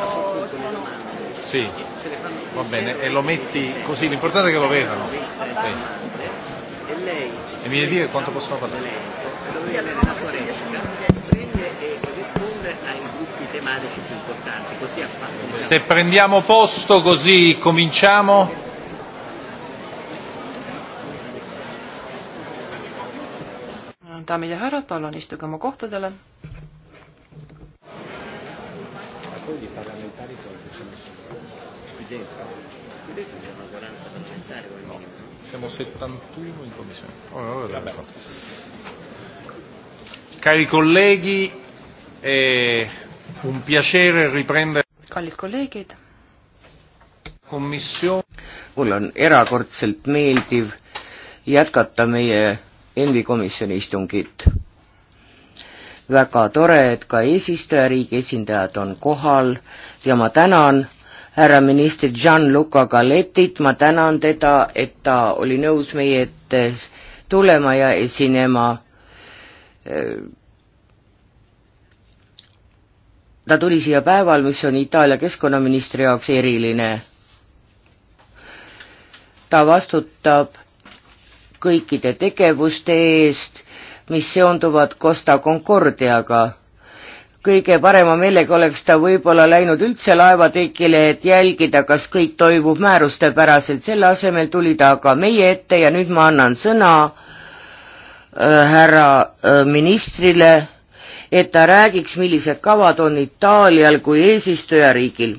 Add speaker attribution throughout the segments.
Speaker 1: sono, sono amare.
Speaker 2: Sì, va bene, e lo metti così, l'importante è che lo vedano.
Speaker 1: Sì. E
Speaker 2: lei? E mi viene dire quanto possono parlare? Lei, avere la foresta,
Speaker 1: prende e risponde ai gruppi tematici più importanti, così
Speaker 2: ha fatto. Diciamo. Se prendiamo posto così cominciamo.
Speaker 3: daamid ja härrad, palun istuge oma kohtadele
Speaker 2: poi di parlamentari
Speaker 1: quanti ce ne sono qui dentro? Qui dentro abbiamo 40 parlamentari o no?
Speaker 2: Siamo 71 in commissione. Oh, no, Vabbè. Cari colleghi, è un piacere riprendere.
Speaker 3: Kallid kolleegid.
Speaker 1: Komisjon. mul on erakordselt meeldiv jätkata meie endikomisjoni istungit väga tore, et ka eesistujariigi esindajad on kohal ja ma tänan härra minister Gianluca Galletit, ma tänan teda, et ta oli nõus meie ette tulema ja esinema. ta tuli siia päeval, mis on Itaalia keskkonnaministri jaoks eriline. ta vastutab kõikide tegevuste eest mis seonduvad Costa Concordiaga. kõige parema meelega oleks ta võib-olla läinud üldse laevatekile, et jälgida, kas kõik toimub määrustepäraselt, selle asemel tuli ta aga meie ette ja nüüd ma annan sõna äh, härra äh, ministrile, et ta räägiks, millised kavad on Itaalial kui eesistujariigil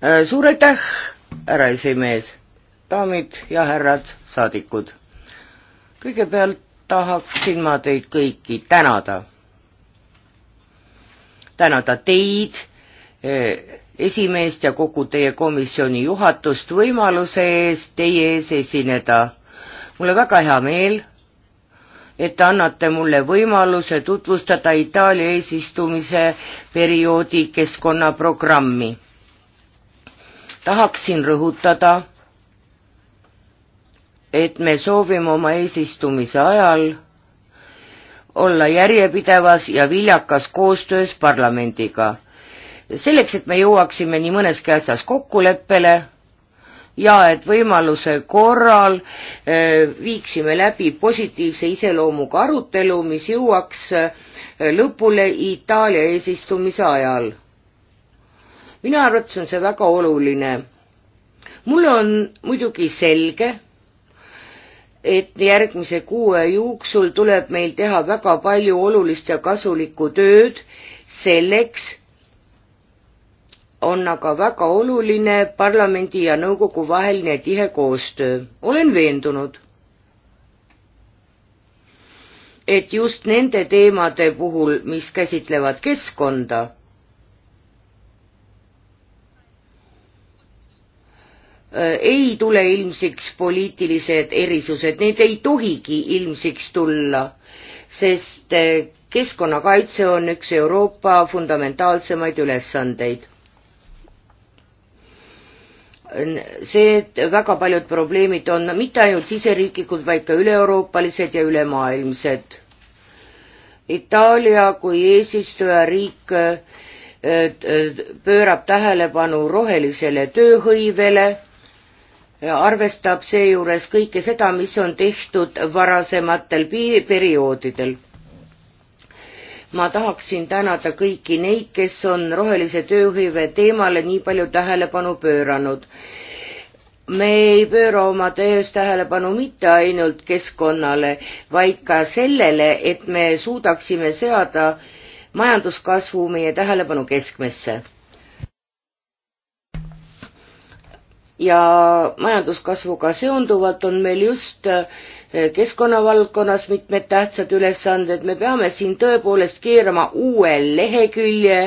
Speaker 1: äh,. suur aitäh, härra esimees, daamid ja härrad saadikud kõigepealt tahaksin ma teid kõiki tänada. tänada teid, eh, esimeest ja kogu teie komisjoni juhatust võimaluse eest teie ees esineda. mul on väga hea meel, et te annate mulle võimaluse tutvustada Itaalia eesistumise perioodi keskkonnaprogrammi. tahaksin rõhutada et me soovime oma eesistumise ajal olla järjepidevas ja viljakas koostöös parlamendiga. selleks, et me jõuaksime nii mõneski asjas kokkuleppele ja et võimaluse korral eh, viiksime läbi positiivse iseloomuga arutelu, mis jõuaks eh, lõpule Itaalia eesistumise ajal. minu arvates on see väga oluline. mulle on muidugi selge, et järgmise kuue jooksul tuleb meil teha väga palju olulist ja kasulikku tööd, selleks on aga väga oluline parlamendi ja nõukogu vaheline tihe koostöö, olen veendunud. et just nende teemade puhul, mis käsitlevad keskkonda Äh, ei tule ilmsiks poliitilised erisused, need ei tohigi ilmsiks tulla, sest äh, keskkonnakaitse on üks Euroopa fundamentaalsemaid ülesandeid. see, et väga paljud probleemid on mitte ainult siseriiklikud, vaid ka üle-euroopalised ja ülemaailmsed. Itaalia kui eesistujariik äh, pöörab tähelepanu rohelisele tööhõivele arvestab seejuures kõike seda, mis on tehtud varasematel perioodidel. ma tahaksin tänada kõiki neid, kes on rohelise tööhõive teemale nii palju tähelepanu pööranud me ei pööra oma töös tähelepanu mitte ainult keskkonnale, vaid ka sellele, et me suudaksime seada majanduskasvu meie tähelepanu keskmesse ja majanduskasvuga seonduvalt on meil just eh, keskkonnavaldkonnas mitmed tähtsad ülesanded, me peame siin tõepoolest keerama uue lehekülje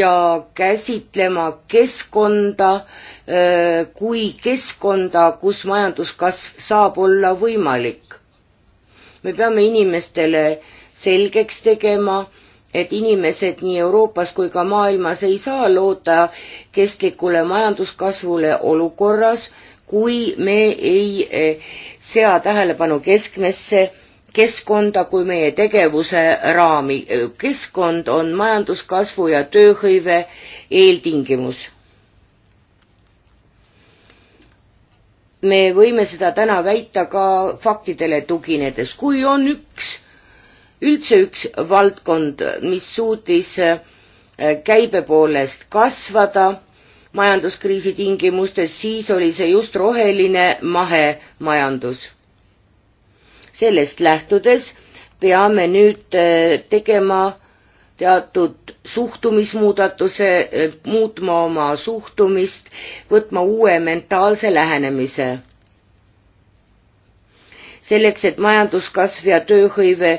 Speaker 1: ja käsitlema keskkonda eh, kui keskkonda, kus majanduskasv saab olla võimalik. me peame inimestele selgeks tegema, et inimesed nii Euroopas kui ka maailmas ei saa loota kestlikule majanduskasvule olukorras, kui me ei eh, sea tähelepanu keskmesse keskkonda kui meie tegevuse raami. keskkond on majanduskasvu ja tööhõive eeltingimus. me võime seda täna väita ka faktidele tuginedes, kui on üks üldse üks valdkond, mis suutis äh, käibe poolest kasvada majanduskriisi tingimustes, siis oli see just roheline mahemajandus. sellest lähtudes peame nüüd äh, tegema teatud suhtumismuudatuse, äh, muutma oma suhtumist, võtma uue mentaalse lähenemise selleks, et majanduskasv ja tööhõive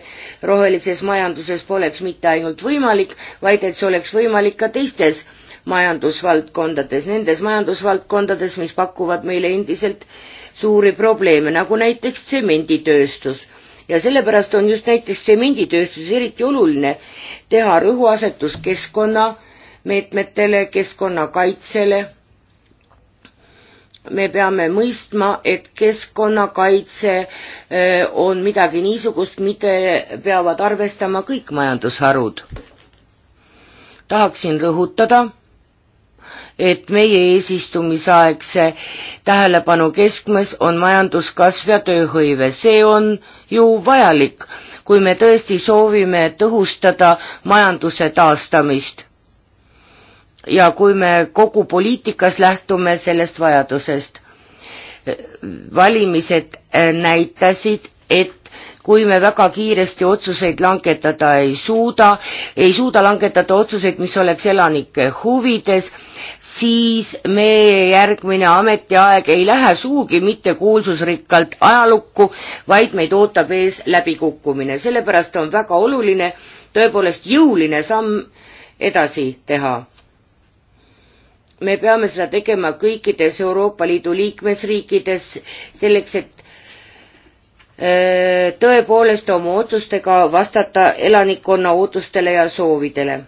Speaker 1: rohelises majanduses poleks mitte ainult võimalik, vaid et see oleks võimalik ka teistes majandusvaldkondades, nendes majandusvaldkondades, mis pakuvad meile endiselt suuri probleeme, nagu näiteks tsemenditööstus. ja sellepärast on just näiteks tsemenditööstuses eriti oluline teha rõhuasetus keskkonna meetmetele, keskkonnakaitsele me peame mõistma, et keskkonnakaitse äh, on midagi niisugust, mida peavad arvestama kõik majandusharud. tahaksin rõhutada, et meie eesistumisaegse tähelepanu keskmes on majanduskasv ja tööhõive, see on ju vajalik, kui me tõesti soovime tõhustada majanduse taastamist ja kui me kogu poliitikas lähtume sellest vajadusest. valimised äh, näitasid, et kui me väga kiiresti otsuseid langetada ei suuda, ei suuda langetada otsuseid, mis oleks elanike huvides, siis meie järgmine ametiaeg ei lähe sugugi mitte kuulsusrikkalt ajalukku, vaid meid ootab ees läbikukkumine, sellepärast on väga oluline tõepoolest jõuline samm edasi teha me peame seda tegema kõikides Euroopa Liidu liikmesriikides selleks, et äh, tõepoolest oma otsustega vastata elanikkonna ootustele ja soovidele.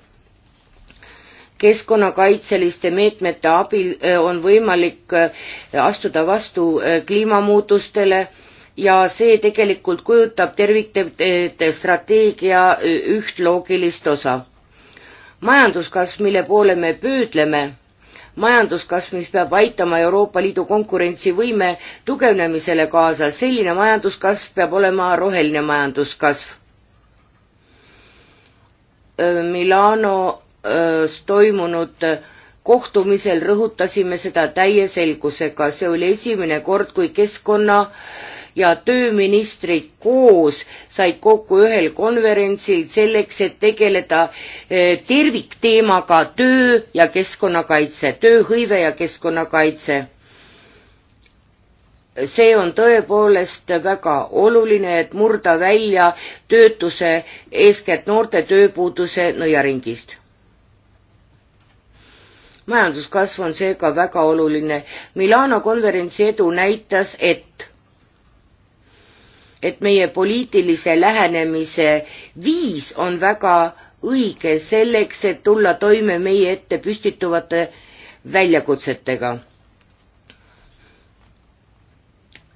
Speaker 1: keskkonnakaitseliste meetmete abil äh, on võimalik äh, astuda vastu kliimamuutustele ja see tegelikult kujutab tervikte strateegia üht loogilist osa. majanduskasv, mille poole me püüdleme majanduskasv, mis peab aitama Euroopa Liidu konkurentsivõime tugevnemisele kaasa, selline majanduskasv peab olema roheline majanduskasv. Milanos toimunud kohtumisel rõhutasime seda täie selgusega, see oli esimene kord, kui keskkonna ja tööministrid koos said kokku ühel konverentsil selleks, et tegeleda eh, tervikteemaga töö ja keskkonnakaitse, tööhõive ja keskkonnakaitse see on tõepoolest väga oluline, et murda välja töötuse, eeskätt noorte tööpuuduse nõiaringist. majanduskasv on seega väga oluline. Milano konverentsi edu näitas, et et meie poliitilise lähenemise viis on väga õige selleks, et tulla toime meie ette püstituvate väljakutsetega.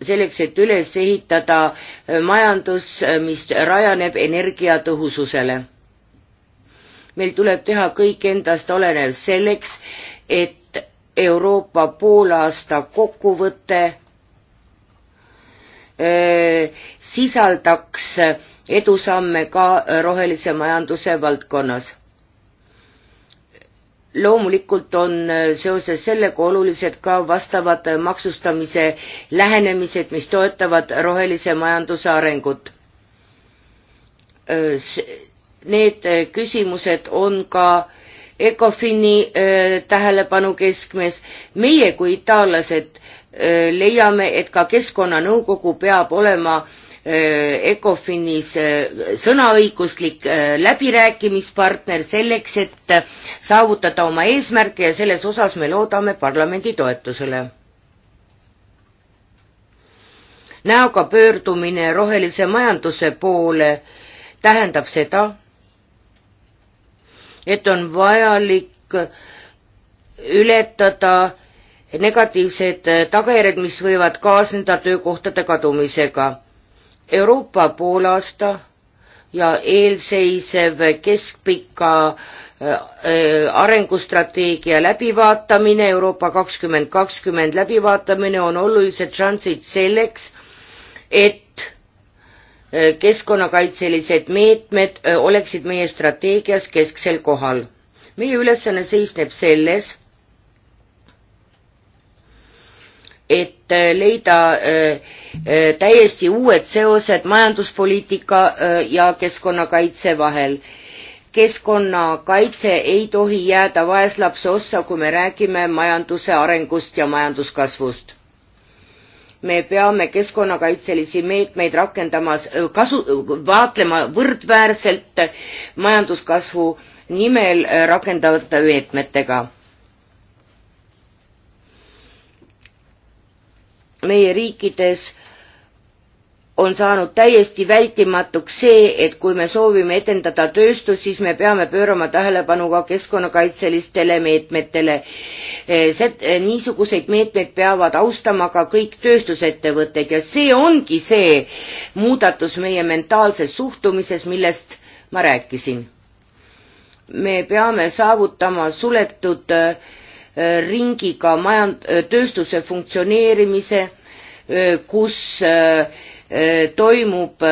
Speaker 1: selleks, et üles ehitada majandus, mis rajaneb energiatõhususele. meil tuleb teha kõik endast olenev selleks, et Euroopa poolaasta kokkuvõte Äh, sisaldaks edusamme ka rohelise majanduse valdkonnas. loomulikult on seoses sellega olulised ka vastavad maksustamise lähenemised, mis toetavad rohelise majanduse arengut. Äh, need küsimused on ka ECOFIN-i äh, tähelepanu keskmes. meie kui itaallased leiame, et ka Keskkonnanõukogu peab olema ECOFINis sõnaõiguslik läbirääkimispartner selleks, et saavutada oma eesmärke ja selles osas me loodame parlamendi toetusele. näoga pöördumine rohelise majanduse poole tähendab seda, et on vajalik ületada negatiivsed äh, tagajärjed, mis võivad kaasneda töökohtade kadumisega. Euroopa poolaasta ja eelseisev keskpika äh, äh, arengustrateegia läbivaatamine, Euroopa kakskümmend kakskümmend läbivaatamine on olulised šansid selleks, et keskkonnakaitselised meetmed oleksid meie strateegias kesksel kohal. meie ülesanne seisneb selles, et äh, leida äh, äh, täiesti uued seosed majanduspoliitika ja keskkonnakaitse vahel. keskkonnakaitse ei tohi jääda vaeslapse ossa, kui me räägime majanduse arengust ja majanduskasvust. me peame keskkonnakaitselisi meetmeid rakendama, kasu, vaatlema võrdväärselt majanduskasvu nimel rakendatavate meetmetega meie riikides on saanud täiesti vältimatuks see, et kui me soovime edendada tööstust, siis me peame pöörama tähelepanu ka keskkonnakaitselistele meetmetele. Eh, eh, niisuguseid meetmeid peavad austama ka kõik tööstusettevõtted ja see ongi see muudatus meie mentaalses suhtumises, millest ma rääkisin. me peame saavutama suletud äh, ringiga majand-, tööstuse funktsioneerimise, kus toimub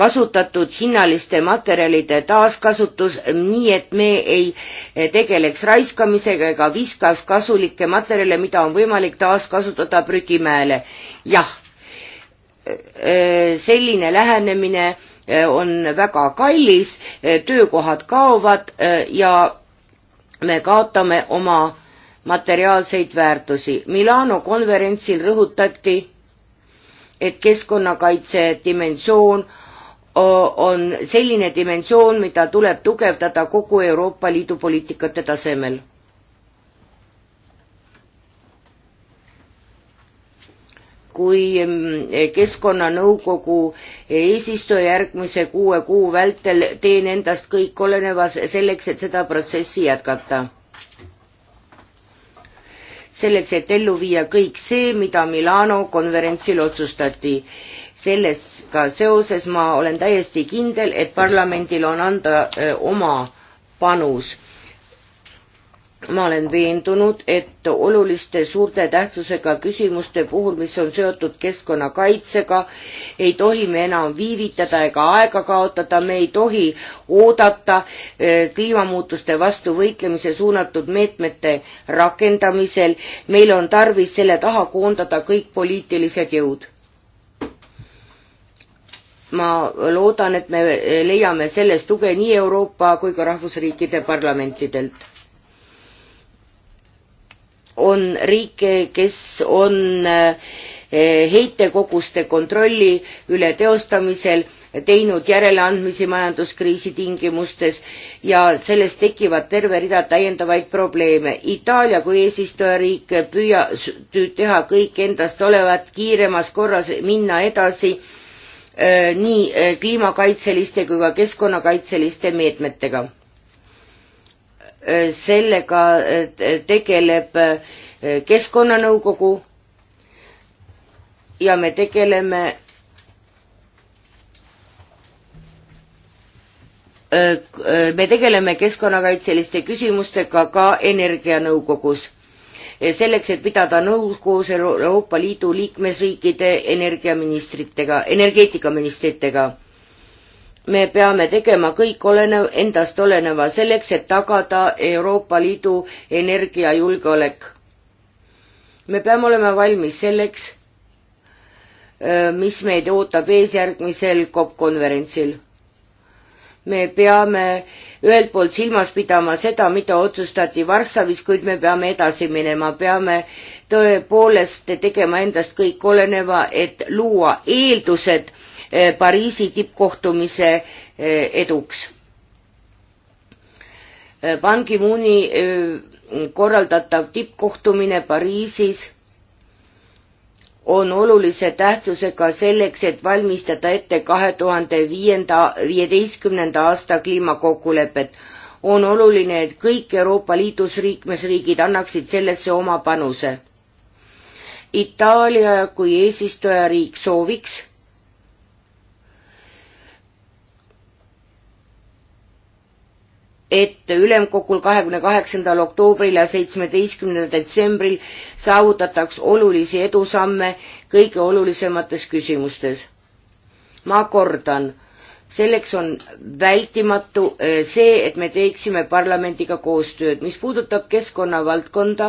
Speaker 1: kasutatud hinnaliste materjalide taaskasutus, nii et me ei tegeleks raiskamisega ega viskaks kasulikke materjale, mida on võimalik taaskasutada prügimäele. jah, selline lähenemine on väga kallis, töökohad kaovad ja me kaotame oma materiaalseid väärtusi. Milano konverentsil rõhutati, et keskkonnakaitse dimensioon on selline dimensioon, mida tuleb tugevdada kogu Euroopa Liidu poliitikate tasemel kui Keskkonnanõukogu eesistuja järgmise kuue kuu vältel teen endast kõik olenevas selleks, et seda protsessi jätkata. selleks, et ellu viia kõik see, mida Milano konverentsil otsustati. sellega seoses ma olen täiesti kindel, et parlamendil on anda öö, eh, oma panus ma olen veendunud, et oluliste suurte tähtsusega küsimuste puhul, mis on seotud keskkonnakaitsega, ei tohi me enam viivitada ega aega kaotada, me ei tohi oodata eh, kliimamuutuste vastu võitlemise suunatud meetmete rakendamisel. meil on tarvis selle taha koondada kõik poliitilised jõud. ma loodan, et me leiame selles tuge nii Euroopa kui ka rahvusriikide parlamentidelt on riike, kes on eh, heitekoguste kontrolli üle teostamisel teinud järeleandmisi majanduskriisi tingimustes ja sellest tekivad terve rida täiendavaid probleeme. Itaalia kui eesistujariik püüa teha kõik endast olevat kiiremas korras minna edasi eh, nii eh, kliimakaitseliste kui ka keskkonnakaitseliste meetmetega sellega tegeleb eh, keskkonnanõukogu ja me tegeleme eh, me tegeleme keskkonnakaitseliste küsimustega ka energianõukogus selleks, et pidada nõu koos Euroopa Liidu liikmesriikide energiaministritega, energeetikaministritega me peame tegema kõik olenev, endast oleneva selleks, et tagada Euroopa Liidu energiajulgeolek. me peame olema valmis selleks, äh, mis meid ootab ees järgmisel COP konverentsil. me peame ühelt poolt silmas pidama seda, mida otsustati Varssavis, kuid me peame edasi minema, peame tõepoolest tegema endast kõik oleneva, et luua eeldused Eh, Pariisi tippkohtumise eh, eduks. Eh, Ban Ki-mooni korraldatav tippkohtumine Pariisis on olulise tähtsusega selleks, et valmistada ette kahe tuhande viienda, viieteistkümnenda aasta kliimakokkulepet. on oluline, et kõik Euroopa Liidus liikmesriigid annaksid sellesse oma panuse. Itaalia kui eesistujariik sooviks et ülemkogul kahekümne kaheksandal oktoobril ja seitsmeteistkümnendal detsembril saavutataks olulisi edusamme kõige olulisemates küsimustes. ma kordan, selleks on vältimatu eh, see, et me teeksime parlamendiga koostööd, mis puudutab keskkonnavaldkonda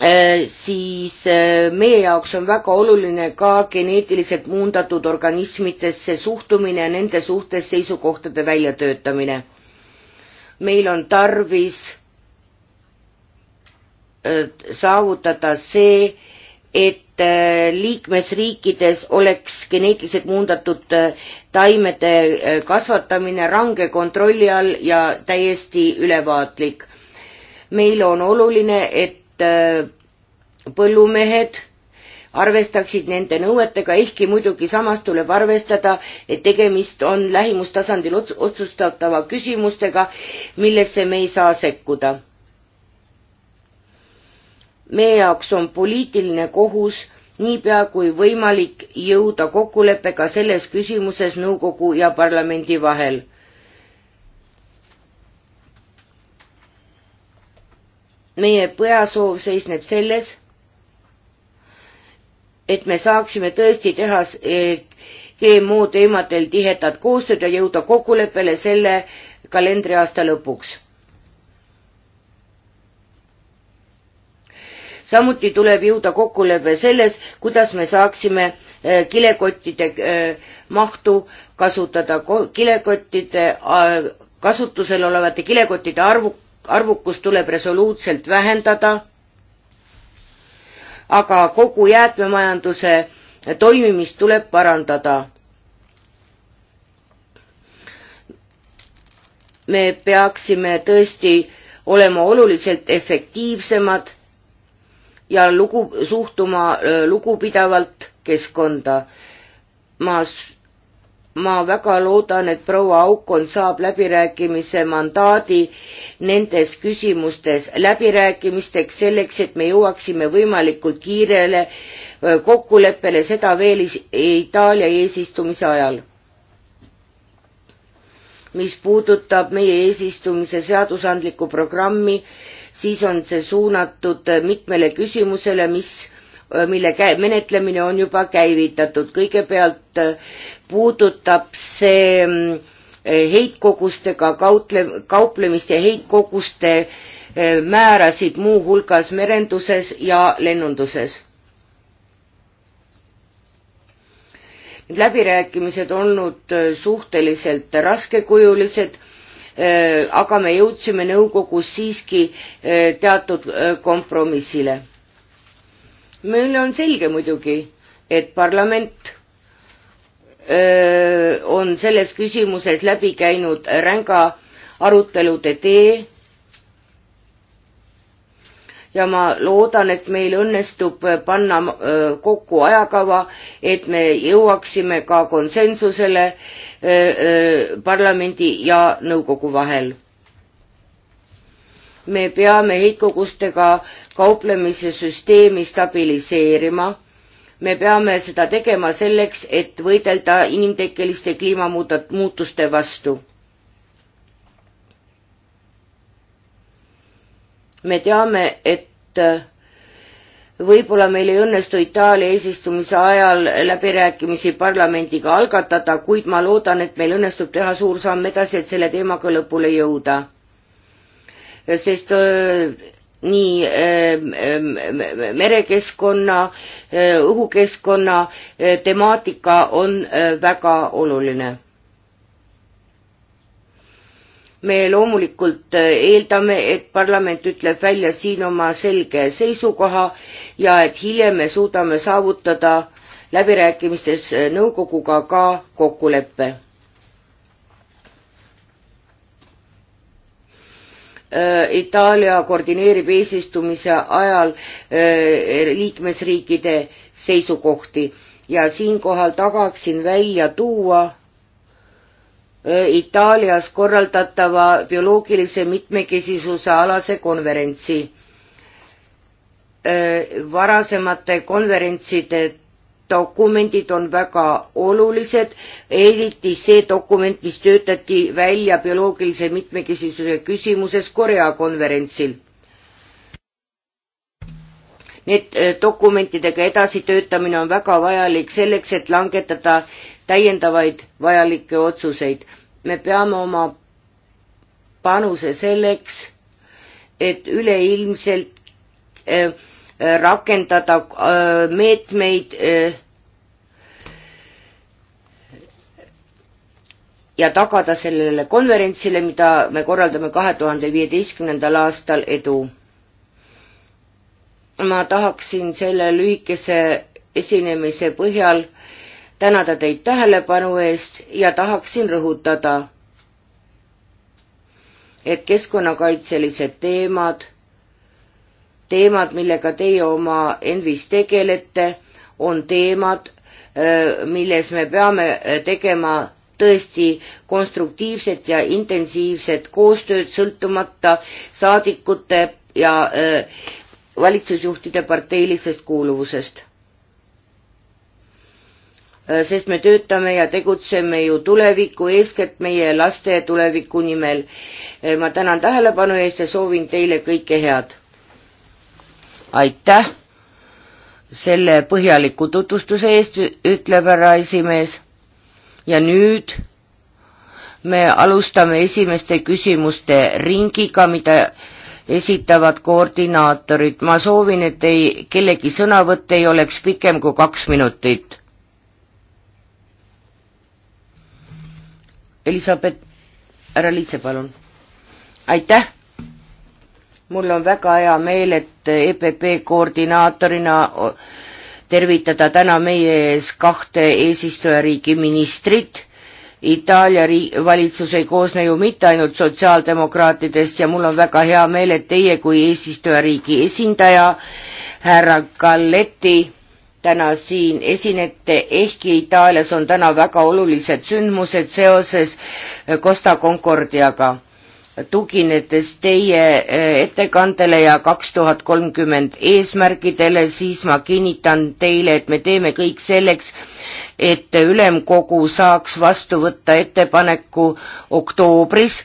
Speaker 1: Äh, siis äh, meie jaoks on väga oluline ka geneetiliselt muundatud organismidesse suhtumine ja nende suhtes seisukohtade väljatöötamine. meil on tarvis äh, saavutada see, et liikmesriikides oleks geneetiliselt muundatud taimede kasvatamine range kontrolli all ja täiesti ülevaatlik. meile on oluline, et et äh, põllumehed arvestaksid nende nõuetega, ehkki muidugi samas tuleb arvestada, et tegemist on lähimustasandil otsustatava küsimustega, millesse me ei saa sekkuda. meie jaoks on poliitiline kohus niipea kui võimalik jõuda kokkuleppega selles küsimuses nõukogu ja parlamendi vahel meie peasoov seisneb selles, et me saaksime tõesti teha e, GMO teemadel tihedat koostööd ja jõuda kokkuleppele selle kalendriaasta lõpuks. samuti tuleb jõuda kokkulepe selles, kuidas me saaksime e, kilekottide e, mahtu kasutada, kilekottide, kasutusel olevate kilekottide arvu arvukust tuleb resoluutselt vähendada, aga kogu jäätmemajanduse toimimist tuleb parandada. me peaksime tõesti olema oluliselt efektiivsemad ja lugu, suhtuma äh, lugupidavalt keskkonda. ma ma väga loodan, et proua Aukon saab läbirääkimise mandaadi nendes küsimustes läbirääkimisteks selleks, et me jõuaksime võimalikult kiirele äh, kokkuleppele, seda veel Itaalia eesistumise ajal. mis puudutab meie eesistumise seadusandlikku programmi, siis on see suunatud mitmele küsimusele, mis Äh, mille käi-, menetlemine on juba käivitatud. kõigepealt äh, puudutab see äh, heitkogustega kautle-, kauplemist ja heitkoguste määrasid muuhulgas merenduses ja lennunduses. läbirääkimised olnud suhteliselt raskekujulised aga me jõudsime nõukogus siiski teatud kompromissile meile on selge muidugi, et parlament öö, on selles küsimuses läbi käinud ränga arutelude tee ja ma loodan, et meil õnnestub panna kokku ajakava, et me jõuaksime ka konsensusele parlamendi ja nõukogu vahel me peame heitkogustega kauplemise süsteemi stabiliseerima. me peame seda tegema selleks, et võidelda inimtekkeliste kliimamuutuste vastu. me teame, et äh, võib-olla meil ei õnnestu Itaalia eesistumise ajal läbirääkimisi parlamendiga algatada, kuid ma loodan, et meil õnnestub teha suur samm edasi, et selle teemaga lõpule jõuda sest äh, nii äh, merekeskkonna, äh, õhukeskkonna temaatika on väga oluline me loomulikult eeldame, et parlament ütleb välja siin oma selge seisukoha ja et hiljem me suudame saavutada läbirääkimistes nõukoguga ka kokkuleppe. Äh, Itaalia koordineerib eesistumise ajal äh, liikmesriikide seisukohti ja siinkohal tagaksin välja tuua äh, Itaalias korraldatava bioloogilise mitmekesisuse alase konverentsi. varasemate konverentside dokumendid on väga olulised, eriti see dokument, mis töötati välja bioloogilise mitmekesisuse küsimuses Korea konverentsil. Need e, dokumentidega edasitöötamine on väga vajalik selleks, et langetada täiendavaid vajalikke otsuseid. me peame oma panuse selleks, et üleilmselt äh, Äh, rakendada äh, meetmeid äh, ja tagada sellele konverentsile, mida me korraldame kahe tuhande viieteistkümnendal aastal, edu. ma tahaksin selle lühikese esinemise põhjal tänada teid tähelepanu eest ja tahaksin rõhutada, et keskkonnakaitselised teemad teemad, millega teie oma Envis tegelete, on teemad, äh, milles me peame äh, tegema tõesti konstruktiivset ja intensiivset koostööd sõltumata saadikute ja äh, valitsusjuhtide parteilisest kuuluvusest. sest me töötame ja tegutseme ju tuleviku, eeskätt meie laste tuleviku nimel. ma tänan tähelepanu eest ja soovin teile kõike head aitäh selle põhjaliku tutvustuse eest, ütleb härra esimees. ja nüüd me alustame esimeste küsimuste ringiga, mida esitavad koordinaatorid. ma soovin, et ei, kellegi sõnavõtt ei oleks pikem kui kaks minutit. Elisabeth, härra Liitse, palun. aitäh mul on väga hea meel, et EPP koordinaatorina tervitada täna meie ees kahte eesistujariigi ministrit. Itaalia valitsus ei koosne ju mitte ainult sotsiaaldemokraatidest ja mul on väga hea meel, et teie kui eesistujariigi esindaja, härra Galletti, täna siin esinete, ehkki Itaalias on täna väga olulised sündmused seoses Costa Concordiaga tuginedes teie eh, ettekandele ja kaks tuhat kolmkümmend eesmärkidele, siis ma kinnitan teile, et me teeme kõik selleks, et ülemkogu saaks vastu võtta ettepaneku oktoobris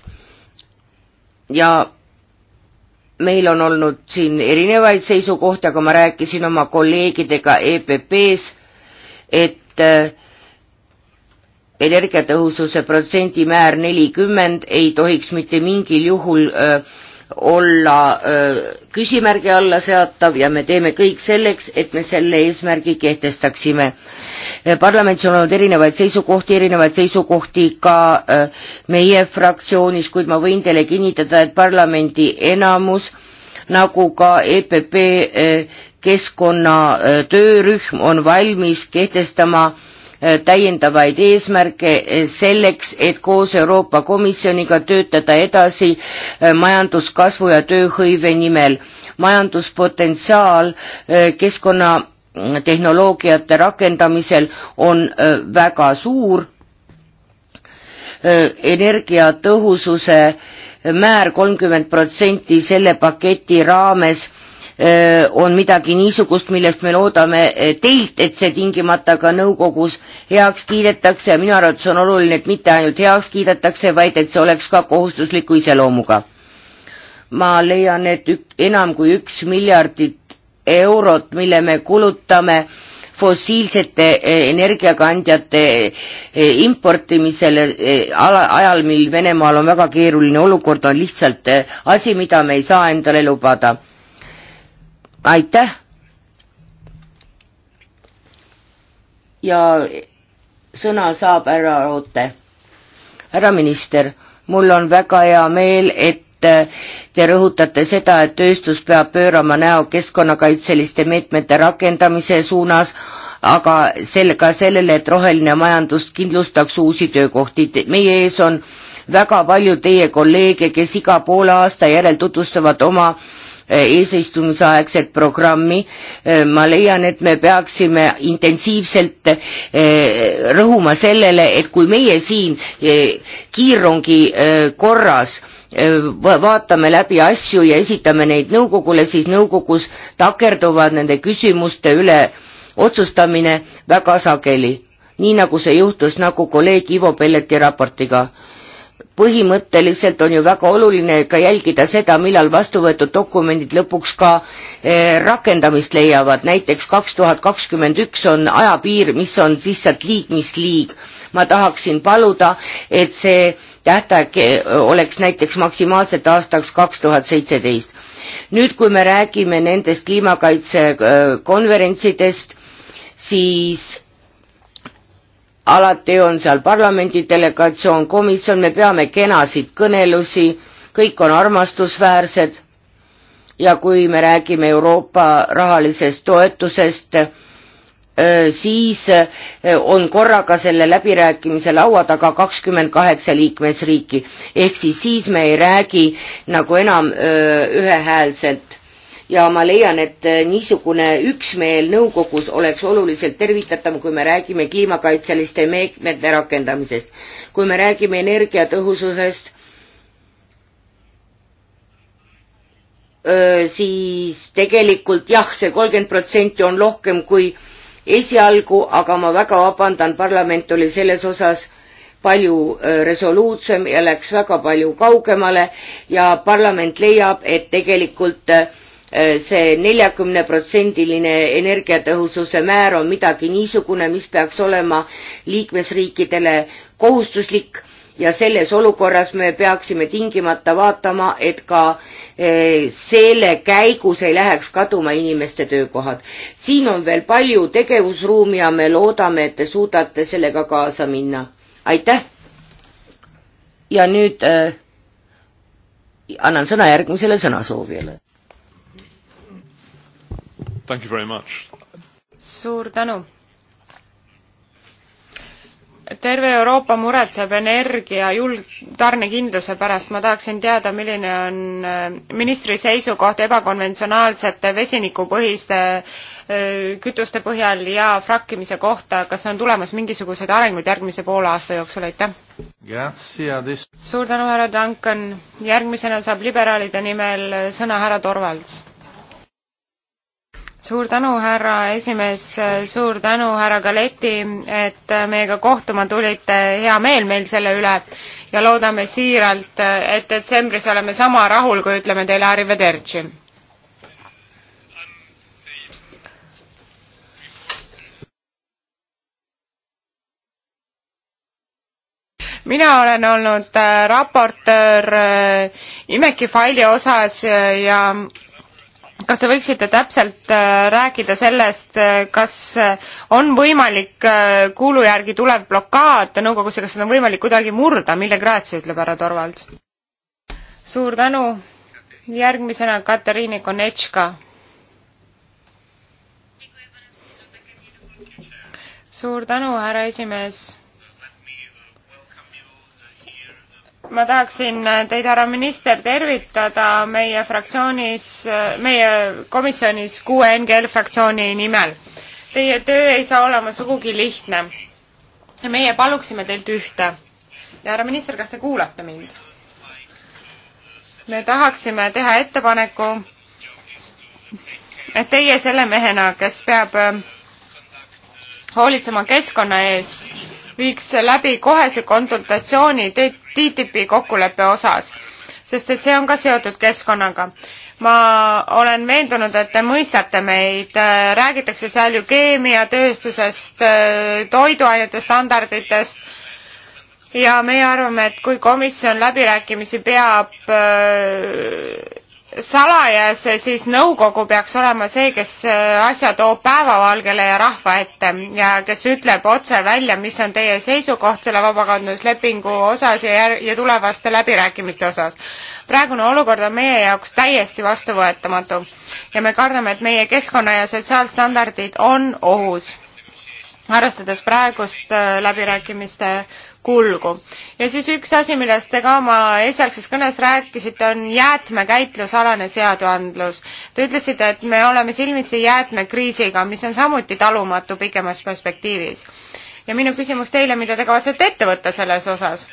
Speaker 1: ja meil on olnud siin erinevaid seisukohti, aga ma rääkisin oma kolleegidega EPP-s, et äh, energiatõhususe protsendimäär nelikümmend ei tohiks mitte mingil juhul öö, olla öö, küsimärgi alla seatav ja me teeme kõik selleks, et me selle eesmärgi kehtestaksime. parlamendis on olnud erinevaid seisukohti, erinevaid seisukohti ka öö, meie fraktsioonis, kuid ma võin teile kinnitada, et parlamendi enamus nagu ka EPP keskkonna töörühm on valmis kehtestama öö, Äh, täiendavaid eesmärke selleks, et koos Euroopa Komisjoniga töötada edasi äh, majanduskasvu ja tööhõive nimel. majanduspotentsiaal äh, keskkonnatehnoloogiate mm, rakendamisel on väga suur, energiatõhususe määr kolmkümmend protsenti selle paketi raames Äh, on midagi niisugust, millest me loodame äh, teilt, et see tingimata ka nõukogus heaks kiidetakse ja minu arvates on oluline, et mitte ainult heaks kiidetakse, vaid et see oleks ka kohustusliku iseloomuga. ma leian, et ük, enam kui üks miljardit eurot, mille me kulutame fossiilsete äh, energiakandjate importimisele ajal, mil Venemaal on väga keeruline olukord, on lihtsalt asi, mida me ei saa endale lubada aitäh. ja sõna saab härra Roote. härra minister, mul on väga hea meel, et äh, te rõhutate seda, et tööstus peab pöörama näo keskkonnakaitseliste meetmete rakendamise suunas, aga sel-, ka sellele, et roheline majandus kindlustaks uusi töökohti. meie ees on väga palju teie kolleege, kes iga poole aasta järel tutvustavad oma äh, Eh, eesistumisaegset programmi, eh, ma leian, et me peaksime intensiivselt eh, rõhuma sellele, et kui meie siin kiirrongi korras vaatame läbi asju ja esitame neid nõukogule, siis nõukogus takerduvad nende küsimuste üle otsustamine väga sageli, nii nagu see juhtus nagu kolleeg Ivo Pelleti raportiga põhimõtteliselt on ju väga oluline ka jälgida seda, millal vastu võetud dokumendid lõpuks ka eh, rakendamist leiavad, näiteks kaks tuhat kakskümmend üks on ajapiir, mis on lihtsalt liig mis liig. ma tahaksin paluda, et see tähtaeg eh, oleks näiteks maksimaalselt aastaks kaks tuhat seitseteist. nüüd, kui me räägime nendest kliimakaitsekonverentsidest, eh, siis alati on seal parlamendi delegatsioon, komisjon, me peame kenasid kõnelusi, kõik on armastusväärsed ja kui me räägime Euroopa rahalisest toetusest, siis on korraga selle läbirääkimise laua taga kakskümmend kaheksa liikmesriiki, ehk siis siis me ei räägi nagu enam öö, ühehäälselt ja ma leian, et eh, niisugune üksmeel nõukogus oleks oluliselt tervitatav, kui me räägime kliimakaitseliste meetmete rakendamisest. kui me räägime energiatõhususest, siis tegelikult jah see, see kolmkümmend protsenti on rohkem kui esialgu, aga ma väga vabandan, parlament oli selles osas palju resoluutsem ja läks väga palju kaugemale ja parlament leiab, et tegelikult äh, Äh, see neljakümne protsendiline energiatõhususe määr on midagi niisugune, mis peaks olema liikmesriikidele kohustuslik ja selles olukorras me peaksime tingimata vaatama, et ka äh, selle käigus ei läheks kaduma inimeste töökohad. siin on veel palju tegevusruumi ja me loodame, et te suudate sellega kaasa minna. aitäh! ja nüüd äh, annan sõna järgmisele sõnasoovijale
Speaker 2: suur tänu. terve Euroopa muretseb energia julg-, tarnekindluse pärast. ma tahaksin teada, milline on äh, ministri seisukoht ebakonventsionaalsete vesinikupõhiste äh, kütuste põhjal ja frakkimise kohta. kas on tulemas mingisuguseid arenguid järgmise poole aasta jooksul? aitäh! suur tänu, härra Duncan. järgmisena saab liberaalide nimel sõna härra Torvalds suur tänu, härra esimees, suur tänu, härra Galeti, et meiega kohtuma tulite, hea meel meil selle üle ja loodame siiralt, et detsembris oleme sama rahul, kui ütleme teile arrivederci. mina olen olnud äh, raportöör äh, Imeki faili osas äh, ja kas te võiksite täpselt äh, rääkida sellest, äh, kas äh, on võimalik kuulu järgi tulev blokaad nõukogusse, kas seda on võimalik kuidagi murda, mille Graatsi ütleb härra Torvalds? suur tänu, järgmisena Katariini Konetška. suur tänu, härra esimees ma tahaksin teid, härra minister, tervitada meie fraktsioonis, meie komisjonis kuue NGL fraktsiooni nimel. Teie töö ei saa olema sugugi lihtne. meie paluksime teilt ühte. ja härra minister, kas te kuulate mind? me tahaksime teha ettepaneku, et teie selle mehena, kes peab ähm, hoolitsema keskkonna eest, viiks läbi kohese konsultatsiooni, teid TTIP-i kokkuleppe osas, sest et see on ka seotud keskkonnaga ma olen veendunud, et te mõistate meid, räägitakse seal ju keemiatööstusest, toiduainete standarditest ja meie arvame, et kui komisjon läbirääkimisi peab salaja see siis nõukogu peaks olema see, kes äh, asja toob päevavalgele ja rahva ette ja kes ütleb otse välja, mis on teie seisukoht selle vabakaubanduslepingu osas ja, ja tulevaste läbirääkimiste osas. praegune olukord on meie jaoks täiesti vastuvõetamatu ja me kardame, et meie keskkonna ja sotsiaalstandardid on ohus. arvestades praegust äh, läbirääkimiste kulgu. ja siis üks asi, millest te ka oma esialgses kõnes rääkisite, on jäätmekäitlusalane seadusandlus. Te ütlesite, et me oleme silmitsi jäätmekriisiga, mis on samuti talumatu pikemas perspektiivis. ja minu küsimus teile, mida te kavatsete ette võtta selles osas?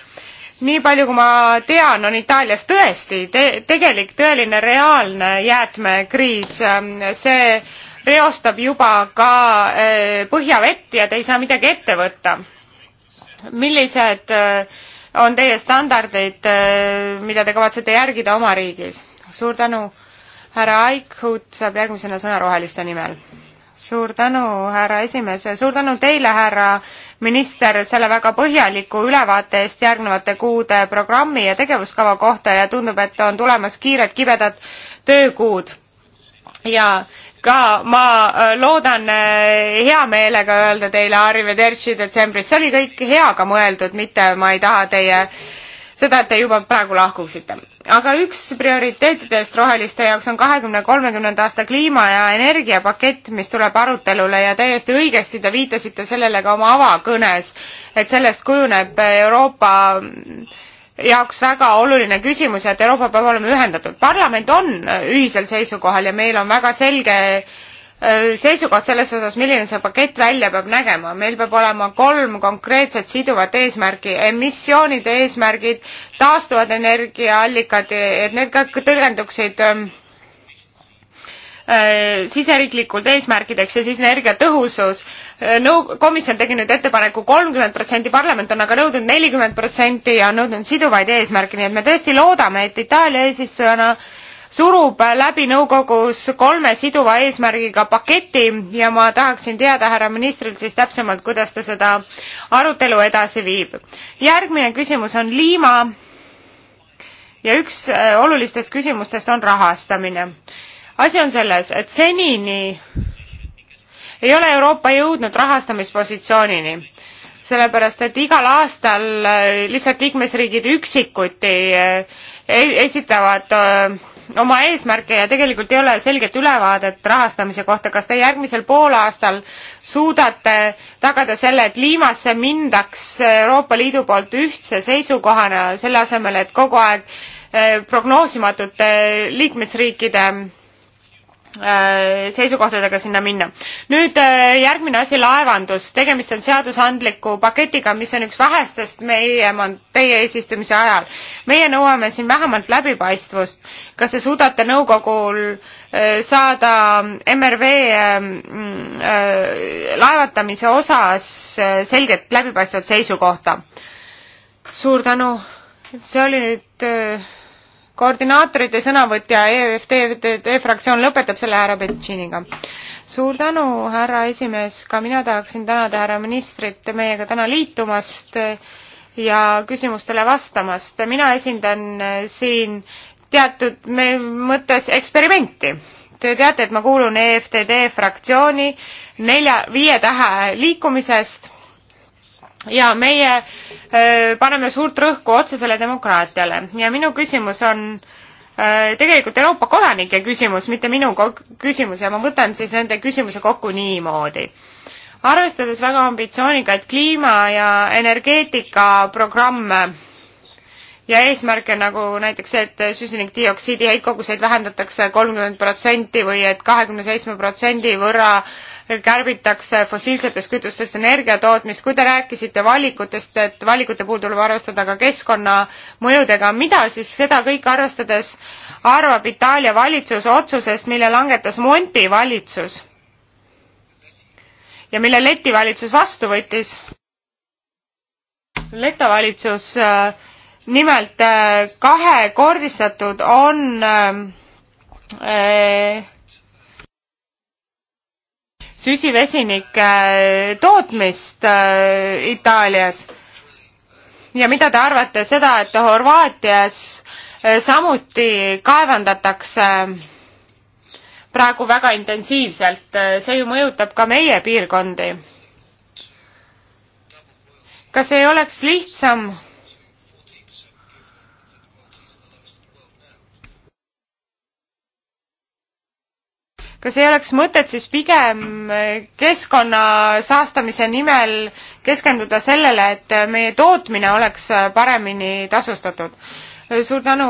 Speaker 2: nii palju, kui ma tean, on Itaalias tõesti te tegelik, tõeline, reaalne jäätmekriis. Ähm, see reostab juba ka äh, põhjavett ja te ei saa midagi ette võtta millised äh, on teie standardid, äh, mida te kavatsete järgida oma riigis? suur tänu, härra Aikhut saab järgmisena sõna Roheliste nimel. suur tänu, härra esimees, suur tänu teile, härra minister, selle väga põhjaliku ülevaate eest järgnevate kuude programmi ja tegevuskava kohta ja tundub, et on tulemas kiired kibedad töökuud ja ka ma äh, loodan äh, hea meelega öelda teile Arrivederci detsembris, see oli kõik heaga mõeldud, mitte ma ei taha teie seda, et te juba praegu lahkuksite. aga üks prioriteetidest roheliste jaoks on kahekümne kolmekümnenda aasta kliima ja energiapakett, mis tuleb arutelule ja täiesti õigesti te viitasite sellele ka oma avakõnes, et sellest kujuneb Euroopa jaoks väga oluline küsimus ja et Euroopa peab olema ühendatud. parlament on äh, ühisel seisukohal ja meil on väga selge äh, seisukoht selles osas, milline see pakett välja peab nägema. meil peab olema kolm konkreetset siduvat eesmärki, emissioonide eesmärgid, taastuvad energiaallikad, et need ka tõlgenduksid ähm, Äh, siseriiklikult eesmärkideks ja siis energiatõhusus. Äh, nõu-, komisjon tegi nüüd ettepaneku kolmkümmend protsenti, parlament on aga nõudnud nelikümmend protsenti ja nõudnud siduvaid eesmärke, nii et me tõesti loodame, et Itaalia eesistujana surub läbi nõukogus kolme siduva eesmärgiga paketi ja ma tahaksin teada härra ministrilt siis täpsemalt, kuidas ta seda arutelu edasi viib. järgmine küsimus on Liima ja üks äh, olulistest küsimustest on rahastamine asi on selles, et senini ei ole Euroopa jõudnud rahastamispositsioonini, sellepärast et igal aastal äh, lihtsalt liikmesriigid üksikuti äh, esitavad äh, oma eesmärke ja tegelikult ei ole selget ülevaadet rahastamise kohta. kas te järgmisel poolaastal suudate tagada selle, et Liimasse mindaks Euroopa Liidu poolt ühtse seisukohana, selle asemel, et kogu aeg prognoosimatute liikmesriikide Äh, seisukohtadega sinna minna. nüüd äh, järgmine asi, laevandus. tegemist on seadusandliku paketiga, mis on üks vähestest meie, teie eesistumise ajal. meie nõuame siin vähemalt läbipaistvust. kas te suudate nõukogul äh, saada MRV ähm, laevatamise osas selget läbipaistvat seisukohta? suur tänu. see oli nüüd koordinaatorite sõnavõtt ja EFTD e fraktsioon lõpetab selle härra Petšiniga. suur tänu, härra esimees, ka mina tahaksin tänada härra ministrit meiega täna liitumast ja küsimustele vastamast. mina esindan siin teatud mõttes eksperimenti. Te teate, et ma kuulun EFTD fraktsiooni nelja, viie tähe liikumisest ja meie öö, äh, paneme suurt rõhku otsesele demokraatiale ja minu küsimus on öö, äh, tegelikult Euroopa kodanike küsimus, mitte minu küsimus ja ma võtan siis nende küsimuse kokku niimoodi. arvestades väga ambitsioonikaid kliima ja energeetikaprogramme ja eesmärke nagu näiteks see, et süsinikdioksiidi heitkoguseid vähendatakse kolmkümmend protsenti või et kahekümne seitsme protsendi võrra kärbitakse fossiilsetest kütustest energiatootmist. kui te rääkisite valikutest, et valikute puhul tuleb arvestada ka keskkonnamõjudega, mida siis seda kõike arvestades arvab Itaalia valitsus otsusest, mille langetas Monti valitsus ja mille Läti valitsus vastu võttis? Leta valitsus äh, nimelt äh, kahekordistatud on äh, äh, süsivesinike tootmist Itaalias. ja mida te arvate seda, et Horvaatias samuti kaevandatakse praegu väga intensiivselt, see ju mõjutab ka meie piirkondi. kas ei oleks lihtsam kas ei oleks mõtet siis pigem eh, keskkonna saastamise nimel keskenduda sellele, et eh, meie tootmine oleks eh, paremini tasustatud? suur tänu,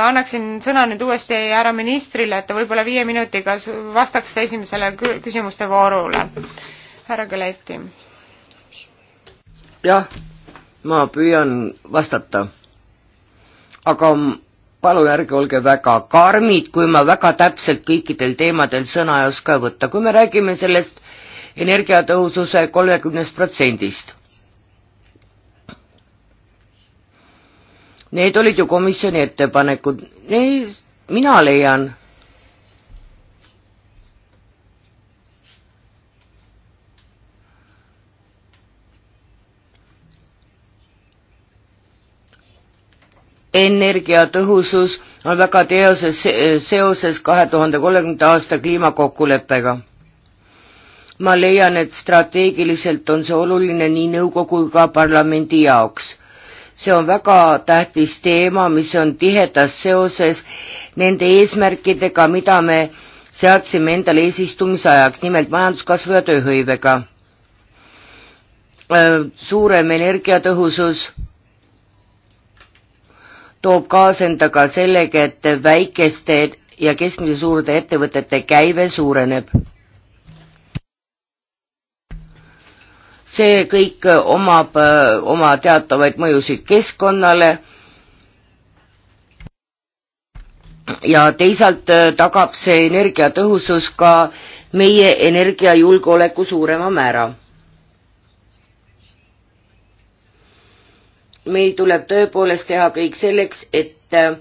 Speaker 2: annaksin sõna nüüd uuesti härra ministrile, et ta võib-olla viie minutiga vastaks esimesele küsimuste voorule. härra Kõleti.
Speaker 1: jah, ma püüan vastata. aga palun ärge olge väga karmid, kui ma väga täpselt kõikidel teemadel sõna ei oska võtta, kui me räägime sellest energiatõhususe kolmekümnest protsendist. Need olid ju komisjoni ettepanekud, mina leian energiatõhusus on väga teoses seoses kahe tuhande kolmekümnenda aasta kliimakokkuleppega. ma leian, et strateegiliselt on see oluline nii nõukogu kui ka parlamendi jaoks. see on väga tähtis teema, mis on tihedas seoses nende eesmärkidega, mida me seadsime endale eesistumisajaks, nimelt majanduskasvu ja tööhõivega. Äh, suurem energiatõhusus toob kaasa endaga sellega, et väikeste ja keskmise suurte ettevõtete käive suureneb. see kõik omab äh, oma teatavaid mõjusid keskkonnale ja teisalt äh, tagab see energiatõhusus ka meie energiajulgeoleku suurema määra meil tuleb tõepoolest teha kõik selleks, et äh,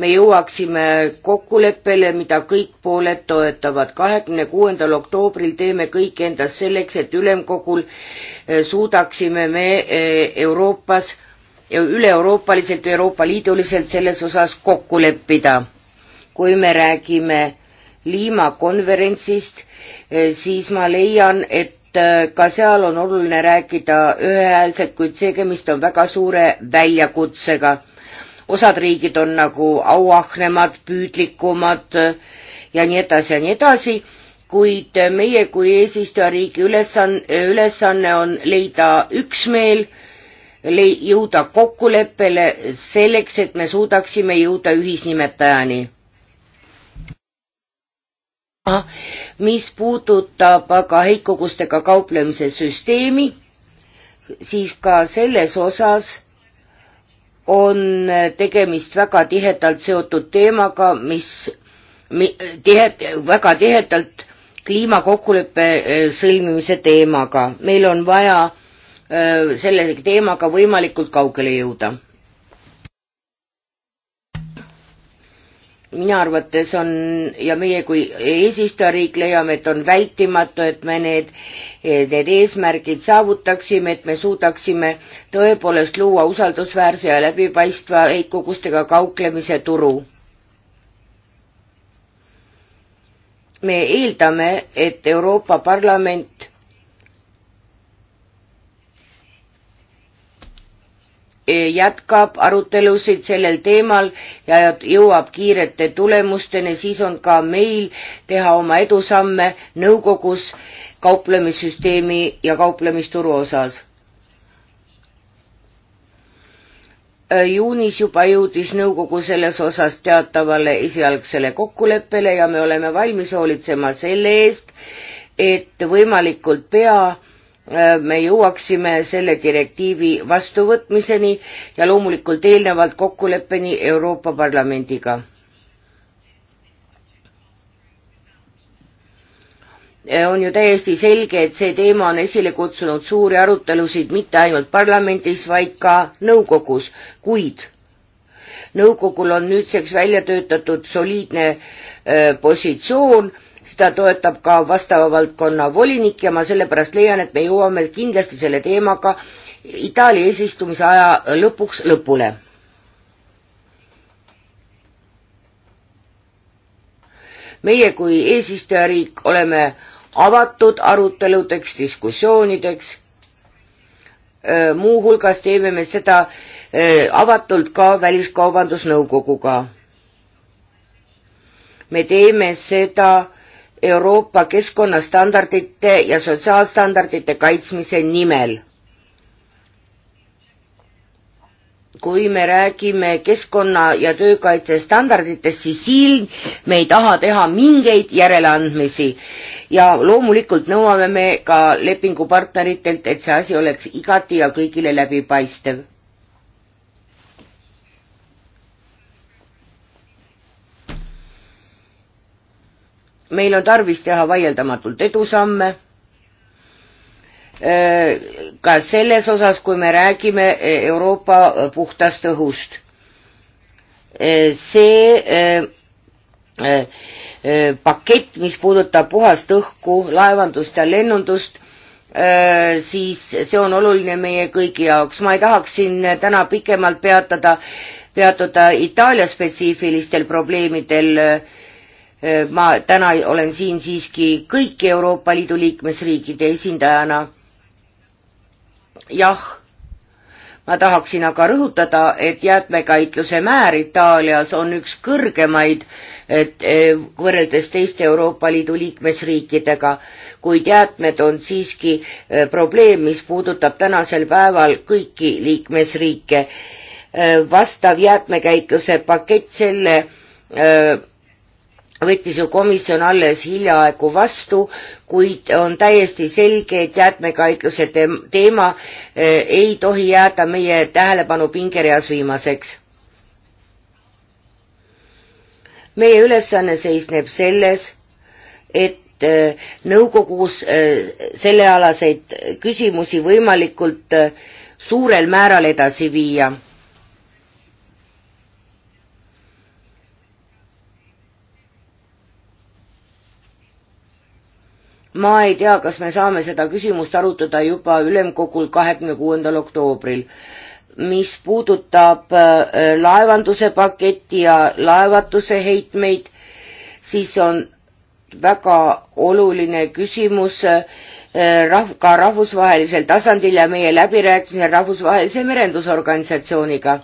Speaker 1: me jõuaksime kokkuleppele, mida kõik pooled toetavad. kahekümne kuuendal oktoobril teeme kõik endast selleks, et ülemkogul äh, suudaksime me äh, Euroopas, üle-euroopaliselt, Euroopa Liiduliselt selles osas kokku leppida. kui me räägime Liima konverentsist, siis ma leian, et Äh, ka seal on oluline rääkida ühehäälselt, kuid tegemist on väga suure väljakutsega. osad riigid on nagu auahnemad, püüdlikumad äh, ja nii edasi ja nii edasi, kuid äh, meie kui eesistujariigi ülesanne, ülesanne on leida üksmeel, jõuda kokkuleppele selleks, et me suudaksime jõuda ühisnimetajani mis puudutab aga heitkogustega kauplemise süsteemi, siis ka selles osas on tegemist väga tihedalt seotud teemaga, mis tihed, väga tihedalt kliimakokkuleppe äh, sõlmimise teemaga. meil on vaja äh, selle teemaga võimalikult kaugele jõuda minu arvates on ja meie kui eesistujariik leiame, et on vältimatu, et me need, need eesmärgid saavutaksime, et me suudaksime tõepoolest luua usaldusväärse ja läbipaistva heitkogustega kauplemise turu. me eeldame, et Euroopa Parlament jätkab arutelusid sellel teemal ja jõuab kiirete tulemusteni, siis on ka meil teha oma edusamme nõukogus kauplemissüsteemi ja kauplemisturu osas. Äh, juunis juba jõudis nõukogu selles osas teatavale esialgsele kokkuleppele ja me oleme valmis hoolitsema selle eest, et võimalikult pea Äh, me jõuaksime selle direktiivi vastuvõtmiseni ja loomulikult eelnevalt kokkuleppeni Euroopa Parlamendiga. Äh, on ju täiesti selge, et see teema on esile kutsunud suuri arutelusid mitte ainult parlamendis, vaid ka nõukogus, kuid nõukogul on nüüdseks välja töötatud soliidne öö, äh, positsioon seda toetab ka vastava valdkonna volinik ja ma sellepärast leian, et me jõuame kindlasti selle teemaga Itaalia eesistumise aja lõpuks lõpule. meie kui eesistujariik oleme avatud aruteludeks, diskussioonideks, muuhulgas teeme me seda avatult ka Väliskaubandusnõukoguga me teeme seda Euroopa keskkonnastandardite ja sotsiaalstandardite kaitsmise nimel. kui me räägime keskkonna ja töökaitse standarditest, siis siin me ei taha teha mingeid järeleandmisi ja loomulikult nõuame me ka lepingupartneritelt, et see asi oleks igati ja kõigile läbipaistev meil on tarvis teha vaieldamatult edusamme, äh, ka selles osas, kui me räägime äh, Euroopa puhtast õhust. Äh, see pakett, mis puudutab puhast õhku, laevandust ja lennundust, siis see on oluline meie kõigi jaoks. ma ei tahaks siin täna pikemalt peatada, peatuda Itaalia spetsiifilistel probleemidel äh, ma täna olen siin siiski kõiki Euroopa Liidu liikmesriikide esindajana. jah, ma tahaksin aga rõhutada, et jäätmekäitluse määr Itaalias on üks kõrgemaid et, e, võrreldes teiste Euroopa Liidu liikmesriikidega, kuid jäätmed on siiski e, probleem, mis puudutab tänasel päeval kõiki liikmesriike. E, vastav jäätmekäitluse pakett selle öö, võttis ju komisjon alles hiljaaegu vastu, kuid on täiesti selge, et jäätmekaitluse teema eh, ei tohi jääda meie tähelepanu pingereas viimaseks. meie ülesanne seisneb selles, et eh, nõukogus eh, sellealaseid küsimusi võimalikult suurel määral edasi viia ma ei tea, kas me saame seda küsimust arutada juba ülemkogul kahekümne kuuendal oktoobril. mis puudutab äh, laevanduse paketti ja laevatuse heitmeid, siis on väga oluline küsimus äh, rahv-, ka rahvusvahelisel tasandil ja meie läbirääkimisel rahvusvahelise merendusorganisatsiooniga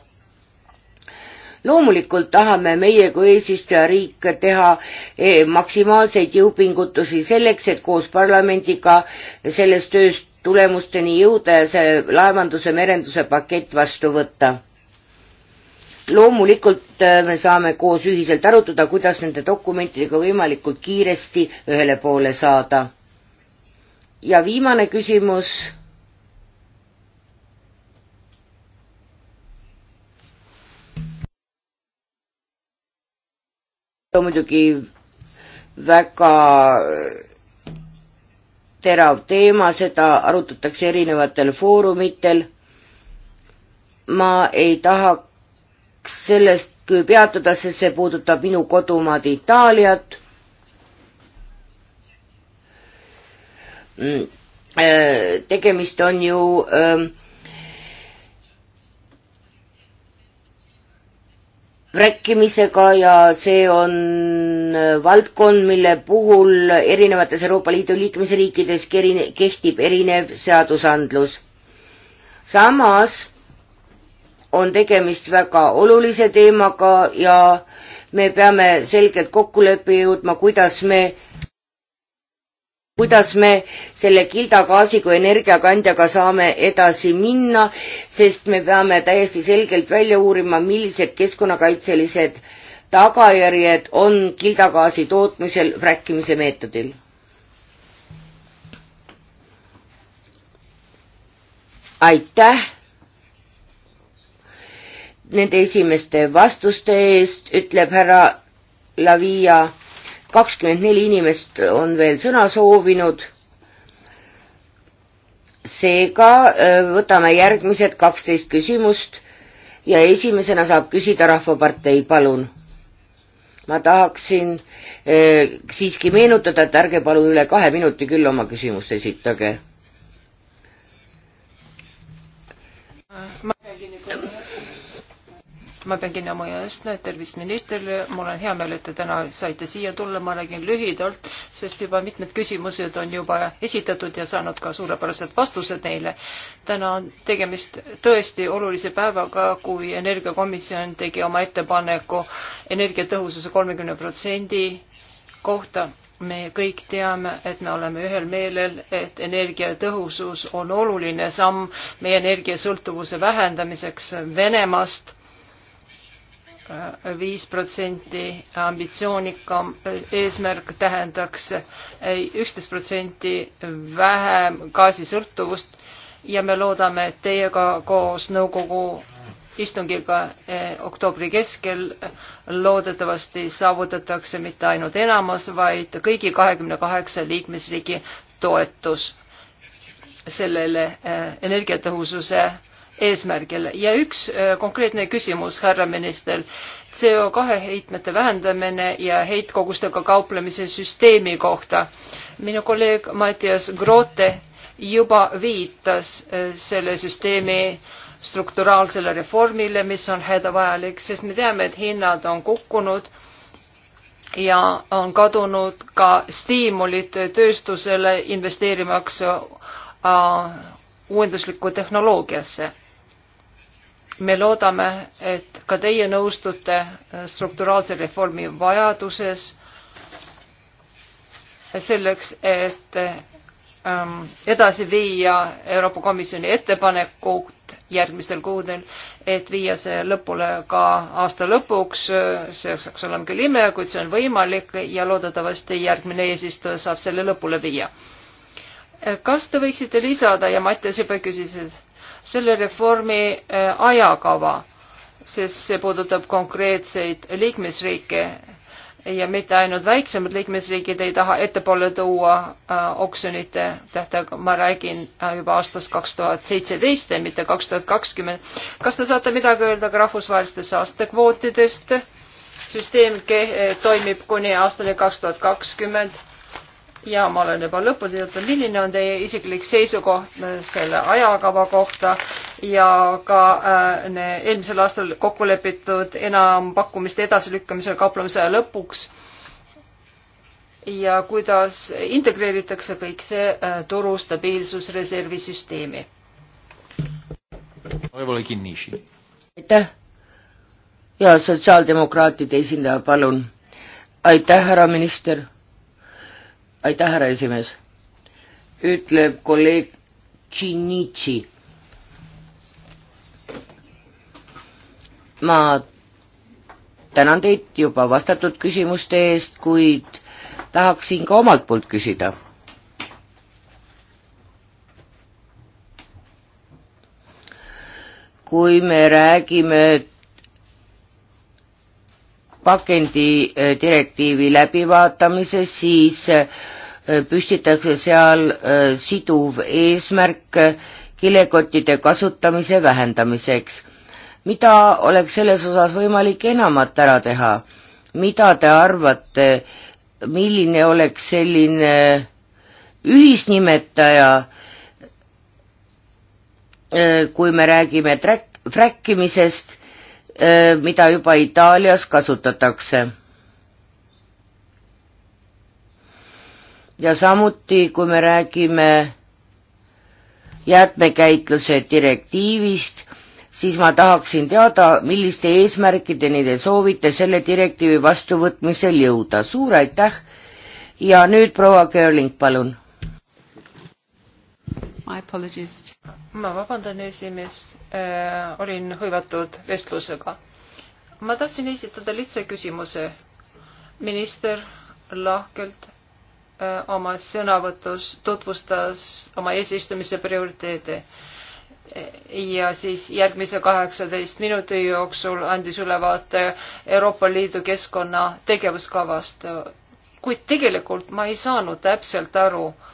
Speaker 1: loomulikult tahame meie kui eesistujariik teha eh, maksimaalseid jõupingutusi selleks, et koos parlamendiga selles töös tulemusteni jõuda ja see laevanduse merenduse pakett vastu võtta. loomulikult eh, me saame koos ühiselt arutada, kuidas nende dokumentidega võimalikult kiiresti ühele poole saada. ja viimane küsimus muidugi väga äh, terav teema, seda arutatakse erinevatel foorumitel. ma ei tahaks sellest küll peatuda, sest see puudutab minu kodumaad Itaaliat. Mm, äh, tegemist on ju öö, ähm, rääkimisega ja see on äh, valdkond, mille puhul erinevates Euroopa Liidu liikmesriikides kehtib erinev seadusandlus. samas on tegemist väga olulise teemaga ja me peame selgelt kokkuleppe jõudma, kuidas me kuidas me selle Gilda gaasi kui energiakandjaga saame edasi minna, sest me peame täiesti selgelt välja uurima, millised keskkonnakaitselised tagajärjed on Gilda gaasi tootmisel fräkkimise meetodil. aitäh nende esimeste vastuste eest, ütleb härra Lavia kakskümmend neli inimest on veel sõna soovinud. seega äh, võtame järgmised kaksteist küsimust ja esimesena saab küsida Rahvapartei, palun. ma tahaksin äh, siiski meenutada, et ärge palun üle kahe minuti küll oma küsimust esitage
Speaker 3: ma pean kinni oma eest, tervist ministrile, mul on hea meel, et te täna saite siia tulla, ma räägin lühidalt, sest juba mitmed küsimused on juba esitatud ja saanud ka suurepärased vastused neile. täna on tegemist tõesti olulise päevaga, kui Energiakomisjon tegi oma ettepaneku energiatõhususe kolmekümne protsendi kohta me kõik teame, et me oleme ühel meelel, et energiatõhusus on oluline samm meie energiasõltuvuse vähendamiseks Venemaast viis protsenti ambitsioonikam eesmärk tähendaks üksteist protsenti vähem gaasisõltuvust ja me loodame, et teiega koos nõukogu istungiga eh, oktoobri keskel loodetavasti saavutatakse mitte ainult enamus, vaid kõigi kahekümne kaheksa liikmesriigi toetus sellele eh, energiatõhususe eesmärgile ja üks äh, konkreetne küsimus, härra minister. CO2 heitmete vähendamine ja heitkogustega kauplemise süsteemi kohta. minu kolleeg Mattias Grote juba viitas äh, selle süsteemi strukturaalsele reformile, mis on hädavajalik, sest me teame, et hinnad on kukkunud ja on kadunud ka stiimulid tööstusele investeerimaks äh, uuenduslikku tehnoloogiasse me loodame, et ka teie nõustute äh, strukturaalse reformi vajaduses selleks, et äh, ähm, edasi viia Euroopa Komisjoni ettepanekut järgmistel kuudel, et viia see lõpule ka aasta lõpuks, see saaks olema küll ime, kuid see on võimalik ja loodetavasti järgmine eesistuja saab selle lõpule viia. kas te võiksite lisada ja Mattias juba küsis, et selle reformi äh, ajakava, sest see puudutab konkreetseid liikmesriike ja mitte ainult väiksemad liikmesriigid ei taha ettepoole tuua äh, oksjonite tähtaega, ma räägin äh, juba aastast kaks tuhat seitseteist ja mitte kaks tuhat kakskümmend. kas te saate midagi öelda ka rahvusvahelistest aastakvootidest? süsteem äh, toimib kuni aastani kaks tuhat kakskümmend ja ma olen juba lõpuni jõudnud, milline on teie isiklik seisukoht selle ajakava kohta ja ka äh, eelmisel aastal kokku lepitud enampakkumiste edasilükkamise kauplemise lõpuks ja kuidas integreeritakse kõik see äh, turu stabiilsusreservi süsteemi?
Speaker 1: aitäh ja sotsiaaldemokraatide esindaja, palun. aitäh, härra minister aitäh, härra esimees, ütleb kolleeg Tšinitši. ma tänan teid juba vastatud küsimuste eest, kuid tahaksin ka omalt poolt küsida kui me räägime pakendi äh, direktiivi läbivaatamise, siis äh, püstitakse seal äh, siduv eesmärk kilekottide kasutamise vähendamiseks. mida oleks selles osas võimalik enamat ära teha? mida te arvate, milline oleks selline ühisnimetaja, kui me räägime träkkimisest Eh, mida juba Itaalias kasutatakse. ja samuti, kui me räägime jäätmekäitluse direktiivist, siis ma tahaksin teada, milliste eesmärkideni te soovite selle direktiivi vastuvõtmisel jõuda. suur aitäh ja nüüd proua Kööling, palun. My apologies
Speaker 3: ma vabandan, esimees äh,, olin hõivatud vestlusega. ma tahtsin esitada lihtsa küsimuse. minister lahkelt äh, oma sõnavõtus tutvustas oma eesistumise prioriteede ja siis järgmise kaheksateist minuti jooksul andis ülevaate Euroopa Liidu keskkonna tegevuskavast. kuid tegelikult ma ei saanud täpselt aru äh,,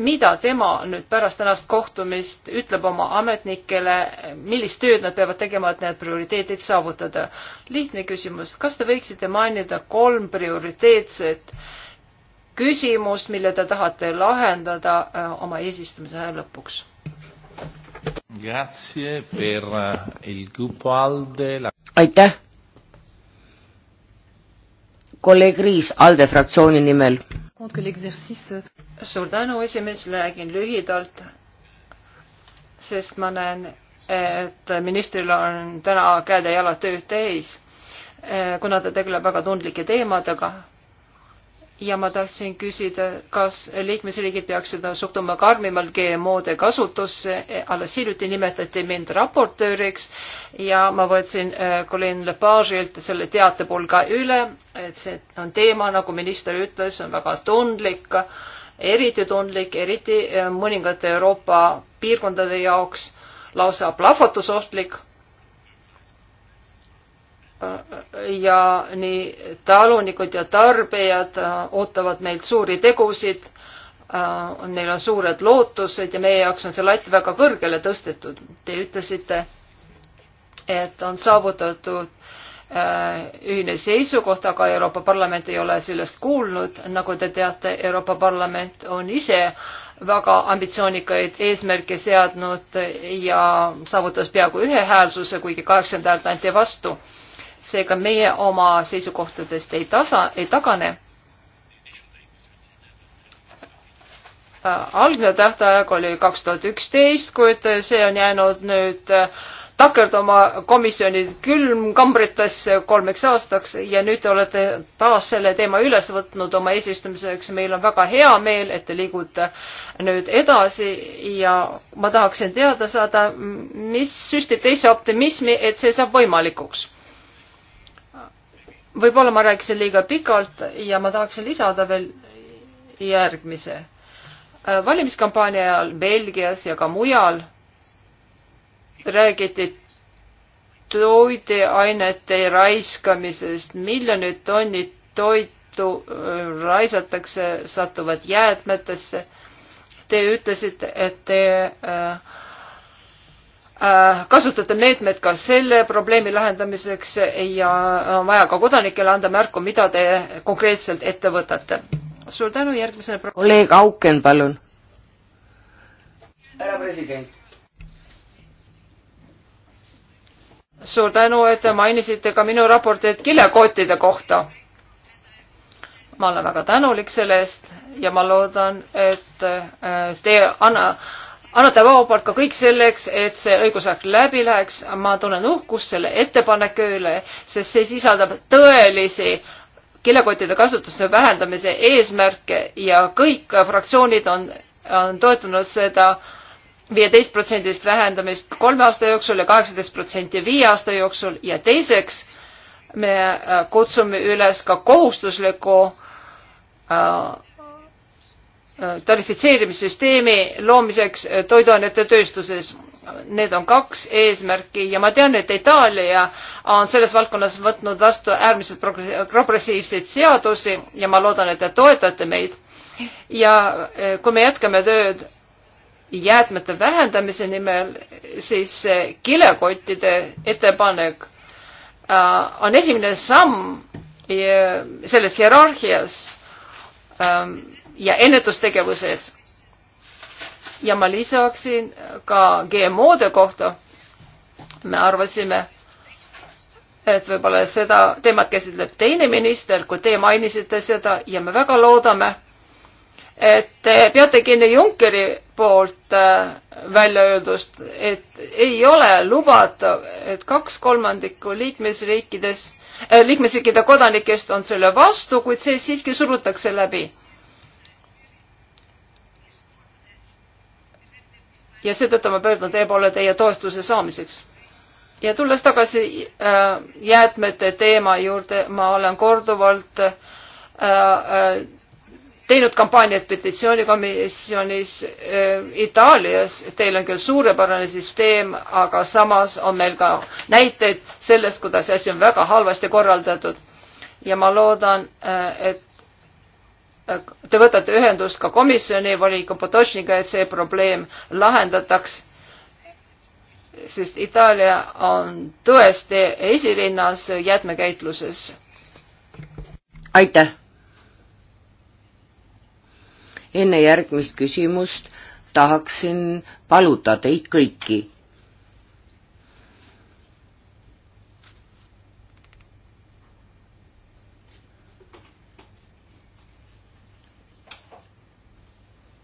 Speaker 3: mida tema nüüd pärast tänast kohtumist ütleb oma ametnikele, millist tööd nad peavad tegema, et need prioriteedid saavutada. lihtne küsimus, kas te võiksite mainida kolm prioriteetset küsimust, mille te tahate lahendada äh, oma eesistumise aja lõpuks?
Speaker 2: Äh,
Speaker 1: aitäh! kolleeg Riis ALDE fraktsiooni nimel
Speaker 3: suur tänu, esimees, räägin lühidalt, sest ma näen, et ministril on täna käed ja jalad tööd täis, kuna ta tegeleb väga tundlike teemadega ja ma tahtsin küsida, kas liikmesriigid peaksid suhtuma karmimalt GMO-de kasutusse, alles hiljuti nimetati mind raportööriks ja ma võtsin äh, Colin Lepage'ilt selle teatepulga üle, et see on teema, nagu minister ütles, on väga tundlik, eriti tundlik, eriti äh, mõningate Euroopa piirkondade jaoks lausa plahvatusohtlik ja nii talunikud ja tarbijad äh, ootavad meilt suuri tegusid. Äh, neil on suured lootused ja meie jaoks on see latt väga kõrgele tõstetud. Te ütlesite, et on saavutatud äh, ühine seisukoht, aga Euroopa Parlament ei ole sellest kuulnud. nagu te teate, Euroopa Parlament on ise väga ambitsioonikaid eesmärke seadnud ja saavutas peaaegu ühehäälsuse, kuigi kaheksakümmend häält anti vastu seega meie oma seisukohtadest ei tasa, ei tagane. Äh, algne tähtaeg oli kaks tuhat üksteist, kuid see on jäänud nüüd äh, takerduma komisjoni külmkambritesse kolmeks aastaks ja nüüd te olete taas selle teema üles võtnud oma eesistumiseks. meil on väga hea meel, et te liigute nüüd edasi ja ma tahaksin teada saada, mis süstib teisse optimismi, et see saab võimalikuks võib-olla ma rääkisin liiga pikalt ja ma tahaksin lisada veel järgmise. Äh, valimiskampaania ajal Belgias ja ka mujal räägiti toideainete raiskamisest, miljonid tonnid toitu äh, raisatakse, satuvad jäätmetesse. Te ütlesite, et te äh, Äh, kasutada meetmed ka selle probleemi lahendamiseks ja on vaja ka kodanikele anda märku, mida te konkreetselt ette võtate. suur tänu, järgmisena pro-. kolleeg
Speaker 1: Auken, palun. härra president.
Speaker 3: suur tänu, et te mainisite ka minu raportit kilekottide kohta. ma olen väga tänulik selle eest ja ma loodan, et äh, te anna- annate vaba poolt ka kõik selleks, et see õigusakt läbi läheks. ma tunnen uhkust selle ettepaneku üle, sest see sisaldab tõelisi kilekottide kasutuse vähendamise eesmärke ja kõik fraktsioonid on, on toetanud seda viieteist protsendist vähendamist kolme aasta jooksul ja kaheksateist protsenti viie aasta jooksul ja teiseks me kutsume üles ka kohustusliku äh, Äh, tarifitseerimissüsteemi loomiseks äh, toiduainete tööstuses. Need on kaks eesmärki ja ma tean, et Itaalia on selles valdkonnas võtnud vastu äärmiselt progressiivseid seadusi ja ma loodan, et te toetate meid. ja äh, kui me jätkame tööd jäätmete vähendamise nimel, siis kilekottide ettepanek on esimene samm selles hierarhias ähm, ja ennetustegevuses. ja ma lisaksin ka GMO-de kohta. me arvasime, et võib-olla seda teemat käsitleb teine minister, kui teie mainisite seda ja me väga loodame, et te peate kinni Junckeri poolt äh, välja öeldust, et ei ole lubatav, et kaks kolmandikku liikmesriikides, äh, liikmesriikide kodanikest on selle vastu, kuid see siiski surutakse läbi ja seetõttu ma pöördun teie poole teie toestuse saamiseks. ja tulles tagasi äh, jäätmete teema juurde, ma olen korduvalt äh, äh, teinud kampaaniat petitsioonikomisjonis äh, Itaalias, teil on küll suurepärane süsteem, aga samas on meil ka näiteid sellest, kuidas asi on väga halvasti korraldatud. ja ma loodan äh,, et te võtate ühendust ka komisjoni volinik Potočniga, et see probleem lahendataks, sest Itaalia on tõesti esirinnas jäätmekäitluses.
Speaker 1: aitäh! enne järgmist küsimust tahaksin paluda teid kõiki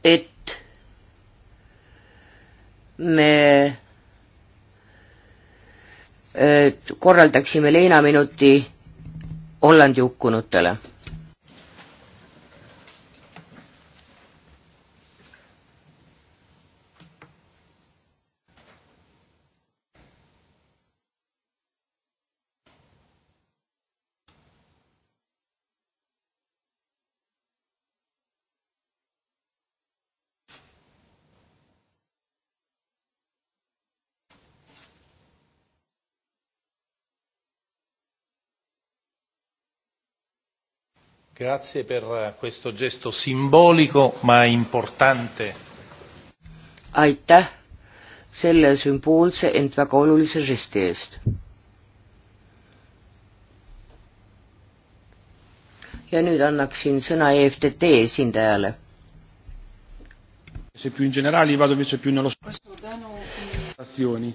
Speaker 1: et me äh, korraldaksime leinaminuti Hollandi hukkunutele
Speaker 2: grazie per eh, questo gesto simbolico ma importante.
Speaker 1: aitäh selle sümboolse, ent väga olulise žesti eest. ja nüüd annaksin sõna EFTT esindajale. suur
Speaker 2: tänu.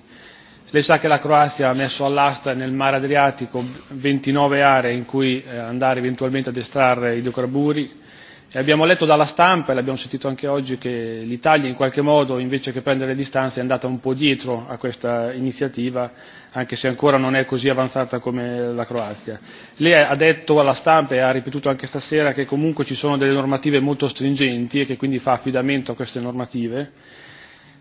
Speaker 2: Lei sa che la Croazia ha messo all'asta nel mare Adriatico 29 aree in cui eh, andare eventualmente ad estrarre idrocarburi e abbiamo letto dalla stampa e l'abbiamo sentito anche oggi che l'Italia in qualche modo invece che prendere distanze è andata un po' dietro a questa iniziativa anche se ancora non è così avanzata come la Croazia. Lei ha detto alla stampa e ha ripetuto anche stasera che comunque ci sono delle normative molto stringenti e che quindi fa affidamento a queste normative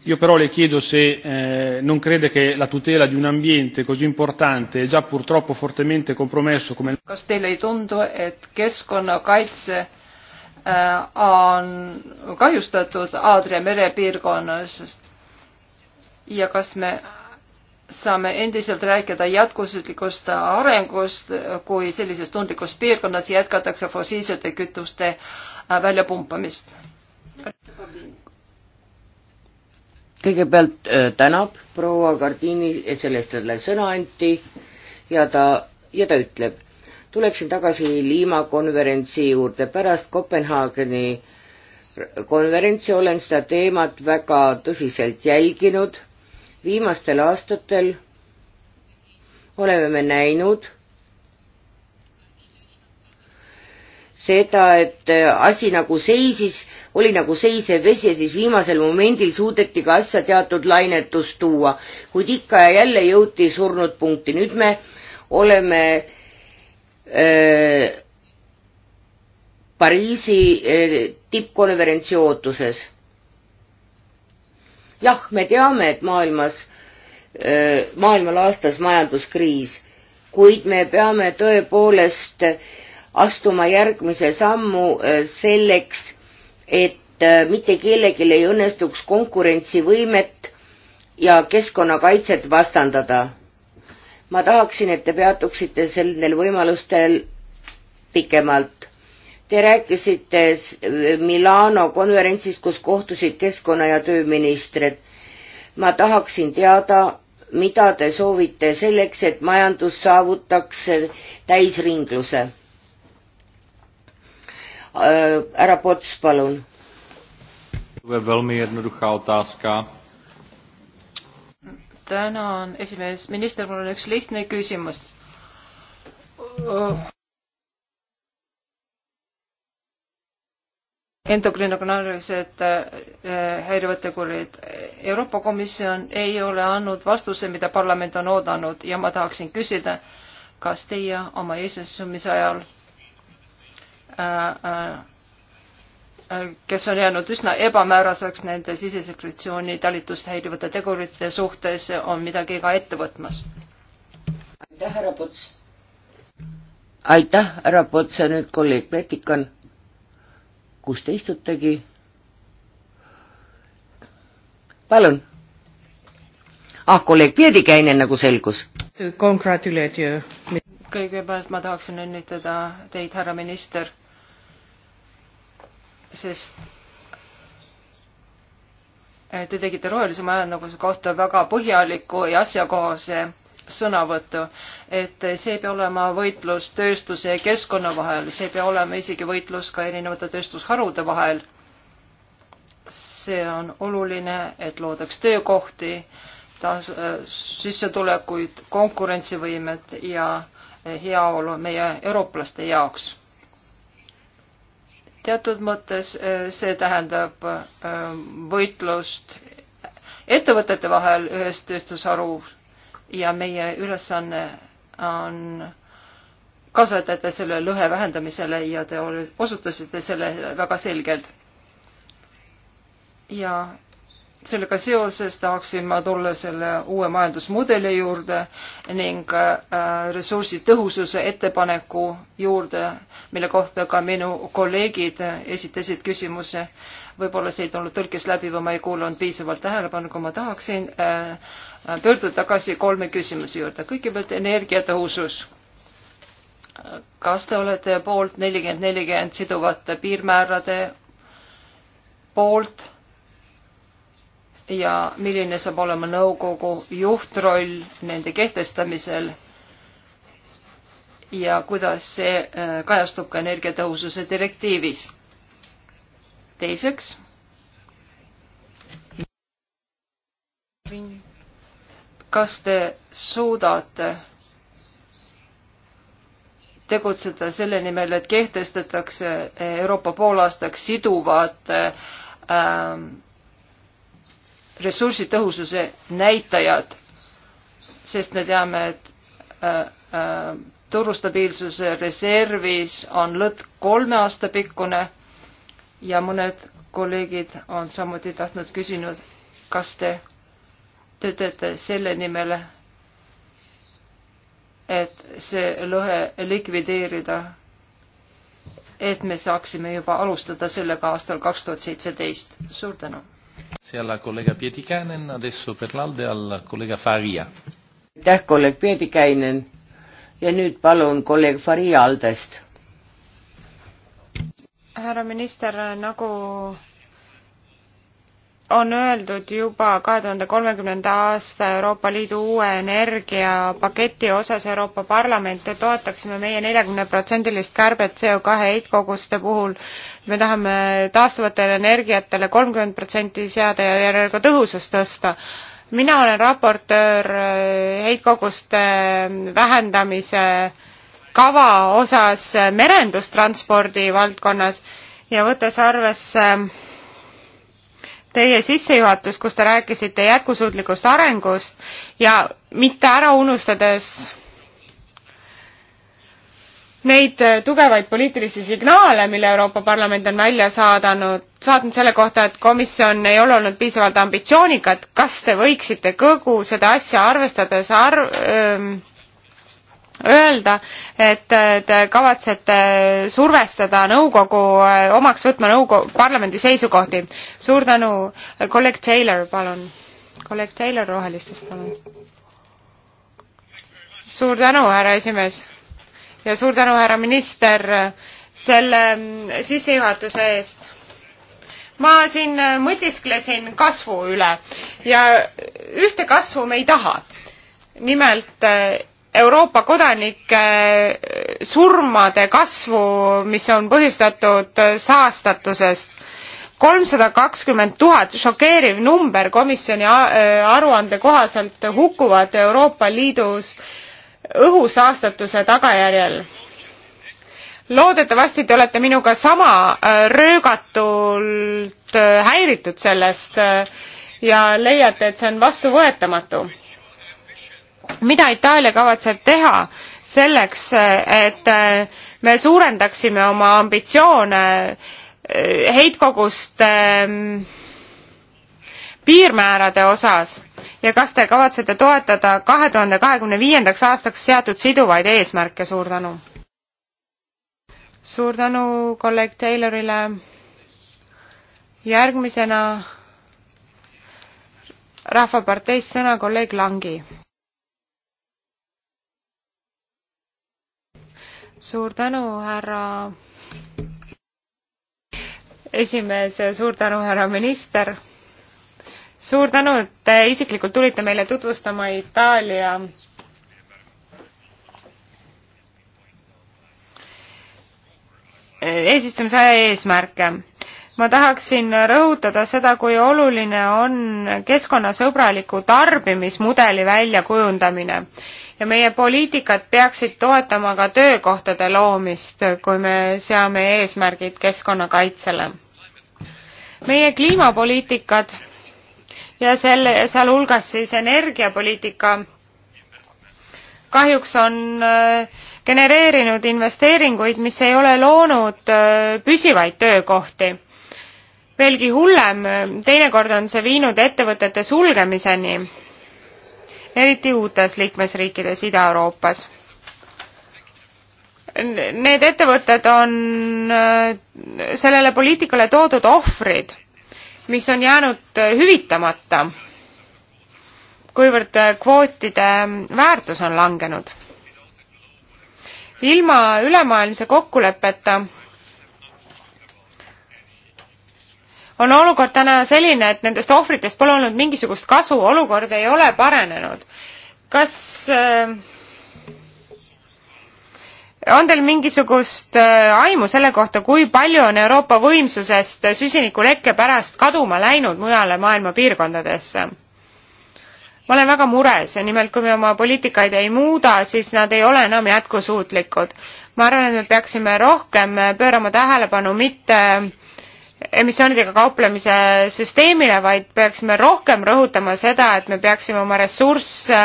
Speaker 2: io però le chiedo se eh, non crede che la tutela di un ambiente così importante e già purtroppo fortemente compromesso come
Speaker 3: kas teile ei tundu, et keskkonnakaitse äh, on kahjustatud Aadria merepiirkonnas ja kas me saame endiselt rääkida jätkusuutlikust arengust, kui sellises tundlikus piirkonnas jätkatakse fossiilsete kütuste äh, väljapumpamist?
Speaker 1: kõigepealt äh, tänab proua Gardini sellest, et talle sõna anti ja ta, ja ta ütleb, tuleksin tagasi Liima konverentsi juurde, pärast Kopenhaageni konverentsi olen seda teemat väga tõsiselt jälginud, viimastel aastatel oleme me näinud, seda, et äh, asi nagu seisis, oli nagu seisev vesi ja siis viimasel momendil suudeti ka asja teatud lainetus tuua, kuid ikka ja jälle jõuti surnud punkti. nüüd me oleme öö, äh, Pariisi öö, äh, tippkonverentsi ootuses. jah, me teame, et maailmas, maailma laastas majanduskriis, kuid me peame tõepoolest öö, astuma järgmise sammu äh, selleks, et äh, mitte kellelgi ei õnnestuks konkurentsivõimet ja keskkonnakaitset vastandada. ma tahaksin, et te peatuksite sellel võimalustel pikemalt. Te rääkisite Milano konverentsist, kus kohtusid keskkonna- ja tööministrid. ma tahaksin teada, mida te soovite selleks, et majandus saavutaks täisringluse härra eh, Pots, palun.
Speaker 3: tänan, esimees. minister, mul on üks lihtne küsimus endokriinokanaalilised eh, häirivetegurid. Euroopa Komisjon ei ole andnud vastuse, mida parlament on oodanud ja ma tahaksin küsida, kas teie oma eesistumise ajal Äh, äh, äh, kes on jäänud üsna ebamääraseks nende sisesekretsiooni talitust häirivate tegurite suhtes, on midagi ka ette võtmas.
Speaker 1: aitäh, härra Puts! aitäh, härra Puts ja nüüd kolleeg Pletikan, kus te istutegi? palun. ah, kolleeg Piedikäine, nagu selgus.
Speaker 3: kõigepealt ma tahaksin õnnitleda teid, härra minister sest eh, te tegite rohelise majanduse kohta väga põhjaliku ja asjakohase sõnavõttu, et see ei pea olema võitlus tööstuse ja keskkonna vahel, see ei pea olema isegi võitlus ka erinevate tööstusharude vahel. see on oluline, et loodaks töökohti, taas eh, sissetulekuid, konkurentsivõimet ja eh, heaolu meie eurooplaste jaoks teatud mõttes eh, see tähendab eh, võitlust ettevõtete vahel ühes tööstusharus ja meie ülesanne on kasvatada selle lõhe vähendamisele ja te osutasite selle väga selgelt. ja sellega seoses tahaksin ma tulla selle uue majandusmudeli juurde ning äh, ressursitõhususe ettepaneku juurde, mille kohta ka minu kolleegid esitasid küsimuse. võib-olla see ei tulnud tõlkes läbi või ma ei kuulanud piisavalt tähelepanu, kui ma tahaksin äh, pöörduda tagasi kolme küsimuse juurde. kõigepealt energiatõhusus. kas te olete poolt nelikümmend, nelikümmend siduvate piirmäärade poolt? ja milline saab olema nõukogu juhtroll nende kehtestamisel ja kuidas see äh, kajastub ka energiatõhususe direktiivis. teiseks. kas te suudate tegutseda selle nimel, et kehtestatakse Euroopa poolaastaks siduvad ähm, ressursitõhususe näitajad, sest me teame, et äh, äh, turustabiilsuse reservis on lõtk kolme aasta pikkune ja mõned kolleegid on samuti tahtnud küsinud, kas te töötate selle nimel, et see lõhe likvideerida, et me saaksime juba alustada sellega aastal kaks
Speaker 1: tuhat seitseteist. suur tänu! aitäh, kolleeg Pietikäinen ja nüüd palun kolleeg Faria Aldest.
Speaker 2: härra minister, nagu on öeldud juba kahe tuhande kolmekümnenda aasta Euroopa Liidu uue energiapaketi osas Euroopa Parlament, toetaksime meie neljakümneprotsendilist kärbet CO kahe heitkoguste puhul me tahame taastuvatele energiatele kolmkümmend protsenti seada ja energiatõhusust tõsta. mina olen raportöör äh, heitkoguste äh, vähendamise kava osas äh, merendustranspordi valdkonnas ja võttes arvesse teie sissejuhatust, kus te rääkisite jätkusuutlikust arengust ja mitte ära unustades neid äh, tugevaid poliitilisi signaale, mille Euroopa Parlament on välja saadanud, saatnud selle kohta, et komisjon ei ole olnud piisavalt ambitsioonikad, kas te võiksite kogu seda asja arvestades arv-, ähm, öelda, et äh, te kavatsete survestada nõukogu, äh, omaks võtma nõukogu, parlamendi seisukohti. suur tänu, kolleeg Taylor, palun. kolleeg Taylor Rohelistest, palun. suur tänu, härra esimees ja suur tänu, härra minister, selle sissejuhatuse eest. ma siin mõtisklesin kasvu üle ja ühte kasvu me ei taha. nimelt eh, Euroopa kodanike eh, surmade kasvu, mis on põhjustatud eh, saastatusest. kolmsada kakskümmend tuhat, šokeeriv number komisjoni aruande kohaselt hukkuvad Euroopa Liidus äh, õhusaastatuse tagajärjel. loodetavasti te olete minuga sama äh, röögatult äh, häiritud sellest äh, ja leiate, et see on vastuvõetamatu. mida Itaalia kavatseb teha selleks, et me suurendaksime oma ambitsioone heitkoguste ähm, piirmäärade osas? ja kas te kavatsete toetada kahe tuhande kahekümne viiendaks aastaks seatud siduvaid eesmärke, suur tänu! suur tänu kolleeg Taylorile, järgmisena Rahvaparteist sõna kolleeg Langi. suur tänu, härra esimees, suur tänu, härra minister suur tänu, et te isiklikult tulite meile tutvustama Itaalia eesistumisaja eesmärke. ma tahaksin rõhutada seda, kui oluline on keskkonnasõbraliku tarbimismudeli väljakujundamine ja meie poliitikad peaksid toetama ka töökohtade loomist, kui me seame eesmärgid keskkonnakaitsele. meie kliimapoliitikad ja selle, sealhulgas siis energiapoliitika kahjuks on äh, genereerinud investeeringuid, mis ei ole loonud äh, püsivaid töökohti. veelgi hullem, teinekord on see viinud ettevõtete sulgemiseni, eriti uutes liikmesriikides Ida-Euroopas. Need ettevõtted on äh, sellele poliitikale toodud ohvrid mis on jäänud äh, hüvitamata, kuivõrd äh, kvootide mm, väärtus on langenud. ilma ülemaailmse kokkuleppeta on olukord täna selline, et nendest ohvritest pole olnud mingisugust kasu, olukord ei ole paranenud. kas äh, on teil mingisugust äh, aimu selle kohta, kui palju on Euroopa võimsusest süsinikulekke pärast kaduma läinud mujale maailma piirkondadesse? ma olen väga mures ja nimelt, kui me oma poliitikaid ei muuda, siis nad ei ole enam jätkusuutlikud. ma arvan, et me peaksime rohkem pöörama tähelepanu mitte äh, emissioonidega kauplemise süsteemile, vaid peaksime rohkem rõhutama seda, et me peaksime oma ressursse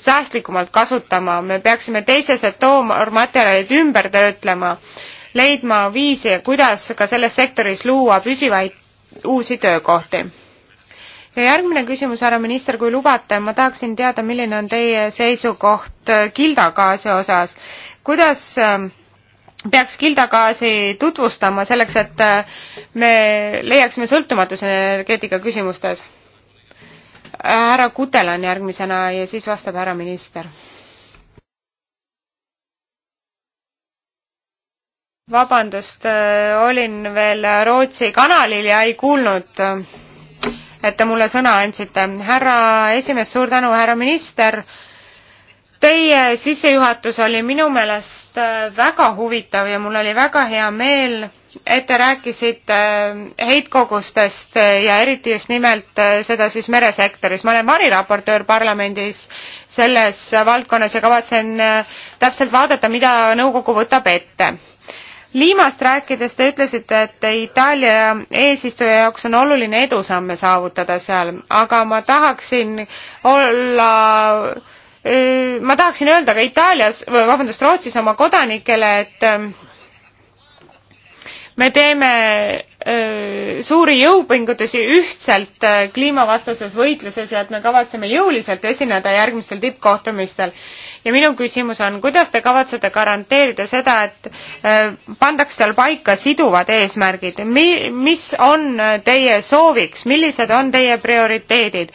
Speaker 2: säästlikumalt kasutama, me peaksime teisesed toormaterjalid ümber töötlema, leidma viisi, kuidas ka selles sektoris luua püsivaid uusi töökohti. ja järgmine küsimus, härra minister, kui lubate, ma tahaksin teada, milline on teie seisukoht kildagaasi osas, kuidas äh, peaks Gildagaasi tutvustama selleks, et äh, me leiaksime sõltumatuse energeetika küsimustes. härra Kutel on järgmisena ja siis vastab härra minister. vabandust, äh, olin veel Rootsi kanalil ja ei kuulnud, äh, et te mulle sõna andsite. härra esimees, suur tänu, härra minister Teie sissejuhatus oli minu meelest äh, väga huvitav ja mul oli väga hea meel, et te rääkisite äh, heitkogustest äh, ja eriti just nimelt seda siis meresektoris. ma olen variraportöör parlamendis selles valdkonnas ja kavatsen täpselt vaadata, mida nõukogu võtab ette Liimast rääkides te ütlesite, et Itaalia eesistuja jaoks on oluline edusamme saavutada seal, aga ma tahaksin olla Ehm, ma tahaksin öelda ka Itaalias, vabandust, Rootsis oma kodanikele, et ehm, me teeme ehm, suuri jõupingutusi ühtselt kliimavastases võitluses ja et me kavatseme jõuliselt esineda järgmistel tippkohtumistel. ja minu küsimus on, kuidas te kavatsete garanteerida seda, et pandaks seal paika siduvad eesmärgid Mi, mis on teie sooviks, millised on teie prioriteedid?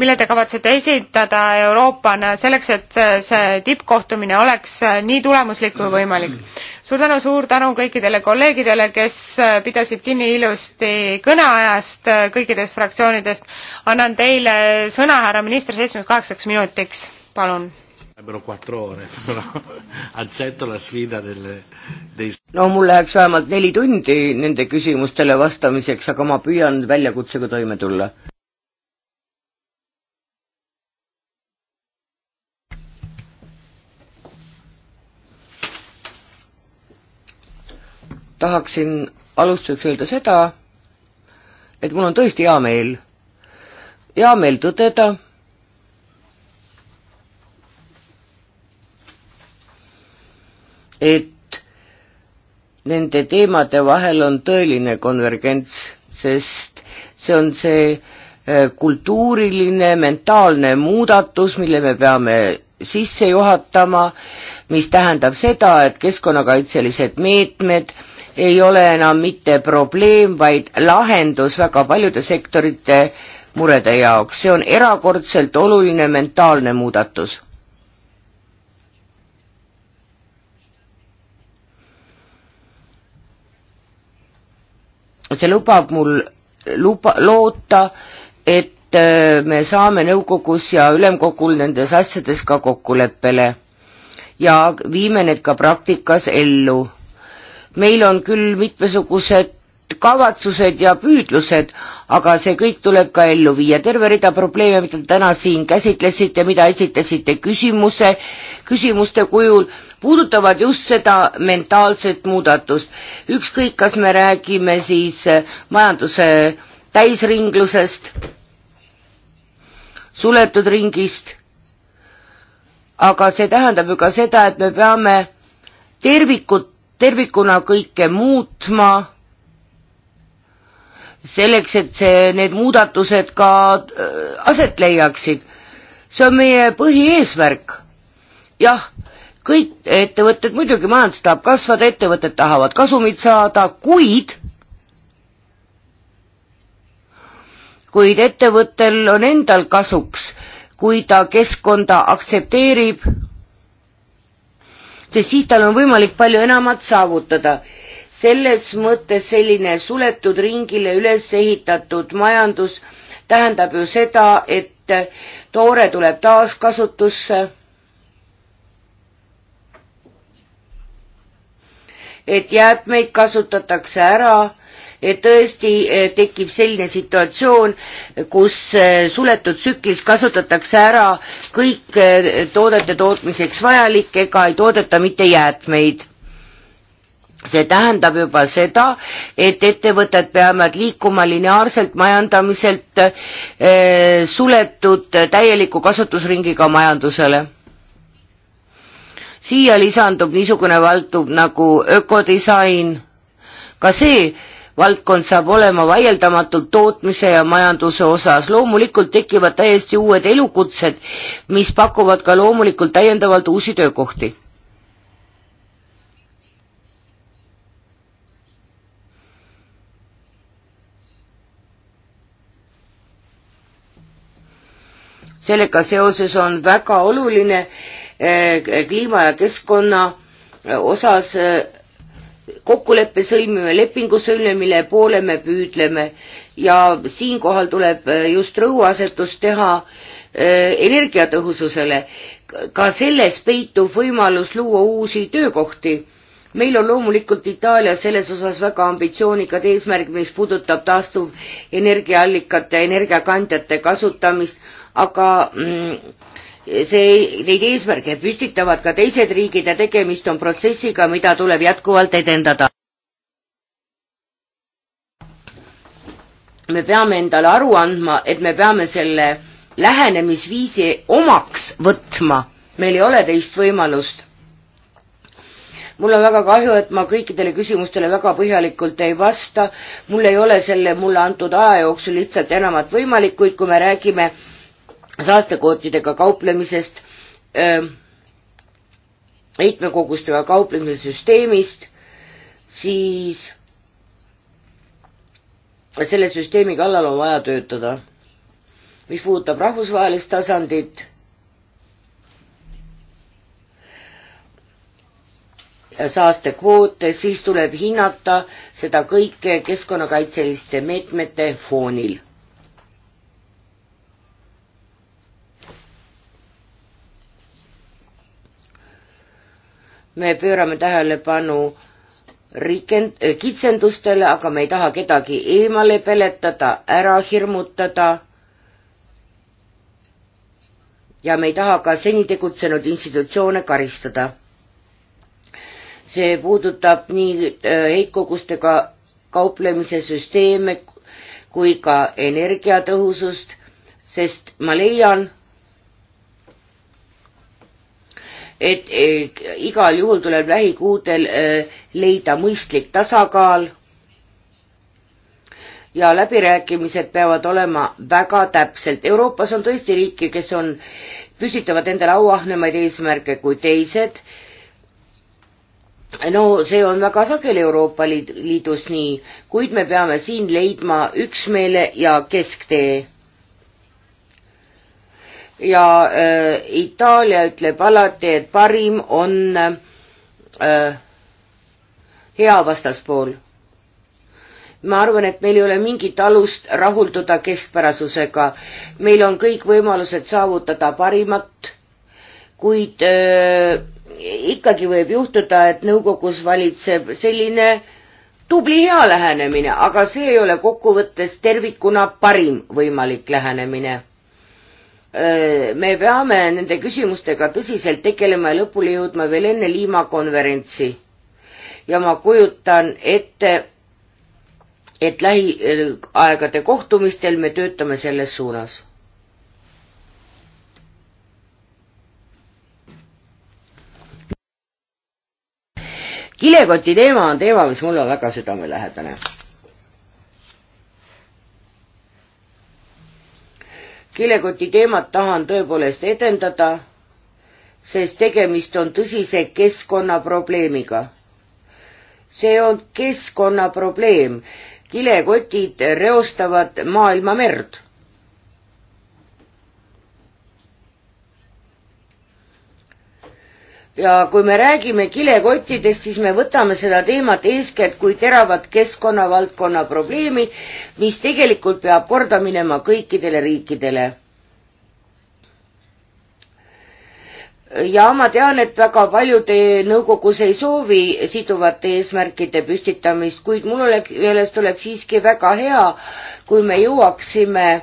Speaker 2: mille te kavatsete esitada Euroopana selleks, et see tippkohtumine oleks nii tulemuslik kui võimalik. suur tänu, suur tänu kõikidele kolleegidele, kes pidasid kinni ilusti kõneajast kõikidest fraktsioonidest. annan teile sõna, härra minister, seitsmeks-kaheksaks minutiks, palun
Speaker 1: sarebbero quattro ore, però accetto la sfida delle, dei... no mul läheks vähemalt neli tundi nende küsimustele vastamiseks, aga ma püüan väljakutsega toime tulla. tahaksin alustuseks öelda seda, et mul on tõesti hea meel, hea meel tõdeda, et nende teemade vahel on tõeline konvergents, sest see on see eh, kultuuriline, mentaalne muudatus, mille me peame sisse juhatama, mis tähendab seda, et keskkonnakaitselised meetmed, ei ole enam mitte probleem, vaid lahendus väga paljude sektorite murede jaoks, see on erakordselt oluline mentaalne muudatus. see lubab mul luba, loota, et äh, me saame nõukogus ja ülemkogul nendes asjades ka kokkuleppele ja viime need ka praktikas ellu meil on küll mitmesugused kavatsused ja püüdlused, aga see kõik tuleb ka ellu viia. terve rida probleeme, mida täna siin käsitlesite, mida esitasite küsimuse, küsimuste kujul, puudutavad just seda mentaalset muudatust. ükskõik, kas me räägime siis eh, majanduse täisringlusest, suletud ringist, aga see tähendab ju ka seda, et me peame tervikut tervikuna kõike muutma, selleks, et see, need muudatused ka äh, aset leiaksid. see on meie põhieesmärk. jah, kõik ettevõtted, muidugi majandus tahab kasvada, ettevõtted tahavad kasumit saada, kuid kuid ettevõttel on endal kasuks, kui ta keskkonda aktsepteerib sest siis tal on võimalik palju enamat saavutada. selles mõttes selline suletud ringile üles ehitatud majandus tähendab ju seda, et toore tuleb taaskasutusse. et jäätmeid kasutatakse ära et tõesti eh, tekib selline situatsioon, kus eh, suletud tsüklis kasutatakse ära kõik eh, toodete tootmiseks vajalik ega ei toodeta mitte jäätmeid see tähendab juba seda, et ettevõtted peavad liikuma lineaarselt majandamiselt äh, suletud täieliku kasutusringiga majandusele. siia lisandub niisugune valdkond nagu ökodisain, ka see valdkond saab olema vaieldamatult tootmise ja majanduse osas. loomulikult tekivad täiesti uued elukutsed, mis pakuvad ka loomulikult täiendavalt uusi töökohti. sellega seoses on väga oluline eh, kliima ja keskkonna eh, osas eh, kokkuleppe sõlmime, lepingu sõlmime, mille poole me püüdleme ja siinkohal tuleb äh, just rõhuasetus teha äh, energiatõhususele. ka selles peitub võimalus luua uusi töökohti. meil on loomulikult Itaalias selles osas väga ambitsioonikad eesmärgid, mis puudutab taastuvenergiaallikate, energiakandjate kasutamist, aga mm, see, neid eesmärke püstitavad ka teised riigid ja tegemist on protsessiga, mida tuleb jätkuvalt edendada. me peame endale aru andma, et me peame selle lähenemisviisi omaks võtma, meil ei ole teist võimalust. mul on väga kahju, et ma kõikidele küsimustele väga põhjalikult ei vasta, mul ei ole selle mulle antud aja jooksul lihtsalt enamat võimalik, kuid kui me räägime saastekvootidega kauplemisest, ähm, heitmekogustega kauplemise süsteemist, siis selle süsteemi kallal on vaja töötada. mis puudutab rahvusvahelist tasandit, saastekvoote, siis tuleb hinnata seda kõike keskkonnakaitseliste meetmete foonil me pöörame tähelepanu rikend-, äh, kitsendustele, aga me ei taha kedagi eemale peletada, ära hirmutada. ja me ei taha ka seni tegutsenud institutsioone karistada. see puudutab nii äh, heitkogustega kauplemise süsteeme kui ka energiatõhusust, sest ma leian, et igal juhul tuleb lähikuudel äh, leida mõistlik tasakaal ja läbirääkimised peavad olema väga täpselt. Euroopas on tõesti riike, kes on, püstitavad endale auahnemaid eesmärke kui teised. no see on väga sageli Euroopa Liidus nii, kuid me peame siin leidma üksmeele ja kesktee ja äh, Itaalia ütleb alati, et parim on äh, hea vastaspool. ma arvan, et meil ei ole mingit alust rahulduda keskpärasusega. meil on kõik võimalused saavutada parimat, kuid äh, ikkagi võib juhtuda, et nõukogus valitseb selline tubli hea lähenemine, aga see ei ole kokkuvõttes tervikuna parim võimalik lähenemine Äh, me peame nende küsimustega tõsiselt tegelema ja lõpule jõudma veel enne Liima konverentsi. ja ma kujutan ette, et lähiaegade kohtumistel me töötame selles suunas. kilekoti teema on teema, mis mulle on väga südamelähedane kilekoti teemat tahan tõepoolest edendada, sest tegemist on tõsise keskkonnaprobleemiga. see on keskkonnaprobleem, kilekotid reostavad maailma merd ja kui me räägime kilekottidest, siis me võtame seda teemat eeskätt kui teravat keskkonnavaldkonna probleemi, mis tegelikult peab korda minema kõikidele riikidele. ja ma tean, et väga paljud nõukogus ei soovi siduvate eesmärkide püstitamist, kuid mul oleks, meelest oleks siiski väga hea, kui me jõuaksime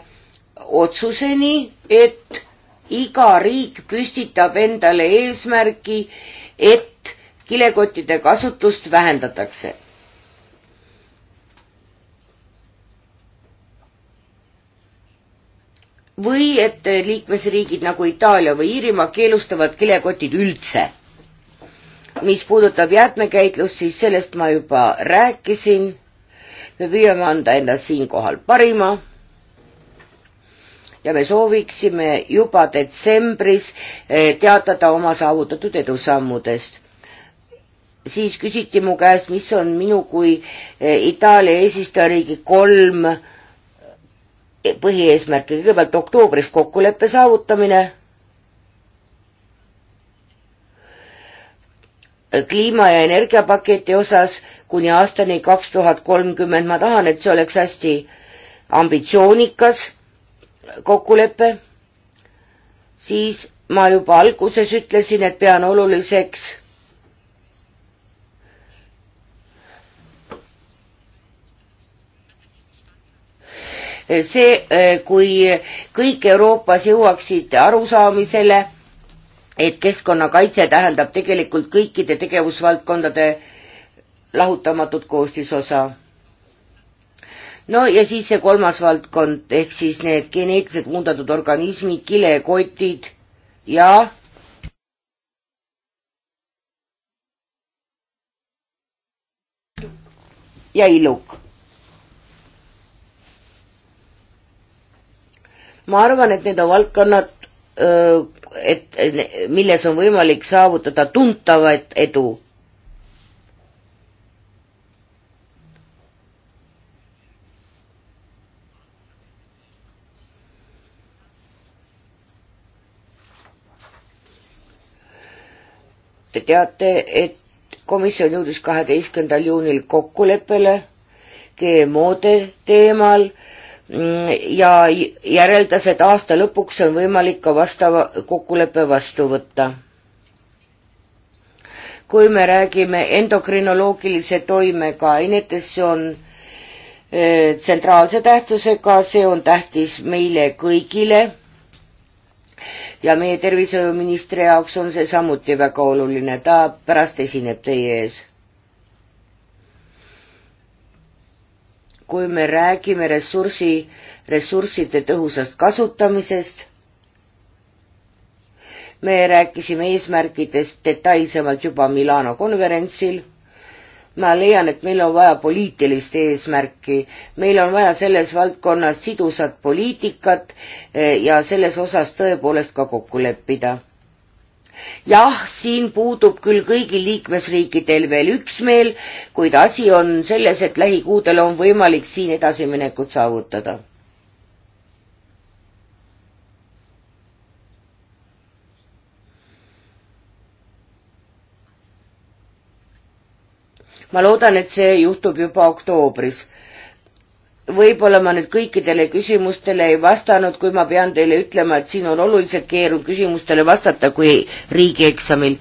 Speaker 1: otsuseni, et iga riik püstitab endale eesmärgi, et kilekottide kasutust vähendatakse. või et liikmesriigid nagu Itaalia või Iirimaa keelustavad kilekotid üldse. mis puudutab jäätmekäitlust, siis sellest ma juba rääkisin. me püüame anda endast siinkohal parima ja me sooviksime juba detsembris eh, teatada oma saavutatud edusammudest. siis küsiti mu käest, mis on minu kui eh, Itaalia eesistujariigi kolm eh, põhieesmärki, kõigepealt oktoobris kokkuleppe saavutamine kliima- ja energiapaketi osas kuni aastani kaks tuhat kolmkümmend, ma tahan, et see oleks hästi ambitsioonikas kokkulepe, siis ma juba alguses ütlesin, et pean oluliseks see, kui kõik Euroopas jõuaksid arusaamisele, et keskkonnakaitse tähendab tegelikult kõikide tegevusvaldkondade lahutamatut koostisosa no ja siis see kolmas valdkond, ehk siis need geneetiliselt muundatud organismid, kilekotid ja ja iluk. ma arvan, et need on valdkonnad, et milles on võimalik saavutada tuntavat edu Te teate, et komisjon jõudis kaheteistkümnendal juunil kokkuleppele GMO-de teemal mm, ja järeldas, et aasta lõpuks on võimalik ka vastava kokkuleppe vastu võtta. kui me räägime endokrinoloogilise toimega ainetest, see on eh, tsentraalse tähtsusega, see on tähtis meile kõigile ja meie tervishoiuministri jaoks on see samuti väga oluline, ta pärast esineb teie ees. kui me räägime ressursi, ressursside tõhusast kasutamisest, me rääkisime eesmärkidest detailsemalt juba Milano konverentsil ma leian, et meil on vaja poliitilist eesmärki, meil on vaja selles valdkonnas sidusat poliitikat eh, ja selles osas tõepoolest ka kokku leppida. jah, siin puudub küll kõigil liikmesriikidel veel üksmeel, kuid asi on selles, et lähikuudel on võimalik siin edasiminekut saavutada ma loodan, et see juhtub juba oktoobris. võib-olla ma nüüd kõikidele küsimustele ei vastanud, kui ma pean teile ütlema, et siin on oluliselt keeruline küsimustele vastata kui riigieksamil.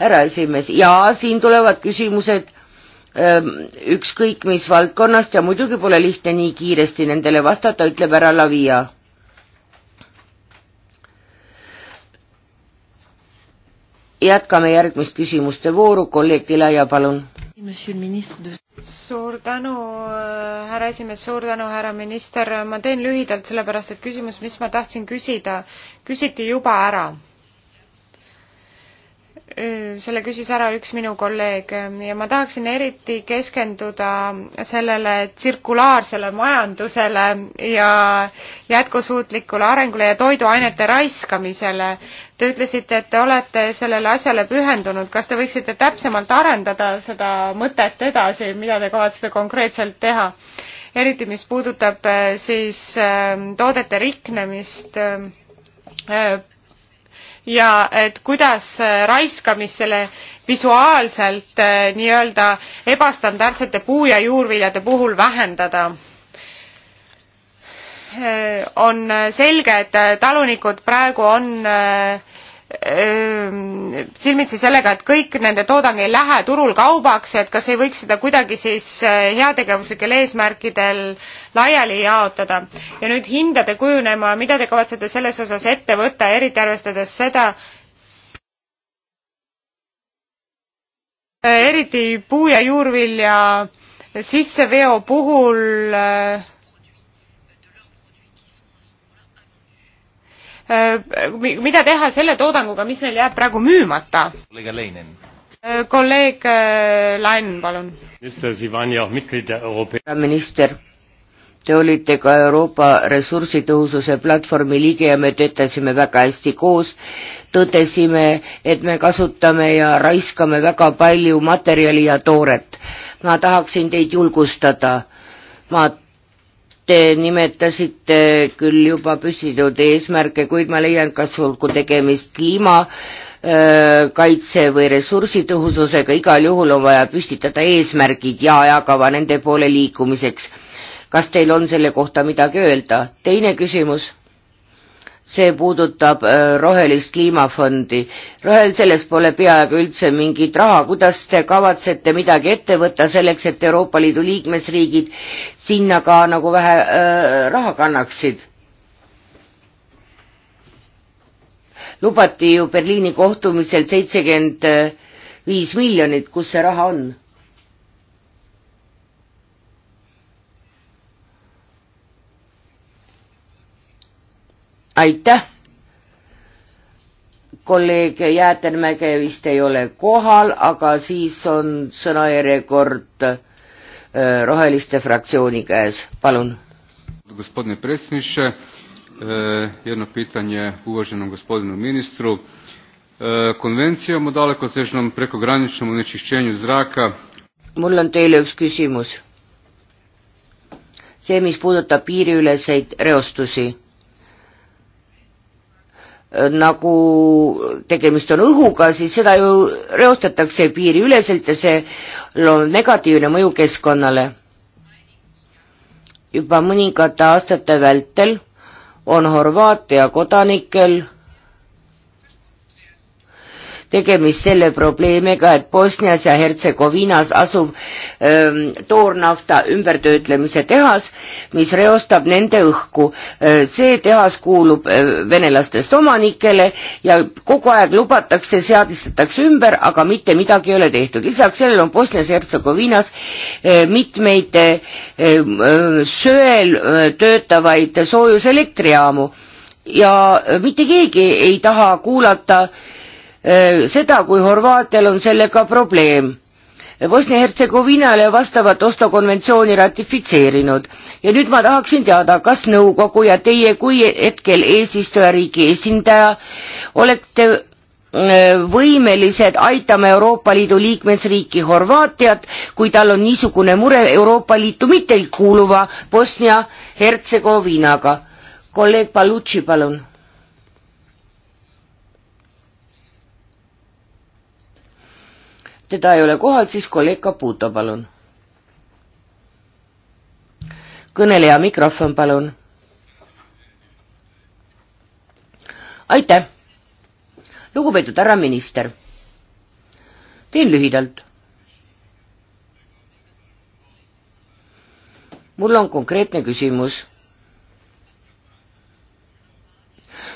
Speaker 1: härra esimees, jaa, siin tulevad küsimused ähm, ükskõik mis valdkonnast ja muidugi pole lihtne nii kiiresti nendele vastata, ütleb härra Lavia jätkame järgmist küsimuste vooru, kolleeg Tilaia, palun.
Speaker 2: suur tänu, äh, härra esimees, suur tänu, härra minister, ma teen lühidalt, sellepärast et küsimus, mis ma tahtsin küsida, küsiti juba ära Äh, selle küsis ära üks minu kolleeg ähm, ja ma tahaksin eriti keskenduda sellele tsirkulaarsele majandusele ja jätkusuutlikule arengule ja toiduainete raiskamisele. Te ütlesite, et te olete sellele asjale pühendunud, kas te võiksite täpsemalt arendada seda mõtet edasi, mida te kavatsete konkreetselt teha? eriti mis puudutab äh, siis ähm, toodete riknemist äh, ja et kuidas raiskamisele visuaalselt eh, nii-öelda ebastandardsete puu- ja juurviljade puhul vähendada eh, on selge, et talunikud praegu on äh, silmitsi sellega, et kõik nende toodang ei lähe turul kaubaks, et kas ei võiks seda kuidagi siis äh, heategevuslikel eesmärkidel laiali jaotada. ja nüüd hindade kujunema, mida te kavatsete selles osas ette võtta, eriti arvestades seda, äh, eriti puu- ja juurvilja sisseveo puhul äh, Äh, mida teha selle toodanguga, mis neil jääb praegu müümata? kolleeg äh, äh, Laen, palun.
Speaker 1: minister, te olite ka Euroopa ressursitõhususe platvormi liige ja me töötasime väga hästi koos, tõdesime, et me kasutame ja raiskame väga palju materjali ja tooret. ma tahaksin teid julgustada, ma Te nimetasite küll juba püsitud eesmärke, kuid ma leian, kas olgu tegemist kliima äh, kaitse või ressursitõhususega, igal juhul on vaja püstitada eesmärgid ja ajakava nende poole liikumiseks. kas teil on selle kohta midagi öelda? teine küsimus see puudutab äh, rohelist kliimafondi. rohel, selles pole peaaegu üldse mingit raha, kuidas te kavatsete midagi ette võtta selleks, et Euroopa Liidu liikmesriigid sinna ka nagu vähe äh, raha kannaksid? lubati ju Berliini kohtumisel seitsekümmend viis miljonit, kus see raha on? aitäh! kolleeg Jäätermäge vist ei ole kohal, aga siis on sõnajärjekord äh, Roheliste fraktsiooni käes, palun. gospodine predsjedniče, äh, jedno pitanje uvaženom gospodinu ministru. Äh, konvencijom o dalekosežnom prekograničnom onečišćenju zraka mul on teile üks küsimus. see, mis puudutab piiriüleseid reostusi Äh, nagu tegemist on õhuga, siis seda ju reostatakse piiriüleselt ja seal on negatiivne mõju keskkonnale. juba mõningate aastate vältel on Horvaatia kodanikel tegemist selle probleemiga, et Bosnias ja Hertsegoviinas asub ähm, toornafta ümbertöötlemise tehas, mis reostab nende õhku. Äh, see tehas kuulub äh, venelastest omanikele ja kogu aeg lubatakse, seadistatakse ümber, aga mitte midagi ei ole tehtud. lisaks sellele on Bosnias ja Hertsegoviinas äh, mitmeid äh, äh söel töötavaid soojuselektrijaama jaamu ja mitte keegi ei taha kuulata Äh, seda, kui Horvaatial on sellega probleem. Bosnia-Hertsegoviina ei ole vastavat ostukonventsiooni ratifitseerinud ja nüüd ma tahaksin teada, kas nõukogu ja teie kui hetkel eesistujariigi esindaja olete äh, võimelised aitama Euroopa Liidu liikmesriiki Horvaatiat, kui tal on niisugune mure Euroopa Liitu mitte kuuluva Bosnia-Hertsegoviinaga. kolleeg Balutši, palun teda ei ole kohal, siis kolleeg Caputo, palun. kõneleja mikrofon, palun. aitäh, lugupeetud härra minister. teen lühidalt. mul on konkreetne küsimus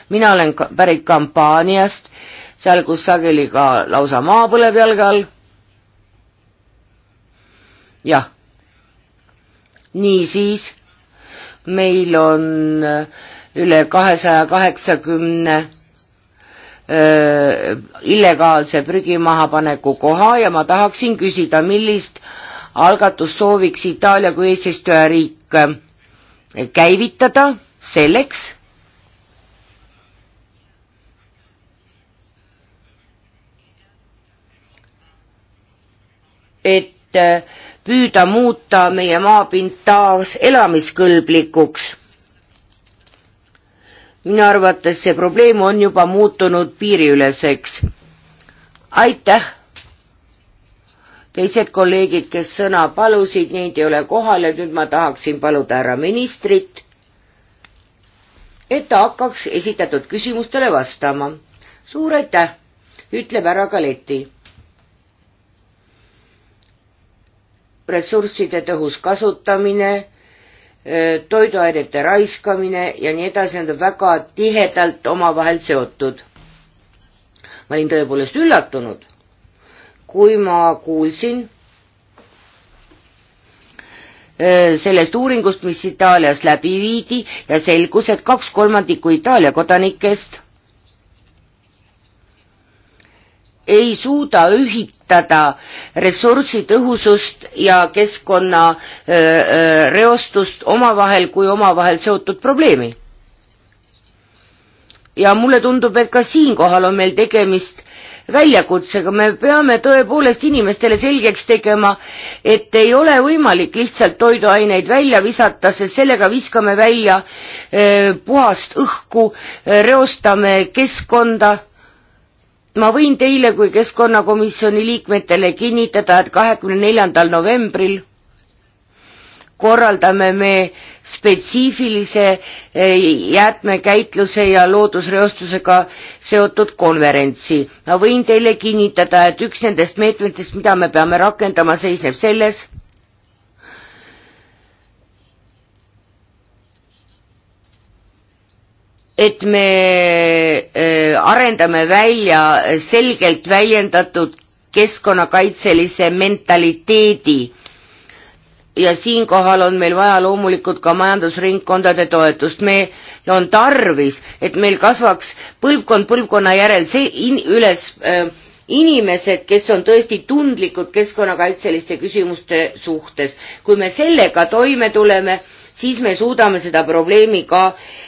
Speaker 1: mina olen ka, pärit kampaaniast, seal, kus sageli ka lausa maa põleb jalge all jah. niisiis, meil on äh, üle kahesaja kaheksakümne äh, illegaalse prügi mahapaneku koha ja ma tahaksin küsida, millist algatust sooviks Itaalia kui eesistujariik äh, käivitada selleks, et püüda muuta meie maapind taas elamiskõlblikuks. minu arvates see probleem on juba muutunud piiriüleseks. aitäh! teised kolleegid, kes sõna palusid, neid ei ole kohal ja nüüd ma tahaksin paluda härra ministrit, et ta hakkaks esitatud küsimustele vastama. suur aitäh, ütleb härra Galeti ressursside tõhus kasutamine, toiduainete raiskamine ja nii edasi, need on väga tihedalt omavahel seotud. ma olin tõepoolest üllatunud, kui ma kuulsin sellest uuringust, mis Itaalias läbi viidi ja selgus, et kaks kolmandikku Itaalia kodanikest ei suuda ühitada ressursitõhusust ja keskkonna reostust omavahel kui omavahel seotud probleemi. ja mulle tundub, et ka siinkohal on meil tegemist väljakutsega, me peame tõepoolest inimestele selgeks tegema, et ei ole võimalik lihtsalt toiduaineid välja visata, sest sellega viskame välja puhast õhku, reostame keskkonda ma võin teile kui keskkonnakomisjoni liikmetele kinnitada, et kahekümne neljandal novembril korraldame me spetsiifilise eh, jäätmekäitluse ja loodusreostusega seotud konverentsi. ma võin teile kinnitada, et üks nendest meetmetest, mida me peame rakendama, seisneb selles, et me äh, arendame välja selgelt väljendatud keskkonnakaitselise mentaliteedi ja siinkohal on meil vaja loomulikult ka majandusringkondade toetust. meil on tarvis, et meil kasvaks põlvkond põlvkonna järel see in, üles äh, inimesed, kes on tõesti tundlikud keskkonnakaitseliste küsimuste suhtes. kui me sellega toime tuleme, siis me suudame seda probleemi ka äh,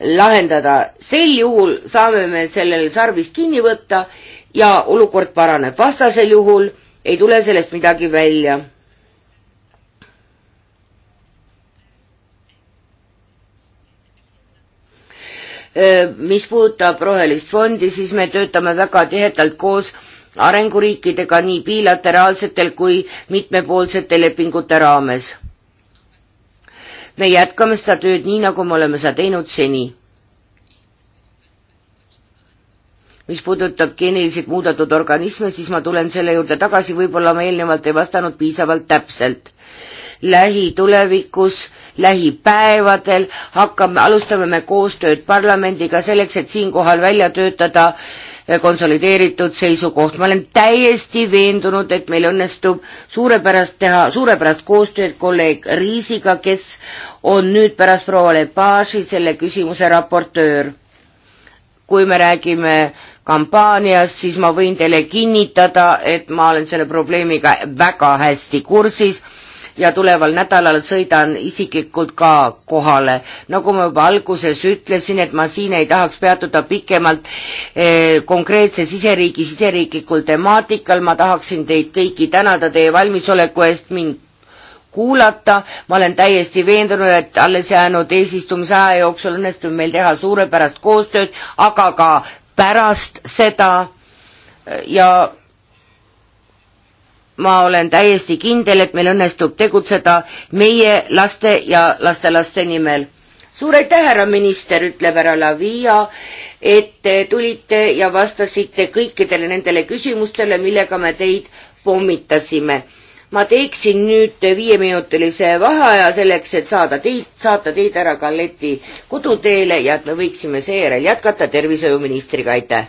Speaker 1: lahendada. sel juhul saame me sellel sarvist kinni võtta ja olukord paraneb. vastasel juhul ei tule sellest midagi välja. mis puudutab rohelist fondi, siis me töötame väga tihedalt koos arenguriikidega nii bilateraalsetel kui mitmepoolsete lepingute raames me jätkame seda tööd nii, nagu me oleme seda teinud seni. mis puudutab geneeliselt muudatud organisme, siis ma tulen selle juurde tagasi, võib-olla ma eelnevalt ei vastanud piisavalt täpselt lähitulevikus, lähipäevadel hakkame, alustame me koostööd parlamendiga selleks, et siinkohal välja töötada eh, konsolideeritud seisukoht. ma olen täiesti veendunud, et meil õnnestub suurepärast teha, suurepärast koostööd kolleeg Riisiga, kes on nüüd pärast proua Lepagi selle küsimuse raportöör. kui me räägime kampaaniast, siis ma võin teile kinnitada, et ma olen selle probleemiga väga hästi kursis ja tuleval nädalal sõidan isiklikult ka kohale. nagu ma juba alguses ütlesin, et ma siin ei tahaks peatuda pikemalt eh, konkreetse siseriigi, siseriiklikul temaatikal, ma tahaksin teid kõiki tänada teie valmisoleku eest mind kuulata, ma olen täiesti veendunud, et alles jäänud eesistumise aja jooksul õnnestub meil teha suurepärast koostööd, aga ka pärast seda eh, ja ma olen täiesti kindel, et meil õnnestub tegutseda meie laste ja lastelaste nimel. suur aitäh, härra minister, ütleb härra Lavia, et te tulite ja vastasite kõikidele nendele küsimustele, millega me teid pommitasime. ma teeksin nüüd viieminutilise vaheaja selleks, et saada teid, saata teid härra Galleti koduteele ja et me võiksime seejärel jätkata tervishoiuministriga, aitäh!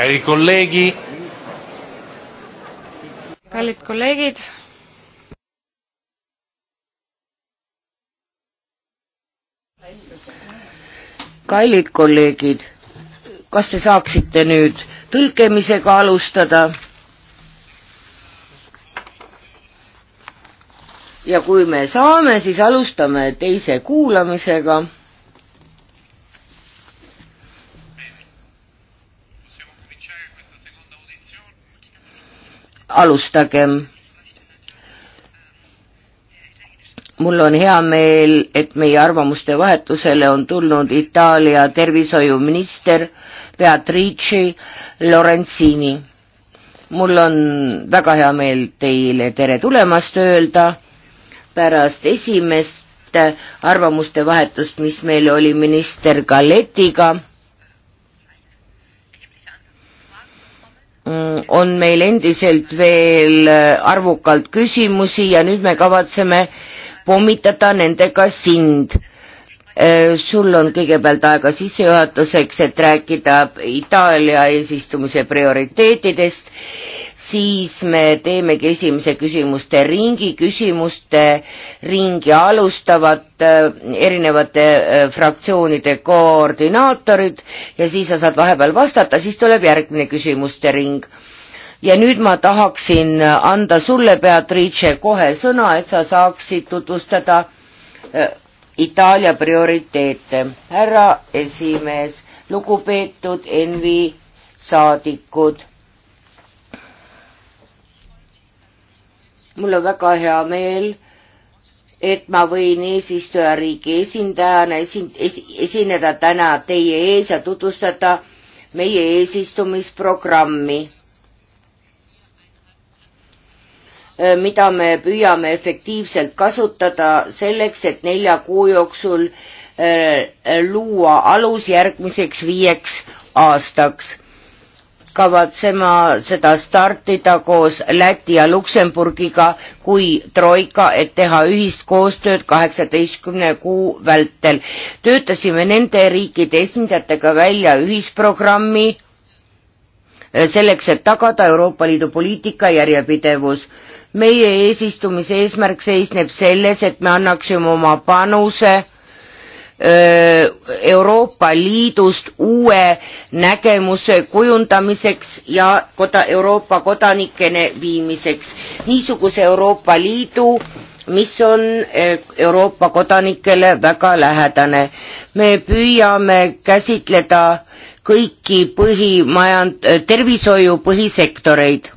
Speaker 1: cari
Speaker 2: colleghi. Kallid kolleegid.
Speaker 1: kallid kolleegid, kas te saaksite nüüd tõlkemisega alustada? ja kui me saame, siis alustame teise kuulamisega alustagem. mul on hea meel, et meie arvamuste vahetusele on tulnud Itaalia tervishoiuminister Beatrice Lorenzini. mul on väga hea meel teile tere tulemast öelda pärast esimest arvamuste vahetust, mis meil oli minister Galletiga Mm, on meil endiselt veel äh, arvukalt küsimusi ja nüüd me kavatseme pommitada nendega sind Äh, sul on kõigepealt aega sissejuhatuseks, et rääkida Itaalia eesistumise prioriteetidest, siis me teemegi esimese küsimuste ringi, küsimuste ringi alustavad äh, erinevate äh, fraktsioonide koordinaatorid ja siis sa saad vahepeal vastata, siis tuleb järgmine küsimuste ring ja nüüd ma tahaksin anda sulle, Beatrice, kohe sõna, et sa saaksid tutvustada Itaalia prioriteete. härra esimees, lugupeetud Envi saadikud. mul on väga hea meel, et ma võin eesistujariigi esindajana esin-, es-, esineda täna teie ees ja tutvustada meie eesistumisprogrammi Äh, mida me püüame efektiivselt kasutada selleks, et nelja kuu jooksul äh, luua alus järgmiseks viieks aastaks. kavatsema seda startida koos Läti ja Luksemburgiga kui troika, et teha ühist koostööd kaheksateistkümne kuu vältel. töötasime nende riikide esindajatega välja ühisprogrammi äh, selleks, et tagada Euroopa Liidu poliitika järjepidevus meie eesistumise eesmärk seisneb selles, et me annaksime oma panuse Euroopa Liidust uue nägemuse kujundamiseks ja koda, Euroopa kodanikene viimiseks. niisuguse Euroopa Liidu, mis on Euroopa kodanikele väga lähedane. me püüame käsitleda kõiki põhimajand-, tervishoiu põhisektoreid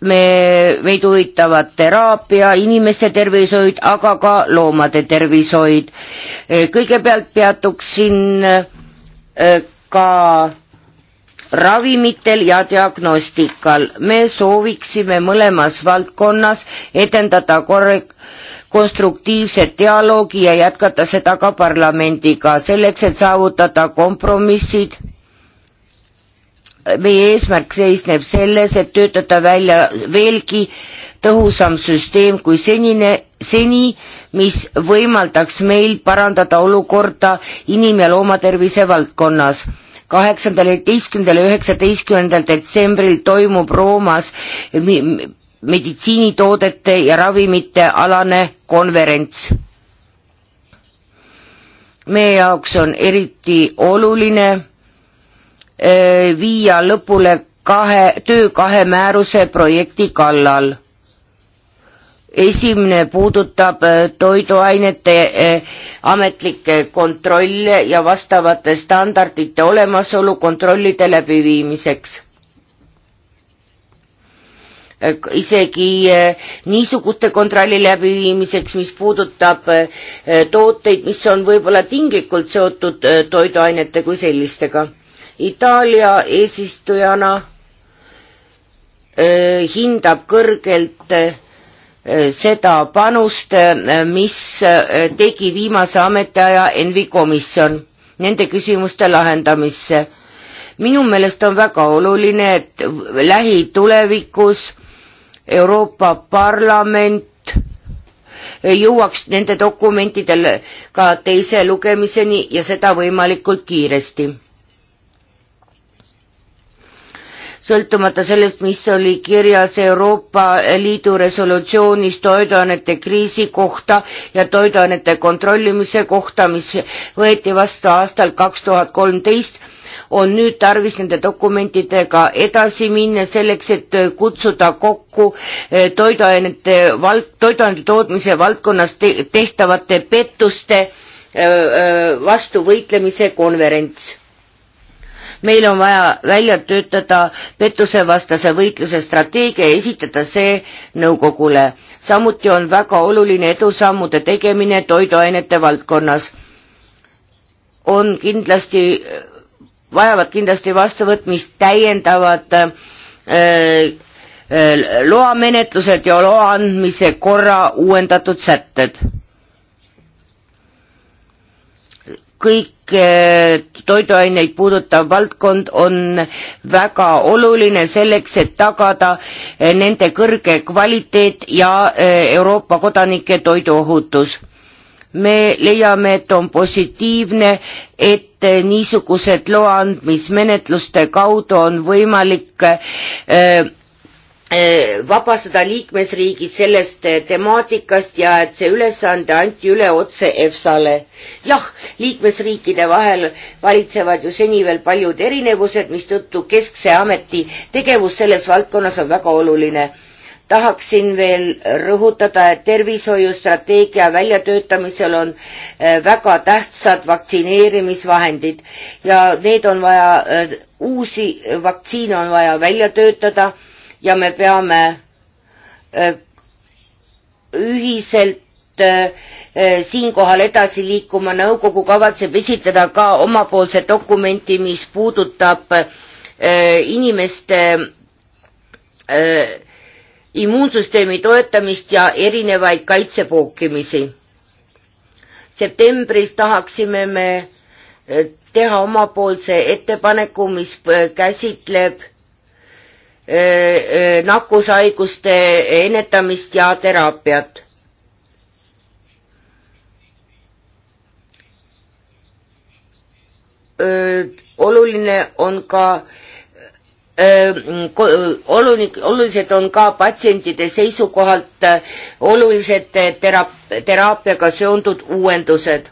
Speaker 1: me, meid huvitavad teraapia, inimeste tervishoid, aga ka loomade tervishoid. Eh, kõigepealt peatuksin eh, ka ravimitel ja diagnostikal. me sooviksime mõlemas valdkonnas edendada korrekt-, konstruktiivset dialoogi ja jätkata seda ka parlamendiga, selleks et saavutada kompromissid meie eesmärk seisneb selles, et töötada välja veelgi tõhusam süsteem kui senine, seni, mis võimaldaks meil parandada olukorda inim- ja loomatervise valdkonnas. kaheksandal, üheteistkümnendal ja üheksateistkümnendal detsembril toimub Roomas meditsiinitoodete ja ravimite alane konverents. meie jaoks on eriti oluline viia lõpule kahe, töö kahe määruse projekti kallal. esimene puudutab toiduainete ametlikke kontrolle ja vastavate standardite olemasolu kontrollide läbiviimiseks isegi niisuguste kontrolli läbiviimiseks, mis puudutab tooteid, mis on võib-olla tinglikult seotud toiduainete kui sellistega. Itaalia eesistujana eh, hindab kõrgelt eh, seda panust, eh, mis tegi viimase ametiaja Envi komisjon nende küsimuste lahendamisse. minu meelest on väga oluline, et lähitulevikus Euroopa Parlament jõuaks nende dokumentidel ka teise lugemiseni ja seda võimalikult kiiresti sõltumata sellest, mis oli kirjas Euroopa Liidu resolutsioonis toiduainete kriisi kohta ja toiduainete kontrollimise kohta, mis võeti vastu aastal kaks tuhat kolmteist, on nüüd tarvis nende dokumentidega edasi minna selleks, et kutsuda kokku eh, toiduainete vald-, toiduainete tootmise valdkonnas te tehtavate pettuste eh, eh, vastu võitlemise konverents meil on vaja välja töötada pettusevastase võitluse strateegia ja esitada see nõukogule. samuti on väga oluline edusammude tegemine toiduainete valdkonnas. on kindlasti, vajavad kindlasti vastuvõtmist täiendavad äh, äh, loamenetlused ja loa andmise korra uuendatud sätted kõik eh, toiduaineid puudutav valdkond on väga oluline selleks, et tagada eh, nende kõrge kvaliteet ja eh, Euroopa kodanike toiduohutus. me leiame, et on positiivne, et niisugused loa andmismenetluste kaudu on võimalik äh, Eh, vabastada liikmesriigid sellest eh, temaatikast ja et see ülesande anti üle otse EFSA-le. jah, liikmesriikide vahel valitsevad ju seni veel paljud erinevused, mistõttu keskse ameti tegevus selles valdkonnas on väga oluline. tahaksin veel rõhutada, et tervishoiustrateegia väljatöötamisel on eh, väga tähtsad vaktsineerimisvahendid ja need on vaja, uusi vaktsiine on vaja välja töötada ja me peame äh, ühiselt äh, äh, siinkohal edasi liikuma, nõukogu kavatseb esitada ka omapoolse dokumenti, mis puudutab inimeste immuunsüsteemi toetamist ja erinevaid kaitsepookimisi. septembris tahaksime me teha omapoolse ettepaneku, mis käsitleb nakkushaiguste ennetamist ja teraapiat. oluline on ka oluline, olulised on ka patsientide seisukohalt olulised teraap-, teraapiaga seonduvad uuendused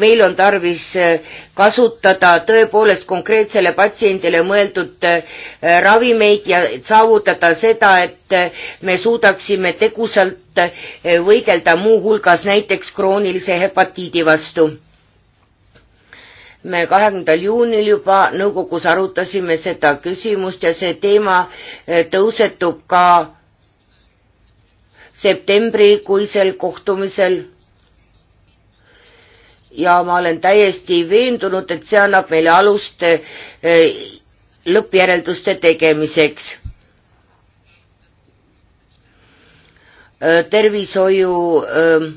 Speaker 1: meil on tarvis äh, kasutada tõepoolest konkreetsele patsiendile mõeldud äh, ravimeid ja saavutada seda, et äh, me suudaksime tegusalt võidelda muuhulgas näiteks kroonilise hepatiidi vastu. me kahekümnendal juunil juba nõukogus arutasime seda küsimust ja see teema tõusetub ka septembrikuisel kohtumisel ja ma olen täiesti veendunud, et see annab meile alust eh, lõppjärelduste tegemiseks. Eh, tervishoiu öö, eh,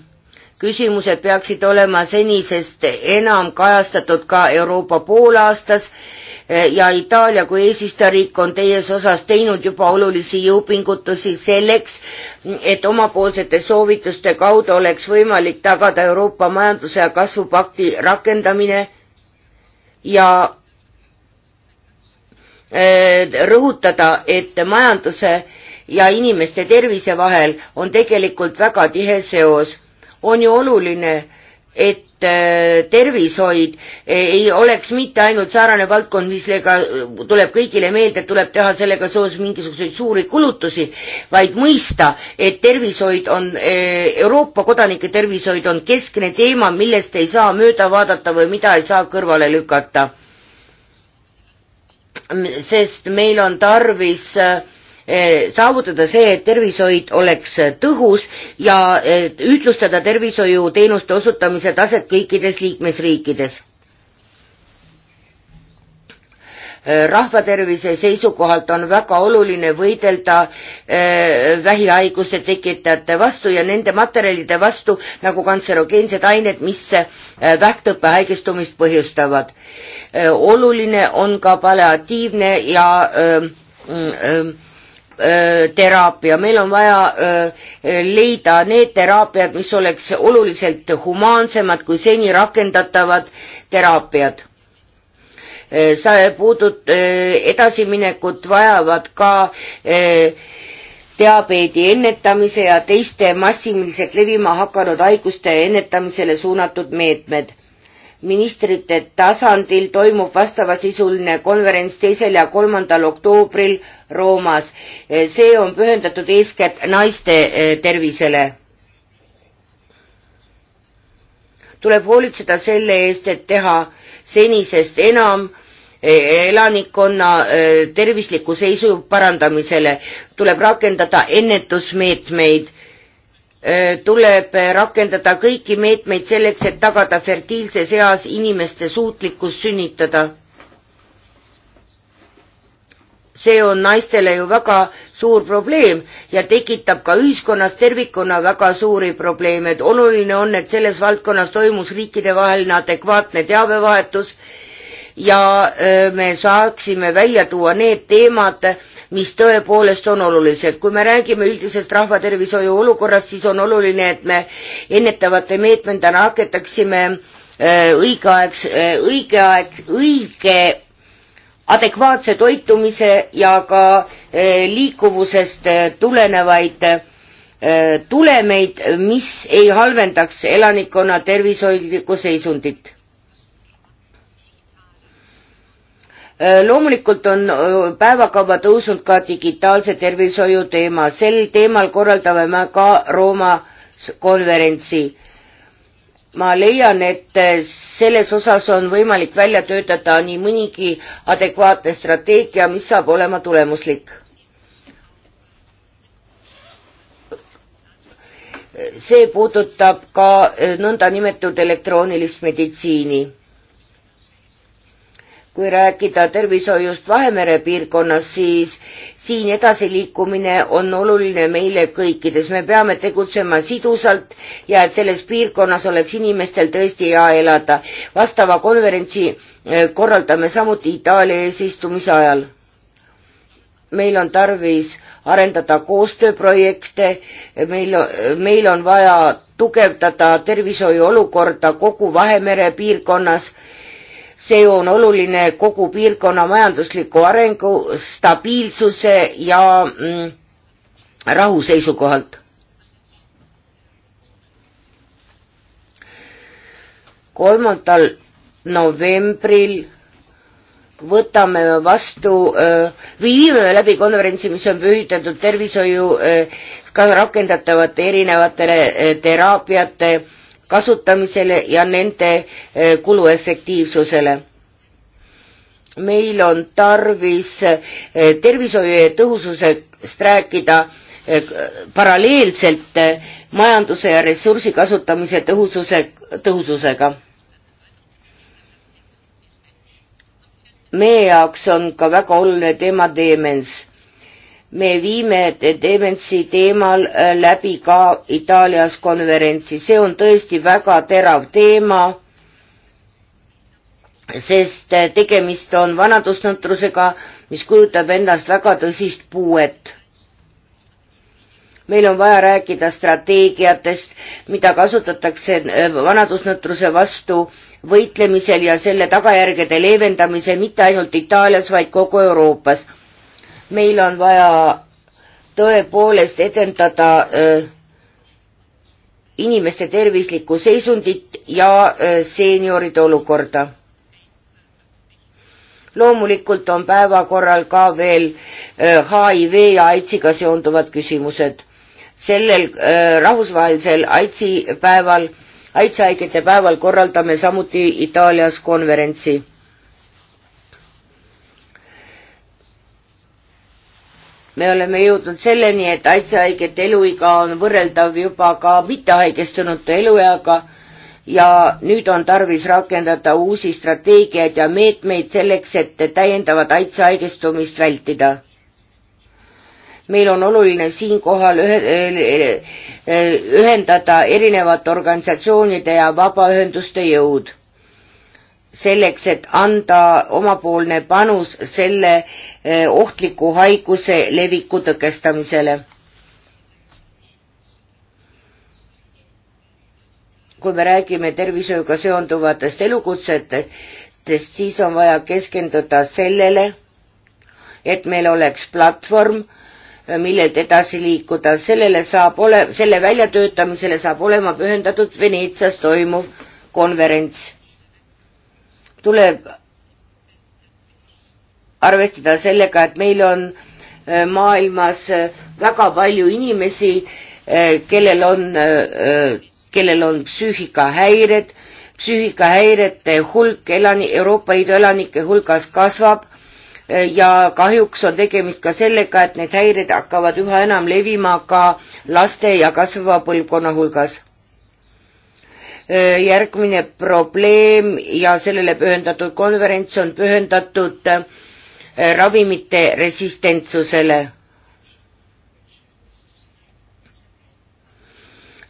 Speaker 1: küsimused peaksid olema senisest enam kajastatud ka Euroopa poolaastas eh, ja Itaalia kui eesistujariik on teies osas teinud juba olulisi jõupingutusi selleks, et omapoolsete soovituste kaudu oleks võimalik tagada Euroopa majanduse ja kasvupakti rakendamine ja eh, rõhutada, et majanduse ja inimeste tervise vahel on tegelikult väga tihe seos on ju oluline, et äh, tervishoid äh, ei oleks mitte ainult säärane valdkond, millega äh, tuleb kõigile meelde, et tuleb teha sellega seoses mingisuguseid suuri kulutusi, vaid mõista, et tervishoid on, Euroopa kodanike tervishoid on keskne teema, millest ei saa mööda vaadata või mida ei saa kõrvale lükata. sest meil on tarvis äh, Eh, saavutada see, et tervishoid oleks tõhus ja ühtlustada tervishoiuteenuste osutamise taset kõikides liikmesriikides. Eh, rahvatervise seisukohalt on väga oluline võidelda eh, vähihaiguste tekitajate vastu ja nende materjalide vastu nagu kantserogeensed ained, mis vähktõppe haigestumist põhjustavad. oluline on ka palliatiivne ja öö, öö, mm, Äh, teraapia, meil on vaja äh, leida need teraapiad, mis oleks oluliselt humaansemad kui seni rakendatavad teraapiad. Äh, sa puudut-, edasiminekut vajavad ka diabeedi ennetamise ja teiste massiliselt levima hakanud haiguste ennetamisele suunatud meetmed ministrite tasandil toimub vastavasisuline konverents teisel ja kolmandal oktoobril Roomas. see on pühendatud eeskätt naiste eh, tervisele. tuleb hoolitseda selle eest, et teha senisest enam eh, elanikkonna eh, tervisliku seisu parandamisele, tuleb rakendada ennetusmeetmeid tuleb rakendada kõiki meetmeid selleks, et tagada fertiilses eas inimeste suutlikkus sünnitada. see on naistele ju väga suur probleem ja tekitab ka ühiskonnas tervikuna väga suuri probleeme, et oluline on, et selles valdkonnas toimus riikidevaheline adekvaatne teabevahetus ja me saaksime välja tuua need teemad, mis tõepoolest on olulised. kui me räägime üldisest rahvatervishoiu olukorrast, siis on oluline, et me ennetavate meetmetena hakataksime äh, õige aeg, äh, õige aeg, õige adekvaatse toitumise ja ka äh, liikuvusest tulenevaid tulemeid, mis ei halvendaks elanikkonna tervishoidlikku seisundit Äh, loomulikult on äh, päevakava tõusnud ka digitaalse tervishoiu teema, sel teemal korraldame me ka Rooma konverentsi. ma leian, et äh, selles osas on võimalik välja töötada nii mõnigi adekvaatne strateegia, mis saab olema tulemuslik. see puudutab ka nõndanimetatud elektroonilist meditsiini kui rääkida tervishoiust Vahemere piirkonnas, siis siin edasiliikumine on oluline meile kõikides, me peame tegutsema sidusalt ja et selles piirkonnas oleks inimestel tõesti hea elada. vastava konverentsi eh, korraldame samuti Itaalia eesistumise ajal. meil on tarvis arendada koostööprojekte, meil, meil on vaja tugevdada tervishoiu olukorda kogu Vahemere piirkonnas see on oluline kogu piirkonna majandusliku arengu, stabiilsuse ja mm, rahu seisukohalt. kolmandal novembril võtame vastu, äh, viime läbi konverentsi, mis on pühitatud tervishoiu äh, ka rakendatavate erinevatele äh, teraapiate kasutamisele ja nende eh, kuluefektiivsusele meil on tarvis eh, tervishoiu ja tõhususest rääkida eh, paralleelselt majanduse ja ressursi kasutamise tõhususe, tõhususega. meie jaoks on ka väga oluline teema demens me viime Demensi teemal äh, läbi ka Itaalias konverentsi, see on tõesti väga terav teema, sest äh, tegemist on vanadusnõtrusega, mis kujutab endast väga tõsist puuet. meil on vaja rääkida strateegiatest, mida kasutatakse äh, vanadusnõtruse vastu võitlemisel ja selle tagajärgede leevendamisel mitte ainult Itaalias, vaid kogu Euroopas meil on vaja tõepoolest edendada öö, äh, inimeste tervislikku seisundit ja äh, seenioride olukorda. loomulikult on päevakorral ka veel HIV äh, ja AIDSiga seonduvad küsimused. sellel rahvusvahelisel AIDSi päeval, AIDSi haigete päeval korraldame samuti Itaalias konverentsi. me oleme jõudnud selleni, et aitsehaigete eluiga on võrreldav juba ka mittehaigestunute elueaga ja nüüd on tarvis rakendada uusi strateegiaid ja meetmeid selleks, et täiendavat aitsehaigestumist vältida. meil on oluline siinkohal ühe, ühendada erinevate organisatsioonide ja vabaühenduste jõud selleks, et anda omapoolne panus selle eh, ohtliku haiguse leviku tõkestamisele. kui me räägime tervishoiuga seonduvatest elukutsetest, siis on vaja keskenduda sellele, et meil oleks platvorm, eh, millelt edasi liikuda, sellele saab ole-, selle väljatöötamisele saab olema pühendatud Veneetsias toimuv konverents tuleb arvestada sellega, et meil on äh, maailmas äh, väga palju inimesi, äh, kellel on, kellel on psüühikahäired, psüühikahäirete hulk elani, Euroopa Liidu elanike hulgas kasvab ja kahjuks on tegemist ka sellega, et need häired hakkavad üha enam levima ka laste ja kasvava põlvkonna hulgas. Äh, järgmine probleem ja sellele pühendatud konverents on pühendatud äh, ravimite resistentsusele.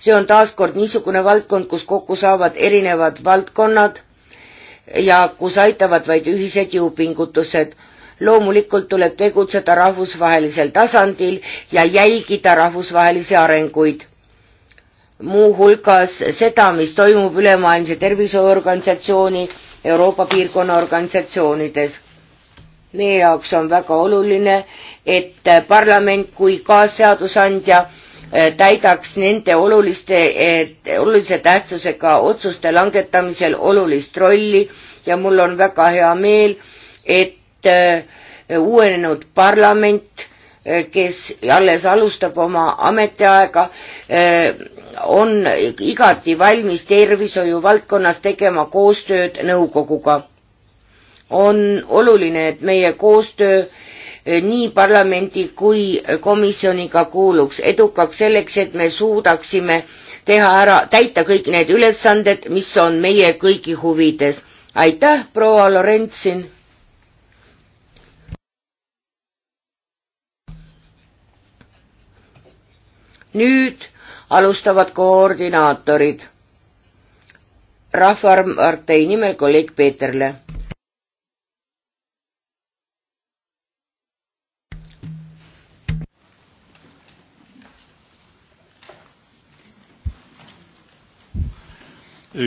Speaker 1: see on taaskord niisugune valdkond, kus kokku saavad erinevad valdkonnad ja kus aitavad vaid ühised jõupingutused. loomulikult tuleb tegutseda rahvusvahelisel tasandil ja jälgida rahvusvahelisi arenguid muuhulgas seda, mis toimub Ülemaailmse Terviseorganisatsiooni Euroopa piirkonna organisatsioonides. meie jaoks on väga oluline, et parlament kui kaasseadusandja eh, täidaks nende oluliste, eh, olulise tähtsusega otsuste langetamisel olulist rolli ja mul on väga hea meel, et eh, uuenenud parlament Eh, kes alles alustab oma ametiaega, eh, on igati valmis tervishoiu valdkonnas tegema koostööd nõukoguga. on oluline, et meie koostöö eh, nii parlamendi kui komisjoniga kuuluks edukaks selleks, et me suudaksime teha ära, täita kõik need ülesanded, mis on meie kõigi huvides. aitäh, proua Lorentsin! nüüd alustavad koordinaatorid. rahvapartei nimel kolleeg Peeterle.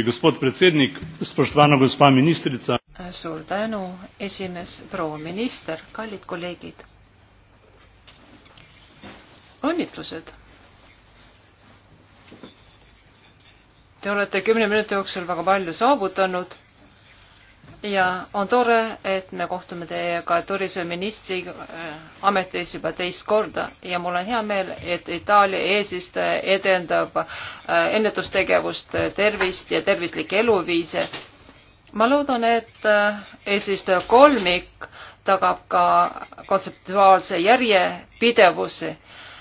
Speaker 2: gospod predsednik, spoštovana gospa ministrica.
Speaker 3: suur tänu, esimees, proua minister, kallid kolleegid. õnnitlused Te olete kümne minuti jooksul väga palju saavutanud ja on tore, et me kohtume teiega turismiministri äh, ametis juba teist korda ja mul on hea meel, et Itaalia eesistuja edendab äh, ennetustegevust, äh, tervist ja tervislikke eluviise. ma loodan, et eesistuja kolmik tagab ka kontseptuaalse järjepidevuse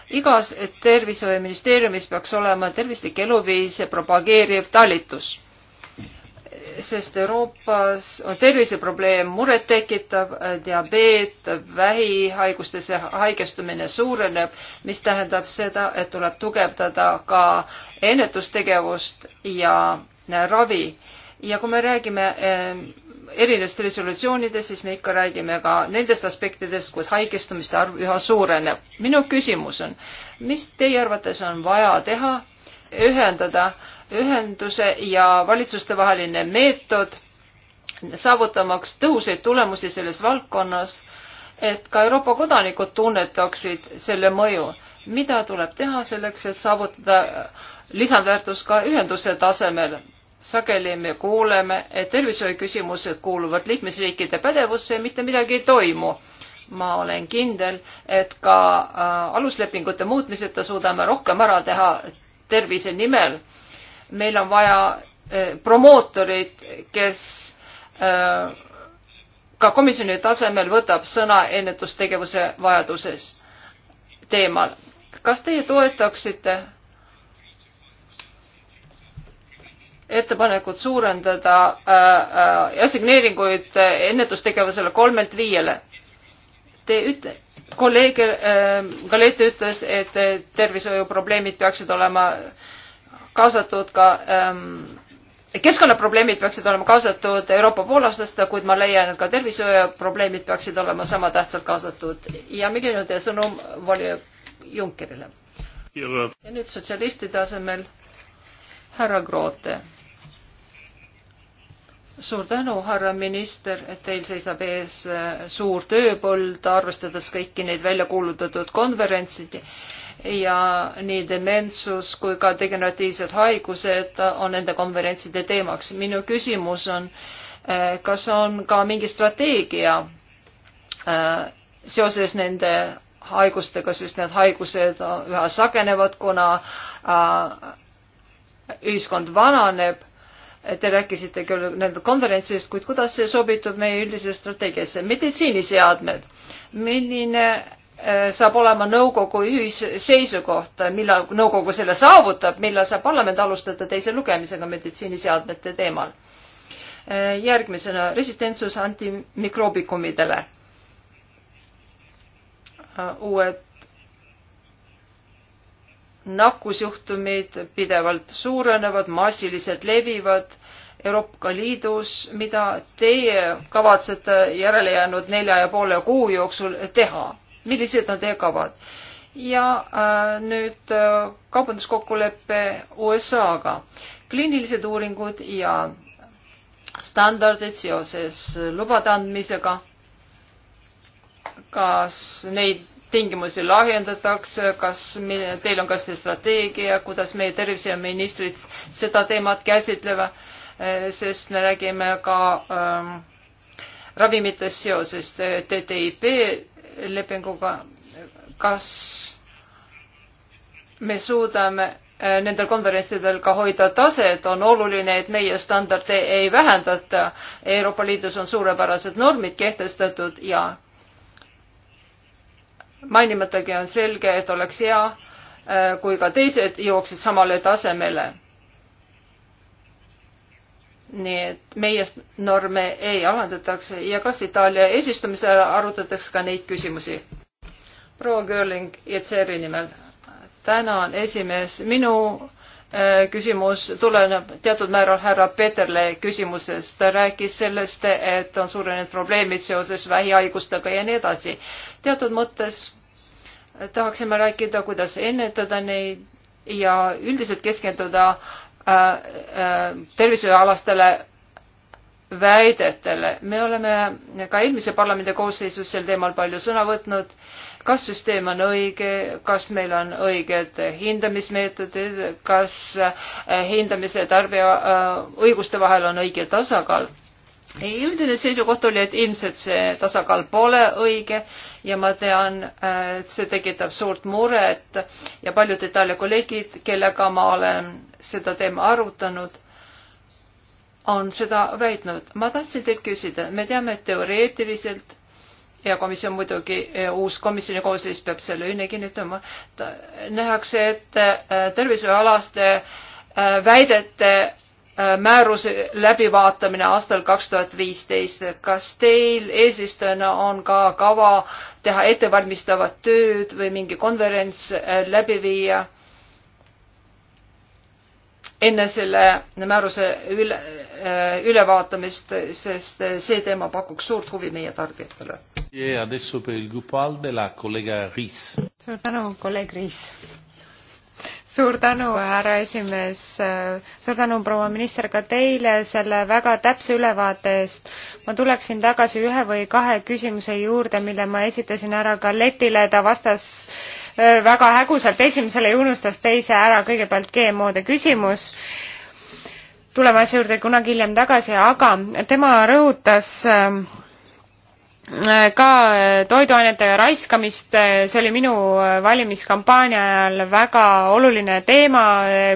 Speaker 3: igas tervishoiuministeeriumis peaks olema tervislik eluviise propageeriv talitus, sest Euroopas on terviseprobleem murettekitav, diabeet, vähihaigustesse haigestumine suureneb, mis tähendab seda, et tuleb tugevdada ka ennetustegevust ja ravi ja kui me räägime erinevast resolutsioonidest, siis me ikka räägime ka nendest aspektidest, kus haigestumiste arv üha suureneb. minu küsimus on, mis teie arvates on vaja teha, ühendada ühenduse ja valitsustevaheline meetod, saavutamaks tõhusaid tulemusi selles valdkonnas, et ka Euroopa kodanikud tunnetaksid selle mõju. mida tuleb teha selleks, et saavutada lisandväärtus ka ühenduse tasemel? sageli me kuuleme, et tervishoiuküsimused kuuluvad liikmesriikide pädevusse ja mitte midagi ei toimu. ma olen kindel, et ka äh, aluslepingute muutmiseta suudame rohkem ära teha tervise nimel. meil on vaja äh, promootoreid, kes äh, ka komisjoni tasemel võtab sõna ennetustegevuse vajaduses teemal. kas teie toetaksite ettepanekut suurendada äh, äh, assigneeringuid äh, ennetustegevusele kolmelt viiele. Te ütle-, kolleeg äh, Galete ütles, et äh, tervishoiuprobleemid peaksid olema kaasatud ka ähm, keskkonnaprobleemid peaksid olema kaasatud Euroopa poolastest, kuid ma leian, et ka tervishoiuprobleemid peaksid olema sama tähtsalt kaasatud. ja milline on teie sõnum voli Junckerile? ja nüüd sotsialistide asemel härra Groote. suur tänu, härra minister, et teil seisab ees äh, suur tööpõld, arvestades kõiki neid välja kuulutatud konverentsid ja nii dementsus kui ka degeneratiivsed haigused on nende konverentside teemaks. minu küsimus on, äh, kas on ka mingi strateegia äh, seoses nende haigustega, sest need haigused üha sagenevad, kuna ühiskond vananeb. Te rääkisite küll nende konverentsidest, kuid kuidas see sobitub meie üldise strateegiasse? meditsiiniseadmed, milline äh, saab olema nõukogu ühisseisukoht, millal nõukogu selle saavutab, millal saab parlament alustada teise lugemisega meditsiiniseadmete teemal. Äh, järgmisena resistentsus antimikroobikummidele. Äh, uued nakkusjuhtumid pidevalt suurenevad, massiliselt levivad Euroopa Liidus, mida teie kavatsete järelejäänud nelja ja poole kuu jooksul teha? millised on teie kavad? ja äh, nüüd äh, kaubanduskokkulepe USA-ga, kliinilised uuringud ja standardid seoses lubade andmisega. kas neid tingimusi lahjendatakse, kas meil, teil on kas see strateegia, kuidas meie terviseministrid seda teemat käsitlevad, eh, sest me räägime ka ähm, ravimitest seoses eh, TTIP lepinguga. kas me suudame eh, nendel konverentsidel ka hoida taset, on oluline, et meie standarde ei vähendata. Euroopa Liidus on suurepärased normid kehtestatud ja mainimatagi on selge, et oleks hea, äh, kui ka teised jõuaksid samale tasemele. nii et meie norme ei alandatakse ja kas Itaalia eesistumise ajal arutatakse ka neid küsimusi? proua Görling, ETSR-i nimel. tänan, esimees, minu Äh, küsimus tuleneb teatud määral härra Peterle küsimusest. ta rääkis sellest, et on suurenenud probleemid seoses vähihaigustega ja nii edasi. teatud mõttes äh, tahaksime rääkida, kuidas ennetada neid ja üldiselt keskenduda äh, äh, tervishoiualastele väidetele. me oleme ka eelmise parlamendi koosseisus sel teemal palju sõna võtnud kas süsteem on õige, kas meil on õiged hindamismeetodid, kas äh, hindamise ja tarbija äh, õiguste vahel on õige tasakaal. üldine seisukoht oli, et ilmselt see tasakaal pole õige ja ma tean, et see tekitab suurt muret ja paljud Itaalia kolleegid, kellega ma olen seda teema arutanud, on seda väitnud. ma tahtsin teilt küsida, me teame, et teoreetiliselt ja komisjon muidugi, uus komisjoni koosseis peab selle üle kinnitama, nähakse ette äh, tervishoiualaste äh, väidete äh, määruse läbivaatamine aastal kaks tuhat viisteist. kas teil eesistujana on ka kava teha ettevalmistavat tööd või mingi konverents läbi viia? enne selle määruse üle, äh, ülevaatamist, sest see teema pakuks suurt huvi meie tarbijatele.
Speaker 2: suur tänu, kolleeg Riis suur tänu, härra esimees, suur tänu, proua minister, ka teile selle väga täpse ülevaate eest. ma tuleksin tagasi ühe või kahe küsimuse juurde, mille ma esitasin härra Galletile, ta vastas äh, väga häguselt esimesele ja unustas teise ära, kõigepealt GMO-de küsimus tuleme asja juurde kunagi hiljem tagasi, aga tema rõhutas äh, ka äh, toiduainete raiskamist, äh, see oli minu äh, valimiskampaania ajal väga oluline teema,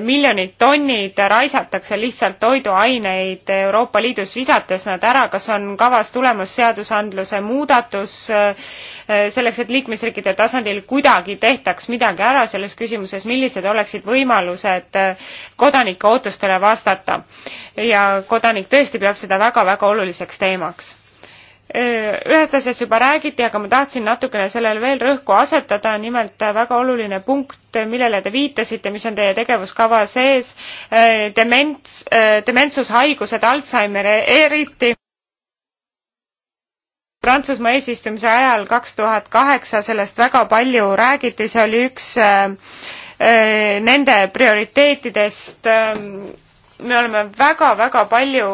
Speaker 2: miljonid tonnid raisatakse lihtsalt toiduaineid Euroopa Liidus, visates nad ära, kas on kavas tulemas seadusandluse muudatus selleks, et liikmesriikide tasandil kuidagi tehtaks midagi ära selles küsimuses, millised oleksid võimalused kodanike ootustele vastata? ja kodanik tõesti peab seda väga-väga oluliseks teemaks Äh, ühest asjast juba räägiti, aga ma tahtsin natukene sellele veel rõhku asetada, nimelt äh, väga oluline punkt, äh, millele te viitasite, mis on teie tegevuskava sees, dements, dementsushaigused, Alžeimer eriti. Prantsusmaa eesistumise ajal kaks tuhat kaheksa sellest väga palju räägiti, see oli üks nende prioriteetidest. Ähm, me oleme väga-väga palju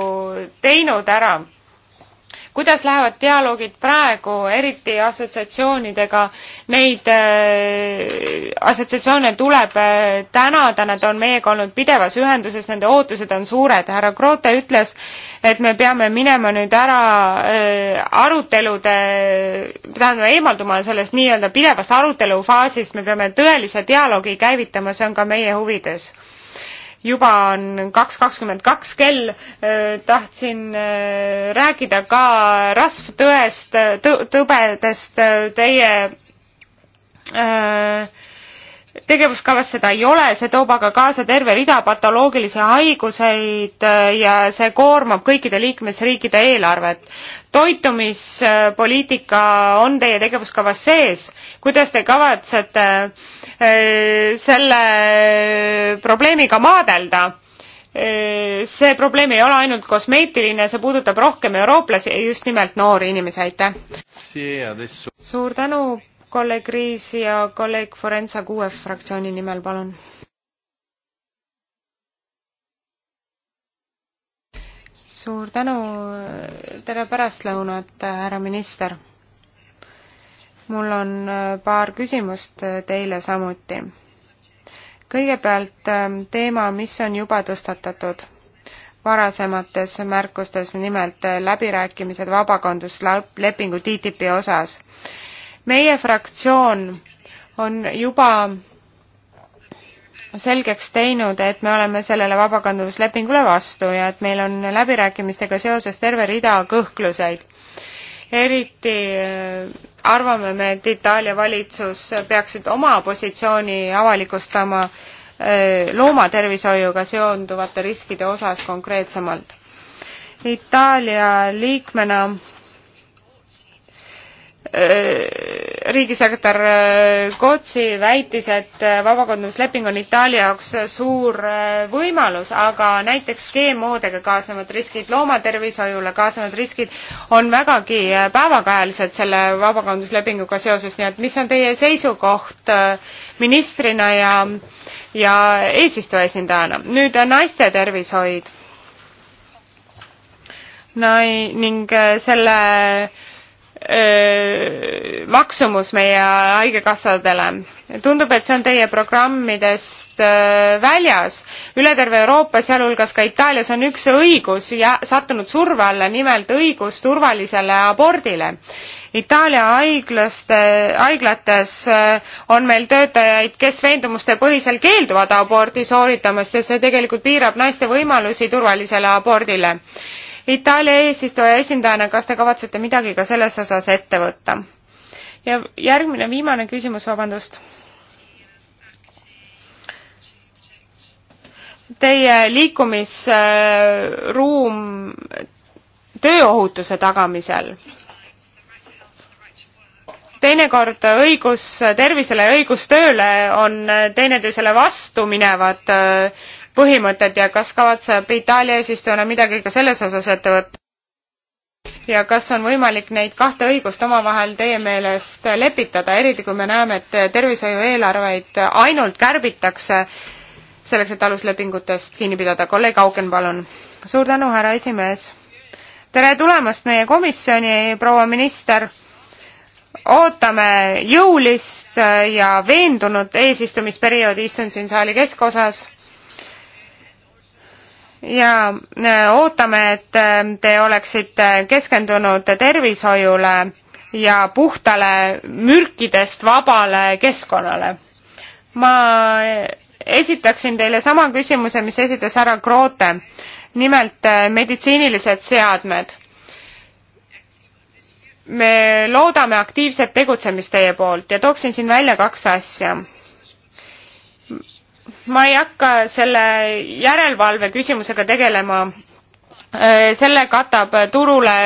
Speaker 2: teinud ära kuidas lähevad dialoogid praegu, eriti assotsiatsioonidega, neid äh, assotsiatsioone tuleb äh, tänada, nad on meiega olnud pidevas ühenduses, nende ootused on suured, härra Kroote ütles, et me peame minema nüüd ära äh, arutelude, tähendab eemalduma sellest nii-öelda pidevast arutelufaasist, me peame tõelise dialoogi käivitama, see on ka meie huvides juba on kaks kakskümmend kaks kell, äh, tahtsin äh, rääkida ka rasvtõest, tõbedest äh, teie tegevuskavas seda ei ole, see toob aga kaasa terve rida patoloogilisi haiguseid ja see koormab kõikide liikmesriikide eelarvet. toitumispoliitika on teie tegevuskavas sees, kuidas te kavatsete äh, Äh, selle probleemiga maadelda äh, see probleem ei ole ainult kosmeetiline, see puudutab rohkem eurooplasi ja just nimelt noori inimesi, aitäh! Adesso... suur tänu, kolleeg Riis ja kolleeg Forenza QF fraktsiooni nimel, palun! suur tänu, tere pärastlõunat, härra minister! mul on äh, paar küsimust äh, teile samuti. kõigepealt ähm, teema, mis on juba tõstatatud varasemates märkustes, nimelt äh, läbirääkimised vabakonduslepingu TTIP-i osas. meie fraktsioon on juba selgeks teinud, et me oleme sellele vabakondaduslepingule vastu ja et meil on läbirääkimistega seoses terve rida kõhkluseid eriti äh, arvame me, et Itaalia valitsus peaksid oma positsiooni avalikustama äh, loomatervishoiuga seonduvate riskide osas konkreetsemalt. Itaalia liikmena Äh, riigisekretär Gotsi äh, väitis, et äh, vabakondadusleping on Itaalia jaoks suur võimalus, aga näiteks GMO-dega kaasnevad riskid, loomatervishoiule kaasnevad riskid on vägagi päevakajalised selle vabakondaduslepinguga seoses, nii et mis on teie seisukoht ministrina ja, ja eesistuja esindajana? nüüd naiste tervishoid. Nai- ning selle öö, maksumus meie haigekassadele. tundub, et see on teie programmidest öö, väljas. üle terve Euroopa, sealhulgas ka Itaalias, on üks õigus ja, sattunud surve alla, nimelt õigus turvalisele abordile. Itaalia haiglaste, haiglates on meil töötajaid, kes veendumuste põhisel keelduvad abordi sooritamast ja see tegelikult piirab naiste võimalusi turvalisele abordile Itaalia eesistuja esindajana, kas te kavatsete midagi ka selles osas ette võtta? ja järgmine, viimane küsimus, vabandust. Teie liikumisruum tööohutuse tagamisel teinekord õigus tervisele ja õigus tööle on teineteisele vastu minevad põhimõtet ja kas kavatseb Itaalia eesistujana midagi ka selles osas ette võtta? ja kas on võimalik neid kahte õigust omavahel teie meelest lepitada, eriti kui me näeme, et tervishoiu eelarveid ainult kärbitakse selleks, et aluslepingutest kinni pidada. kolleeg Auken, palun. suur tänu, härra esimees. tere tulemast meie komisjoni, proua minister. ootame jõulist ja veendunud eesistumisperioodi, istun siin saali keskosas ja äh, ootame, et äh, te oleksite keskendunud tervishoiule ja puhtale mürkidest vabale keskkonnale. ma esitaksin teile sama küsimuse, mis esitas härra Kroote, nimelt äh, meditsiinilised seadmed. me loodame aktiivset tegutsemist teie poolt ja tooksin siin välja kaks asja ma ei hakka selle järelevalve küsimusega tegelema. Äh, selle katab turule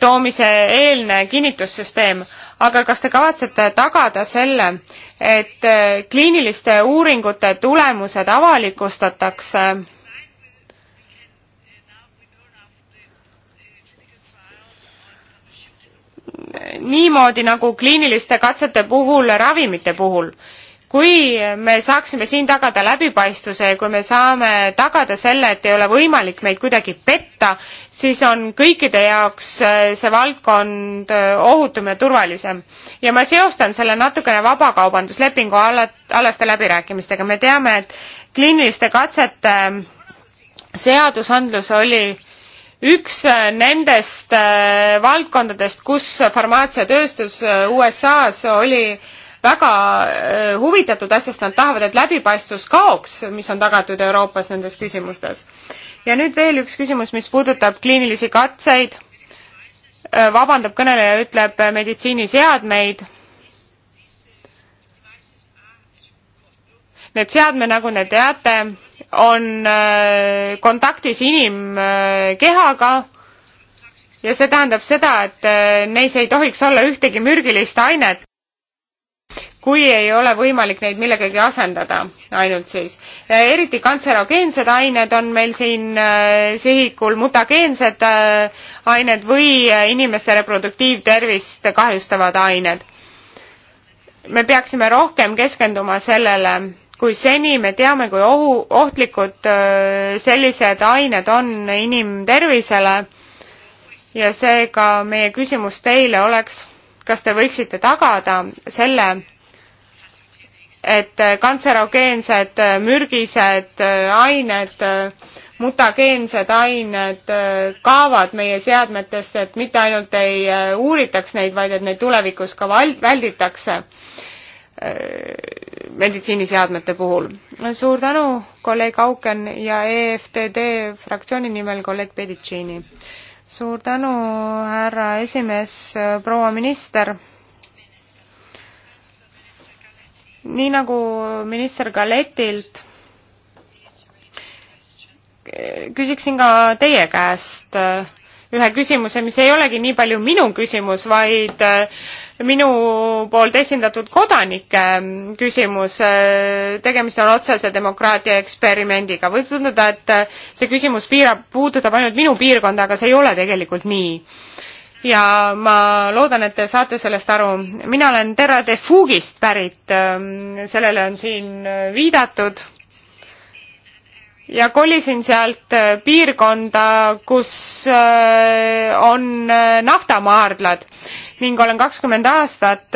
Speaker 2: toomise eelne kinnitussüsteem, aga kas te kavatsete tagada selle, et äh, kliiniliste uuringute tulemused avalikustatakse niimoodi nagu kliiniliste katsete puhul ravimite puhul? kui me saaksime siin tagada läbipaistvuse ja kui me saame tagada selle, et ei ole võimalik meid kuidagi petta, siis on kõikide jaoks äh, see valdkond äh, ohutum ja turvalisem. ja ma seostan selle natukene vabakaubanduslepingu ala, alaste läbirääkimistega. me teame, et kliiniliste katsete äh, seadusandlus oli üks nendest valdkondadest, kus farmaatsiatööstus USA-s oli äh, väga äh, huvitatud asjast, nad tahavad, et läbipaistvus kaoks, mis on tagatud Euroopas nendes küsimustes. ja nüüd veel üks küsimus, mis puudutab kliinilisi katseid. Äh, vabandab kõneleja, ütleb äh, meditsiiniseadmeid. Need seadmed, nagu te teate, on kontaktis inimkehaga ja see tähendab seda, et neis ei tohiks olla ühtegi mürgilist ainet kui ei ole võimalik neid millegagi asendada ainult siis. eriti kantserogeensed ained on meil siin äh, sihikul, mutageensed äh, ained või äh, inimeste reproduktiivtervist kahjustavad ained. me peaksime rohkem keskenduma sellele, kui seni me teame, kui ohu, ohtlikud sellised ained on inimtervisele ja seega meie küsimus teile oleks, kas te võiksite tagada selle, et äh, kantserogeensed äh, mürgised äh, ained, mutageensed ained kaovad meie seadmetest, et mitte ainult ei uuritaks neid, vaid et neid tulevikus ka val-, välditakse meditsiiniseadmete puhul. suur tänu, kolleeg Auken ja EFTD fraktsiooni nimel kolleeg Pedicini. suur tänu, härra esimees, proua minister nii nagu minister Galetilt, küsiksin ka teie käest äh, ühe küsimuse, mis ei olegi nii palju minu küsimus, vaid äh, minu poolt esindatud kodanike äh, küsimus. tegemist on otsese demokraatia eksperimendiga. võib tunduda, et see küsimus piirab, puudutab ainult minu piirkonda, aga see ei ole tegelikult nii ja ma loodan, et te saate sellest aru. mina olen Terra de Fugist pärit, ähm, sellele on siin äh, viidatud. ja kolisin sealt äh, piirkonda, kus äh, on naftamaardlad ning olen kakskümmend aastat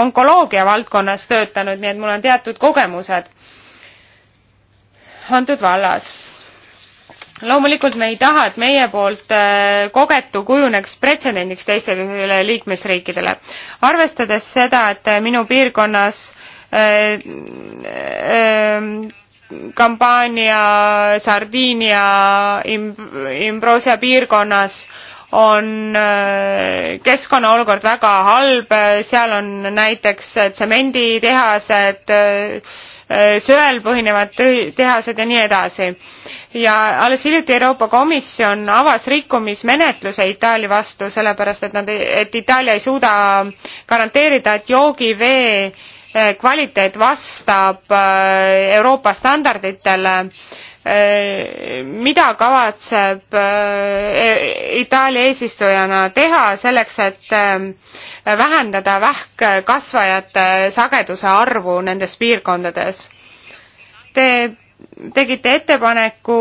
Speaker 2: onkoloogia valdkonnas töötanud, nii et mul on teatud kogemused antud vallas loomulikult me ei taha, et meie poolt äh, kogetu kujuneks pretsedendiks teistele liikmesriikidele. arvestades seda, et minu piirkonnas äh, äh, kampaania Sardiinia Imbrosia piirkonnas on äh, keskkonna olukord väga halb, seal on näiteks tsemenditehased äh,, Äh, söel põhinevad tehased ja nii edasi. ja alles hiljuti Euroopa Komisjon avas rikkumismenetluse Itaalia vastu, sellepärast et nad, et Itaalia ei suuda garanteerida, et joogivee äh, kvaliteet vastab äh, Euroopa standarditele Äh, mida kavatseb äh, Itaalia eesistujana teha selleks, et äh, vähendada vähkkasvajate sageduse arvu nendes piirkondades? Te tegite ettepaneku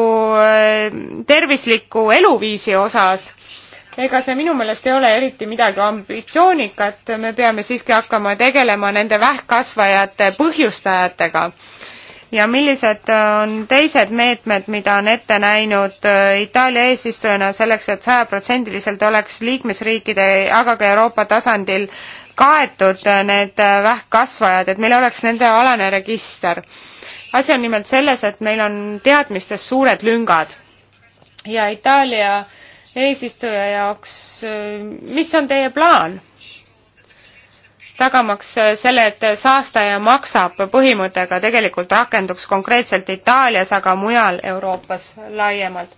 Speaker 2: tervisliku eluviisi osas ega see minu meelest ei ole eriti midagi ambitsioonikat, me peame siiski hakkama tegelema nende vähkkasvajate põhjustajatega ja millised äh, on teised meetmed, mida on ette näinud äh, Itaalia eesistujana selleks et, et sajaprotsendiliselt oleks liikmesriikide, aga ka Euroopa tasandil kaetud äh, need vähkkasvajad, et meil oleks nende alane register. asi on nimelt selles, et meil on teadmistes suured lüngad ja Itaalia eesistuja jaoks, mis on teie plaan? tagamaks äh, selle, et saastaja maksab põhimõttega tegelikult rakenduks konkreetselt Itaalias, aga mujal Euroopas laiemalt.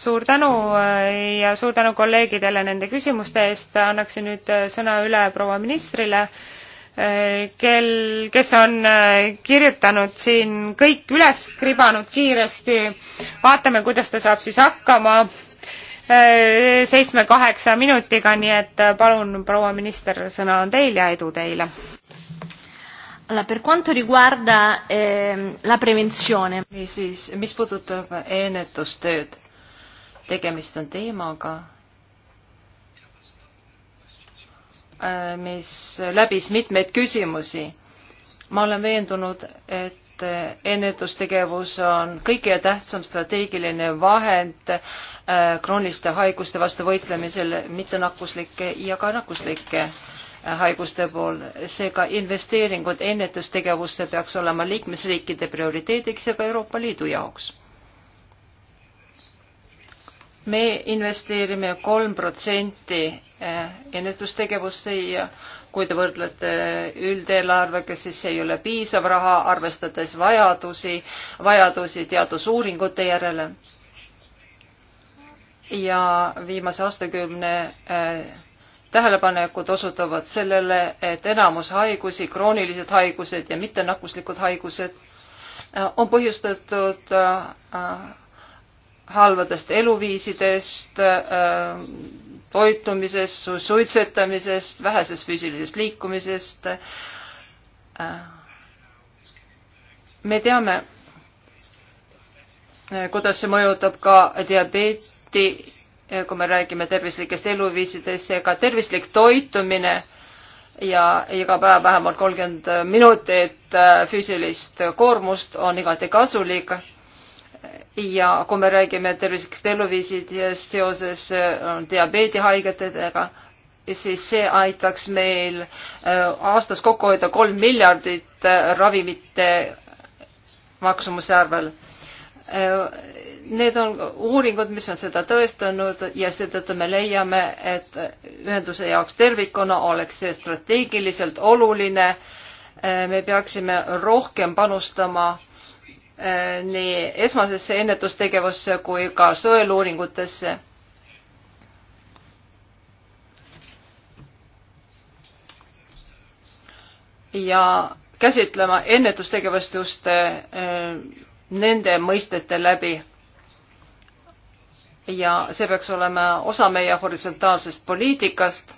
Speaker 2: suur tänu äh, ja suur tänu kolleegidele nende küsimuste eest, annaksin nüüd äh, sõna üle proua ministrile, kel, kes on kirjutanud siin kõik üles, kribanud kiiresti, vaatame, kuidas ta saab siis hakkama Äh, seitsme-kaheksa minutiga, nii et äh, palun, proua minister, sõna
Speaker 3: on teil ja edu teile. Allora, per quanto riguarda eh,
Speaker 1: la prevenzione.
Speaker 3: niisiis, mis puudutab ennetustööd, tegemist on teemaga, äh, mis läbis mitmeid küsimusi. ma olen veendunud, et et ennetustegevus on kõige tähtsam strateegiline vahend äh, krooniliste haiguste vastu võitlemisel mittenakkuslike ja ka nakkuslike äh, haiguste pool. seega investeeringud ennetustegevusse peaks olema liikmesriikide prioriteediks ja ka Euroopa Liidu jaoks. me investeerime kolm protsenti äh, ennetustegevusse ja kui te võrdlete üldeelarvega, siis see ei ole piisav raha, arvestades vajadusi, vajadusi teadusuuringute järele. ja viimase aastakümne äh, tähelepanekud osutavad sellele, et enamus haigusi, kroonilised haigused ja mittenakkuslikud haigused äh, on põhjustatud äh, halvadest eluviisidest, toitumisest, suitsetamisest, vähesest füüsilisest liikumisest. me teame, kuidas see mõjutab ka diabeeti, kui me räägime tervislikest eluviisidest, seega tervislik toitumine ja iga päev vähemalt kolmkümmend minutit füüsilist koormust on igati kasulik ja kui me räägime tervislikest eluviisidest seoses äh, diabeedihaigetega, siis see aitaks meil äh, aastas kokku hoida kolm miljardit äh, ravimite maksumuse arvel. Need on uuringud, mis on seda tõestanud ja seetõttu me leiame, et ühenduse jaoks tervikuna oleks see strateegiliselt oluline. me peaksime rohkem panustama Äh, nii esmasesse ennetustegevusse kui ka sõeluuringutesse. ja käsitlema ennetustegevust just äh, nende mõistete läbi. ja see peaks olema osa meie horisontaalsest poliitikast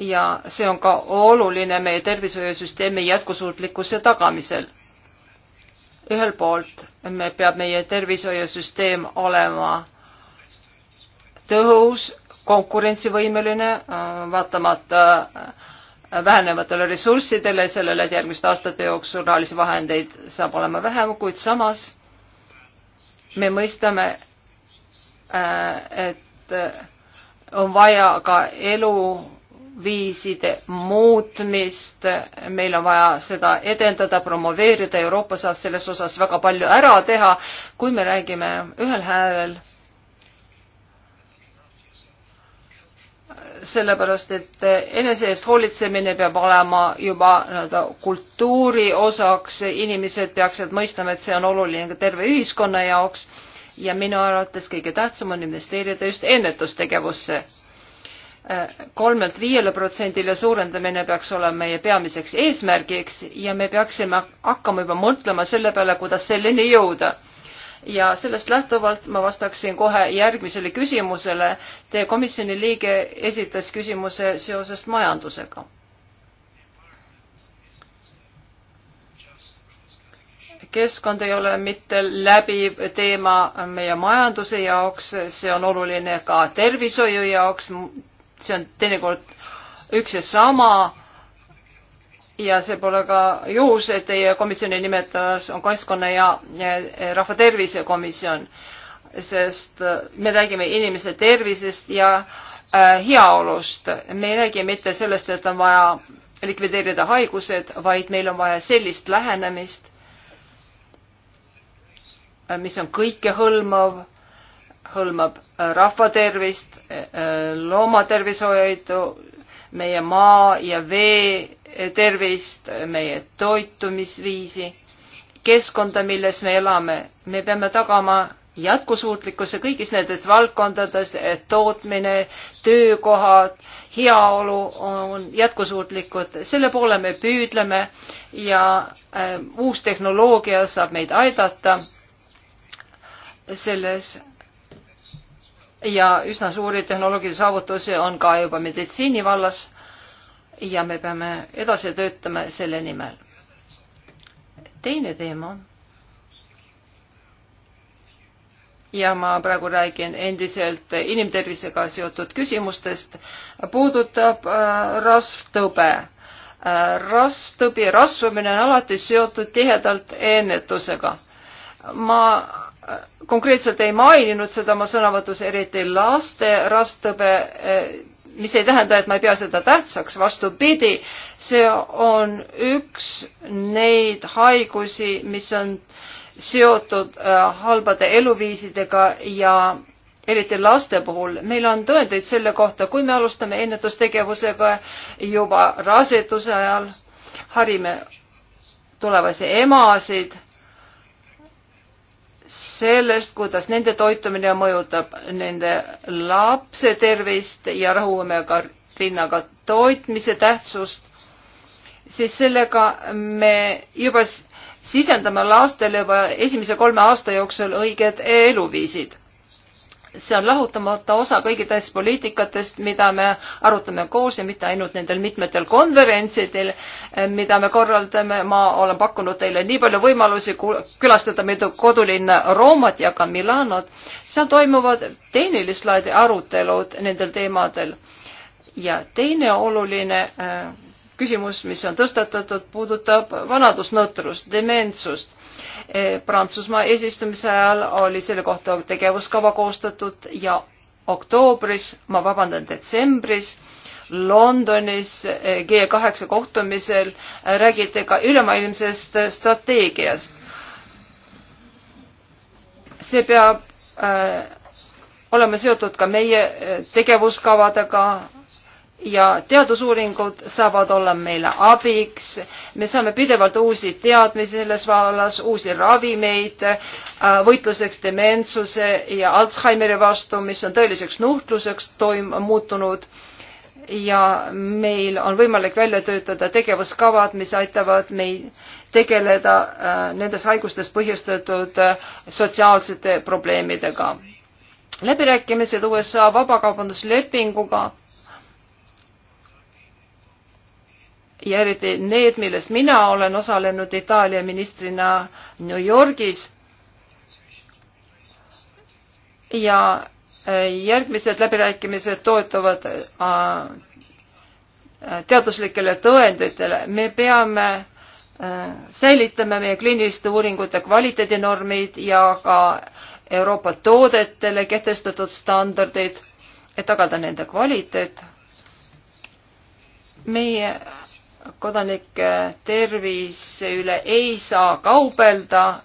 Speaker 3: ja see on ka oluline meie tervishoiusüsteemi jätkusuutlikkuse tagamisel ühelt poolt me peab meie tervishoiusüsteem olema tõhus, konkurentsivõimeline, äh, vaatamata äh, vähenevatele ressurssidele, sellele, et järgmiste aastate jooksul rahalisi vahendeid saab olema vähem, kuid samas me mõistame, äh, et on vaja ka elu viiside muutmist, meil on vaja seda edendada, promoveerida, Euroopa saab selles osas väga palju ära teha, kui me räägime ühel häälel. sellepärast, et enese eest hoolitsemine peab olema juba nii-öelda kultuuri osaks, inimesed peaksid mõistma, et see on oluline ka terve ühiskonna jaoks ja minu arvates kõige tähtsam on investeerida just ennetustegevusse kolmelt viiele protsendile suurendamine peaks olema meie peamiseks eesmärgiks ja me peaksime hakkama juba mõtlema selle peale, kuidas selleni jõuda. ja sellest lähtuvalt ma vastaksin kohe järgmisele küsimusele. Teie komisjoni liige esitas küsimuse seoses majandusega. keskkond ei ole mitte läbiv teema meie majanduse jaoks, see on oluline ka tervishoiu jaoks, see on teinekord üks ja sama ja see pole ka juhus, et teie komisjoni nimetas on keskkonna ja, ja rahvatervise komisjon, sest äh, me räägime inimese tervisest ja äh, heaolust. me ei räägi mitte sellest, et on vaja likvideerida haigused, vaid meil on vaja sellist lähenemist, äh, mis on kõikehõlmav hõlmab äh, rahvatervist, äh, äh, loomatervishoidu, meie maa ja vee tervist, meie toitumisviisi, keskkonda, milles me elame. me peame tagama jätkusuutlikkuse kõigis nendes valdkondades, et tootmine, töökohad, heaolu on jätkusuutlikud. selle poole me püüdleme ja äh, uus tehnoloogia saab meid aidata selles ja üsna suuri tehnoloogilisi saavutusi on ka juba meditsiini vallas ja me peame edasi töötama selle nimel. teine teema. ja ma praegu räägin endiselt inimtervisega seotud küsimustest, puudutab äh, rasvtõbe. Äh, rasvtõbi rasvumine on alati seotud tihedalt ennetusega. ma konkreetselt ei maininud seda oma sõnavõtus, eriti laste rasttõbe, mis ei tähenda, et ma ei pea seda tähtsaks, vastupidi, see on üks neid haigusi, mis on seotud äh, halbade eluviisidega ja eriti laste puhul, meil on tõendeid selle kohta, kui me alustame ennetustegevusega juba raseduse ajal, harime tulevasi emasid sellest, kuidas nende toitumine mõjutab nende lapse tervist ja rahumäega rinnaga toitmise tähtsust, siis sellega me juba sisendame lastele juba esimese kolme aasta jooksul õiged eluviisid see on lahutamata osa kõigidest poliitikatest, mida me arutame koos ja mitte ainult nendel mitmetel konverentsidel, eh, mida me korraldame. ma olen pakkunud teile nii palju võimalusi külastada mitu kodulinna Roomat ja ka Milanot. seal toimuvad tehnilist laadi arutelud nendel teemadel. ja teine oluline eh, küsimus, mis on tõstatatud, puudutab vanadusnõtrust, dementsust Eh, Prantsusmaa eesistumise ajal oli selle kohta tegevuskava koostatud ja oktoobris, ma vabandan, detsembris Londonis eh, G8 kohtumisel eh, räägiti ka ülemaailmsest strateegiast. see peab äh, olema seotud ka meie tegevuskavadega, ja teadusuuringud saavad olla meile abiks. me saame pidevalt uusi teadmisi selles vallas, uusi ravimeid äh, võitluseks dementsuse ja Alžeimeri vastu, mis on tõeliseks nuhtluseks toim-, muutunud. ja meil on võimalik välja töötada tegevuskavad, mis aitavad meil tegeleda äh, nendes haigustes põhjustatud äh, sotsiaalsete probleemidega. läbirääkimised USA vabakaubanduslepinguga ja eriti need, milles mina olen osalenud Itaalia ministrina New Yorgis. ja äh, järgmised läbirääkimised toetuvad äh, äh, teaduslikele tõenditele. me peame säilitame meie kliiniliste uuringute kvaliteedinormid ja ka Euroopa toodetele kehtestatud standardid, et tagada nende kvaliteet. meie kodanike tervise üle ei saa kaubelda,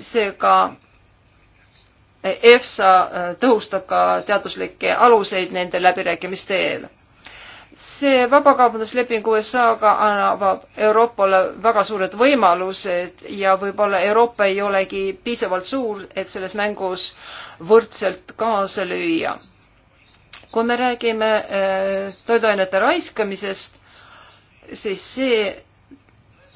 Speaker 3: seega EFSA äh, tõhustab ka teaduslikke aluseid nende läbirääkimiste eel. see vabakaubandusleping USA-ga annab Euroopale väga suured võimalused ja võib-olla Euroopa ei olegi piisavalt suur, et selles mängus võrdselt kaasa lüüa. kui me räägime äh, toiduainete raiskamisest, siis see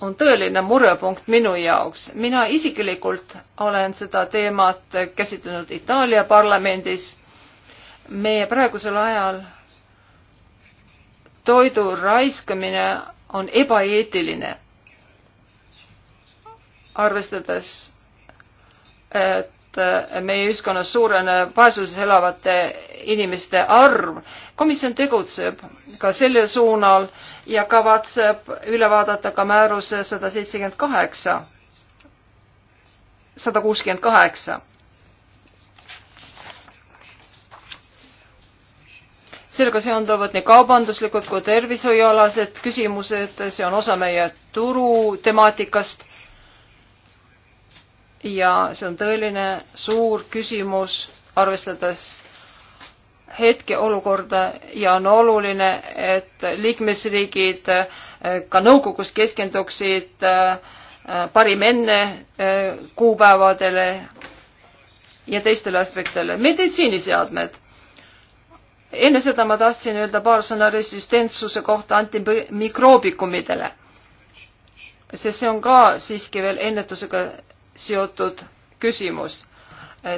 Speaker 3: on tõeline murepunkt minu jaoks. mina isiklikult olen seda teemat käsitlenud Itaalia parlamendis. meie praegusel ajal toidu raiskamine on ebaeetiline, arvestades äh, meie ühiskonnas suureneb vaesuses elavate inimeste arv. komisjon tegutseb ka sellel suunal ja kavatseb üle vaadata ka määruse sada seitsekümmend kaheksa, sada kuuskümmend kaheksa. sellega seonduvad nii kaubanduslikud kui tervishoiualased küsimused, see on osa meie turu temaatikast ja see on tõeline suur küsimus, arvestades hetkeolukorda ja on oluline, et liikmesriigid eh, ka nõukogus keskenduksid eh, parim enne eh, kuupäevadele ja teistele aspektidele. meditsiiniseadmed. enne seda ma tahtsin öelda paar sõna resistentsuse kohta antimikroobikumidele, sest see on ka siiski veel ennetusega seotud küsimus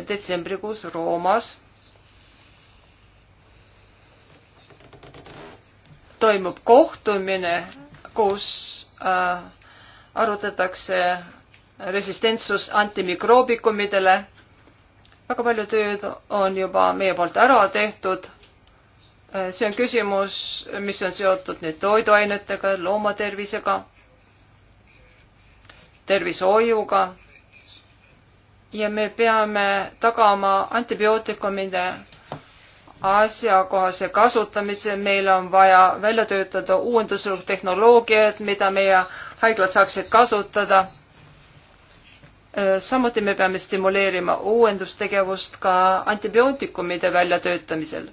Speaker 3: detsembrikuus Roomas toimub kohtumine, kus äh, arutatakse resistentsus antimikroobikumidele. väga palju tööd on juba meie poolt ära tehtud. Äh, see on küsimus, mis on seotud nüüd toiduainetega, loomatervisega, tervishoiuga ja me peame tagama antibiootikumide asjakohase kasutamise, meil on vaja välja töötada uuenduslik tehnoloogiad, mida meie haiglad saaksid kasutada. samuti me peame stimuleerima uuendustegevust ka antibiootikumide väljatöötamisel.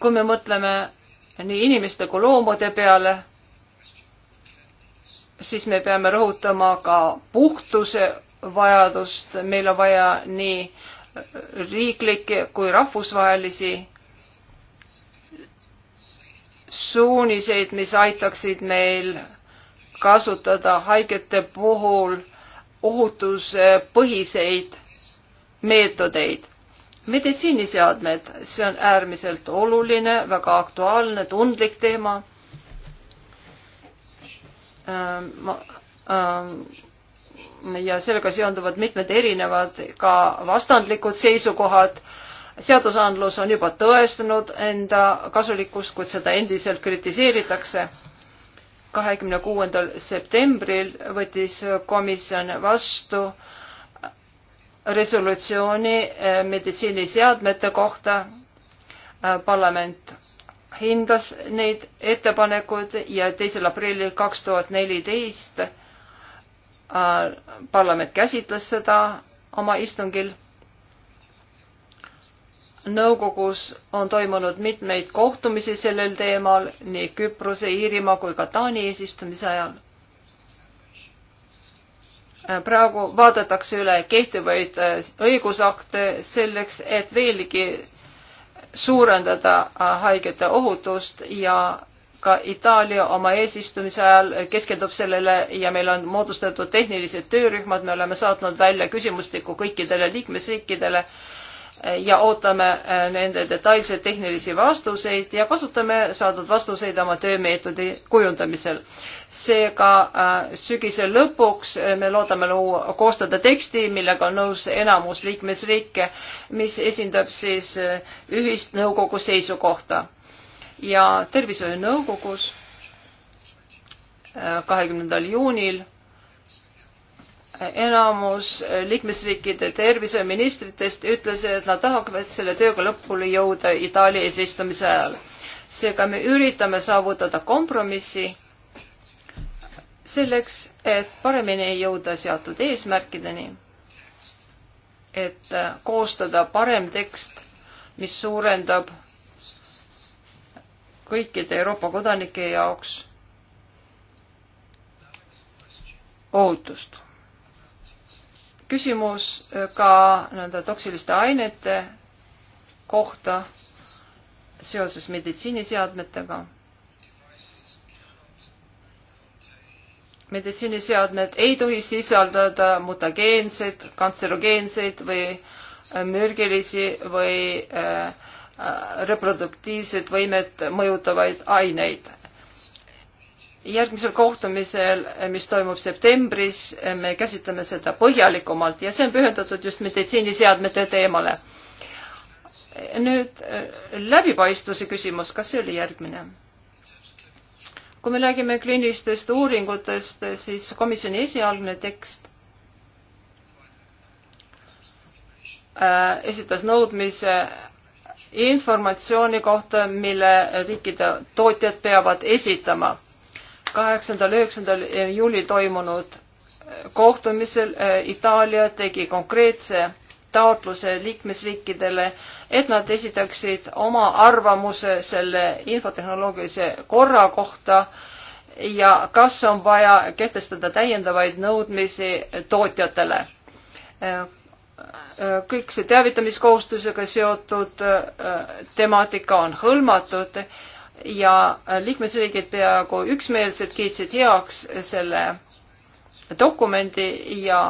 Speaker 3: kui me mõtleme nii inimeste kui loomade peale, siis me peame rõhutama ka puhtuse vajadust, meil on vaja nii riiklikke kui rahvusvahelisi suuniseid, mis aitaksid meil kasutada haigete puhul ohutuspõhiseid meetodeid. meditsiiniseadmed, see on äärmiselt oluline, väga aktuaalne, tundlik teema ähm,. Ähm, ja sellega seonduvad mitmed erinevad ka vastandlikud seisukohad. seadusandlus on juba tõestanud enda kasulikkust, kuid seda endiselt kritiseeritakse. kahekümne kuuendal septembril võttis komisjon vastu resolutsiooni eh, meditsiiniseadmete kohta. Eh, parlament hindas neid ettepanekuid ja teisel aprillil kaks tuhat neliteist Äh, parlament käsitles seda oma istungil. nõukogus on toimunud mitmeid kohtumisi sellel teemal nii Küprose, Iirimaa kui ka Taani eesistumise ajal. Äh, praegu vaadatakse üle kehtivaid äh, õigusakte selleks, et veelgi suurendada haigete ohutust ja ka Itaalia oma eesistumise ajal keskendub sellele ja meil on moodustatud tehnilised töörühmad, me oleme saatnud välja küsimustiku kõikidele liikmesriikidele ja ootame äh, nende detailseid tehnilisi vastuseid ja kasutame saadud vastuseid oma töömeetodi kujundamisel. seega äh, sügise lõpuks äh, me loodame luua, koostada teksti, millega on nõus enamus liikmesriike, mis esindab siis ühist nõukogu seisukohta ja Tervishoiunõukogus äh, kahekümnendal juunil äh, enamus äh, liikmesriikide tervishoiuministritest ütles, et nad tahavad selle tööga lõpule jõuda Itaalia eesistumise ajal. seega me üritame saavutada kompromissi selleks, et paremini jõuda seatud eesmärkideni, et koostada parem tekst, mis suurendab kõikide Euroopa kodanike jaoks ohutust. küsimus äh, ka nii-öelda toksiliste ainete kohta seoses meditsiiniseadmetega. meditsiiniseadmed ei tohi sisaldada mutageenseid, kantserogeenseid või äh, mürgilisi või äh, reproduktiivset võimet mõjutavaid aineid. järgmisel kohtumisel, mis toimub septembris, me käsitleme seda põhjalikumalt ja see on pühendatud just meditsiiniseadmete teemale. nüüd äh, läbipaistvuse küsimus, kas see oli järgmine? kui me räägime kliinilistest uuringutest, siis komisjoni esialgne tekst äh, esitas nõudmise informatsiooni kohta, mille riikide tootjad peavad esitama. kaheksandal, üheksandal juulil toimunud äh, kohtumisel äh, Itaalia tegi konkreetse taotluse liikmesriikidele, et nad esitaksid oma arvamuse selle infotehnoloogilise korra kohta ja kas on vaja kehtestada täiendavaid nõudmisi tootjatele äh, Äh, kõik see teavitamiskohustusega seotud äh, temaatika on hõlmatud ja äh, liikmesriigid peaaegu üksmeelselt kiitsid heaks selle dokumendi ja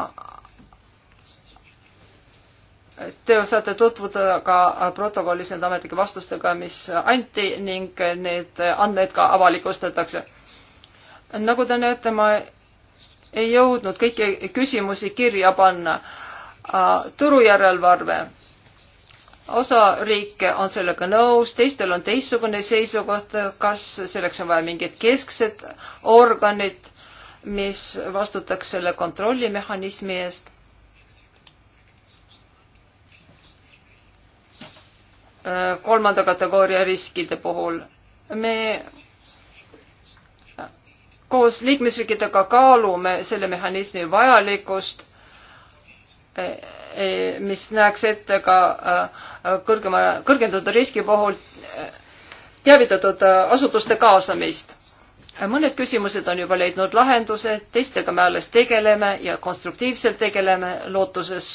Speaker 3: Te saate tutvuda ka protokollis nende ametlike vastustega, mis anti ning need andmed ka avalikustatakse. nagu te näete, ma ei jõudnud kõiki küsimusi kirja panna turujärelevalve. osa riike on sellega nõus, teistel on teistsugune seisukoht, kas selleks on vaja mingit keskset organit, mis vastutaks selle kontrollimehhanismi eest. kolmanda kategooria riskide puhul me koos liikmesriikidega kaalume selle mehhanismi vajalikkust E, e, mis näeks ette ka e, kõrgema, kõrgendatud riski puhul teavitatud asutuste kaasamist. mõned küsimused on juba leidnud lahenduse, teistega me alles tegeleme ja konstruktiivselt tegeleme, lootuses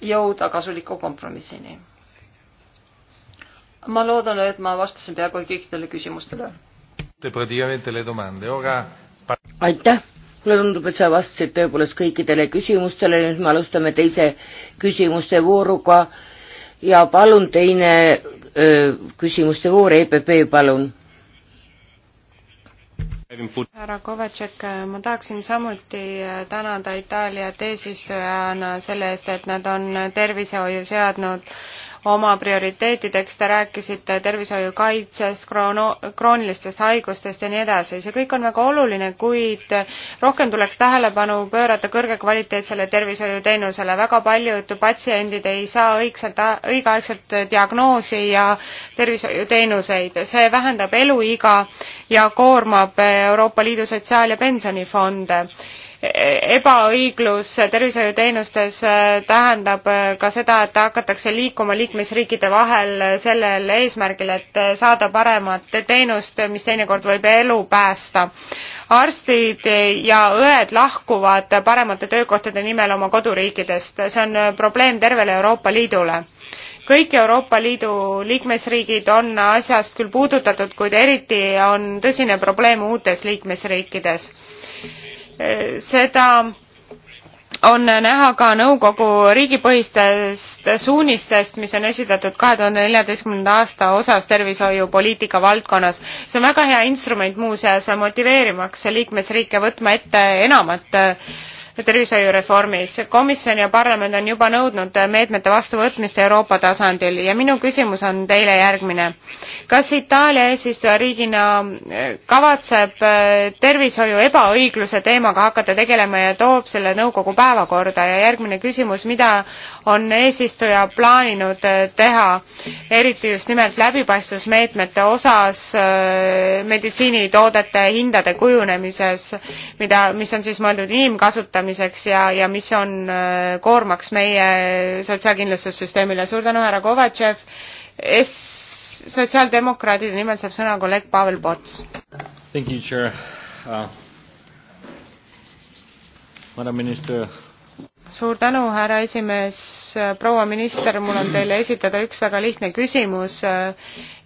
Speaker 3: jõuda kasuliku kompromissini. ma loodan, et ma vastasin peaaegu kõikidele küsimustele.
Speaker 1: aitäh mulle tundub, et sa vastasid tõepoolest kõikidele küsimustele, nüüd me alustame teise küsimuste vooruga ja palun teine öö, küsimuste voor, EPP palun.
Speaker 2: härra Kovatšek, ma tahaksin samuti äh, tänada Itaaliat eesistujana selle eest, et nad on tervishoiu seadnud äh, oma prioriteetideks, te rääkisite tervishoiukaitsest, kroon-, kroonilistest haigustest ja nii edasi, see kõik on väga oluline, kuid rohkem tuleks tähelepanu pöörata kõrgekvaliteetsele tervishoiuteenusele, väga paljud patsiendid ei saa õigselt, õigeaegselt diagnoosi ja tervishoiuteenuseid, see vähendab eluiga ja koormab Euroopa Liidu sotsiaal- ja pensionifonde ebaõiglus tervishoiuteenustes äh, tähendab äh, ka seda, et hakatakse liikuma liikmesriikide vahel sellel eesmärgil, et äh, saada paremat teenust, mis teinekord võib elu päästa. arstid ja õed lahkuvad paremate töökohtade nimel oma koduriikidest, see on probleem tervele Euroopa Liidule kõik Euroopa Liidu liikmesriigid on asjast küll puudutatud, kuid eriti on tõsine probleem uutes liikmesriikides seda on näha ka nõukogu riigipõhistest suunistest, mis on esitatud kahe tuhande neljateistkümnenda aasta osas tervishoiupoliitika valdkonnas. see on väga hea instrument muuseas motiveerimaks liikmesriike võtma ette enamat äh, tervishoiureformis. komisjon ja parlament on juba nõudnud meetmete vastuvõtmist Euroopa tasandil ja minu küsimus on teile järgmine. kas Itaalia eesistujariigina eh, kavatseb eh, tervishoiu ebaõigluse teemaga hakata tegelema ja toob selle nõukogu päevakorda ja järgmine küsimus, mida on eesistuja plaaninud eh, teha, eriti just nimelt läbipaistvusmeetmete osas meditsiinitoodete hindade kujunemises, mida, mis on siis mõeldud inimkasutamiseks, vähendamiseks ja, ja mis on äh, koormaks meie sotsiaalkindlustussüsteemile. suur tänu, härra Kovatšev. S-, sotsiaaldemokraadide nimel saab sõna kolleeg Pavel Pots.
Speaker 1: Thank you, Chair uh,.
Speaker 2: Madam Minister. suur tänu, härra esimees. proua minister, mul on teile esitada üks väga lihtne küsimus äh,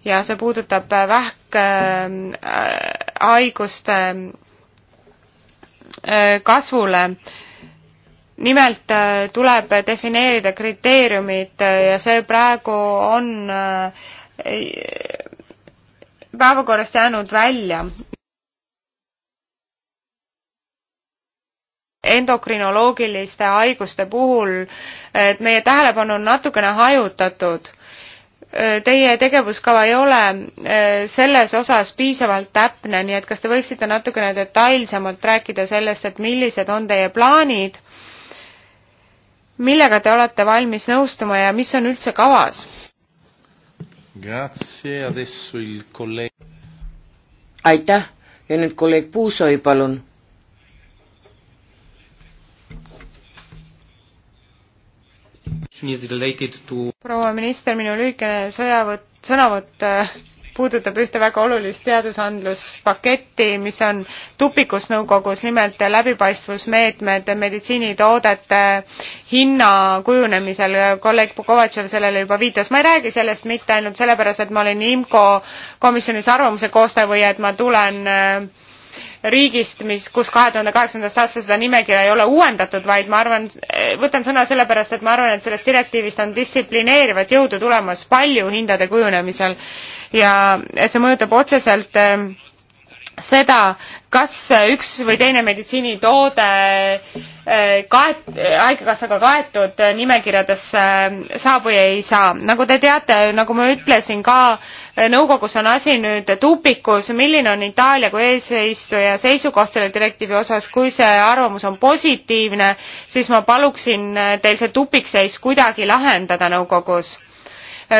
Speaker 2: ja see puudutab vähkhaiguste äh, äh, haiguste, Äh, kasvule. nimelt äh, tuleb defineerida kriteeriumid äh, ja see praegu on päevakorrast jäänud välja. endokrinoloogiliste haiguste puhul, et meie tähelepanu on natukene hajutatud Äh, teie tegevuskava ei ole äh, selles osas piisavalt täpne, nii et kas te võiksite natukene detailsemalt rääkida sellest, et millised on teie plaanid, millega te olete valmis nõustuma ja mis on üldse kavas?
Speaker 1: aitäh ja nüüd kolleeg Puusoi, palun
Speaker 2: To... proua minister, minu lühikene sõjavõtt, sõnavõtt äh, puudutab ühte väga olulist teadusandluspaketti, mis on tupikus nõukogus, nimelt läbipaistvusmeetmed meditsiinitoodete hinna kujunemisel. kolleeg Pukovatšev sellele juba viitas. ma ei räägi sellest mitte ainult sellepärast, et ma olen IMCO komisjonis arvamuse koostaja või et ma tulen äh, riigist, mis, kus kahe tuhande kaheksandast aastast seda nimekirja ei ole uuendatud, vaid ma arvan, võtan sõna sellepärast, et ma arvan, et sellest direktiivist on distsiplineerivat jõudu tulemas palju hindade kujunemisel ja et see mõjutab otseselt äh, seda, kas üks või teine meditsiinitoode äh, kaet-, haigekassaga kaetud nimekirjadesse äh, saab või ei saa. nagu te teate, nagu ma ütlesin ka, äh, nõukogus on asi nüüd tupikus, milline on Itaalia kui eesistuja seisukoht selle direktiivi osas, kui see arvamus on positiivne, siis ma paluksin teil see tupikseis kuidagi lahendada nõukogus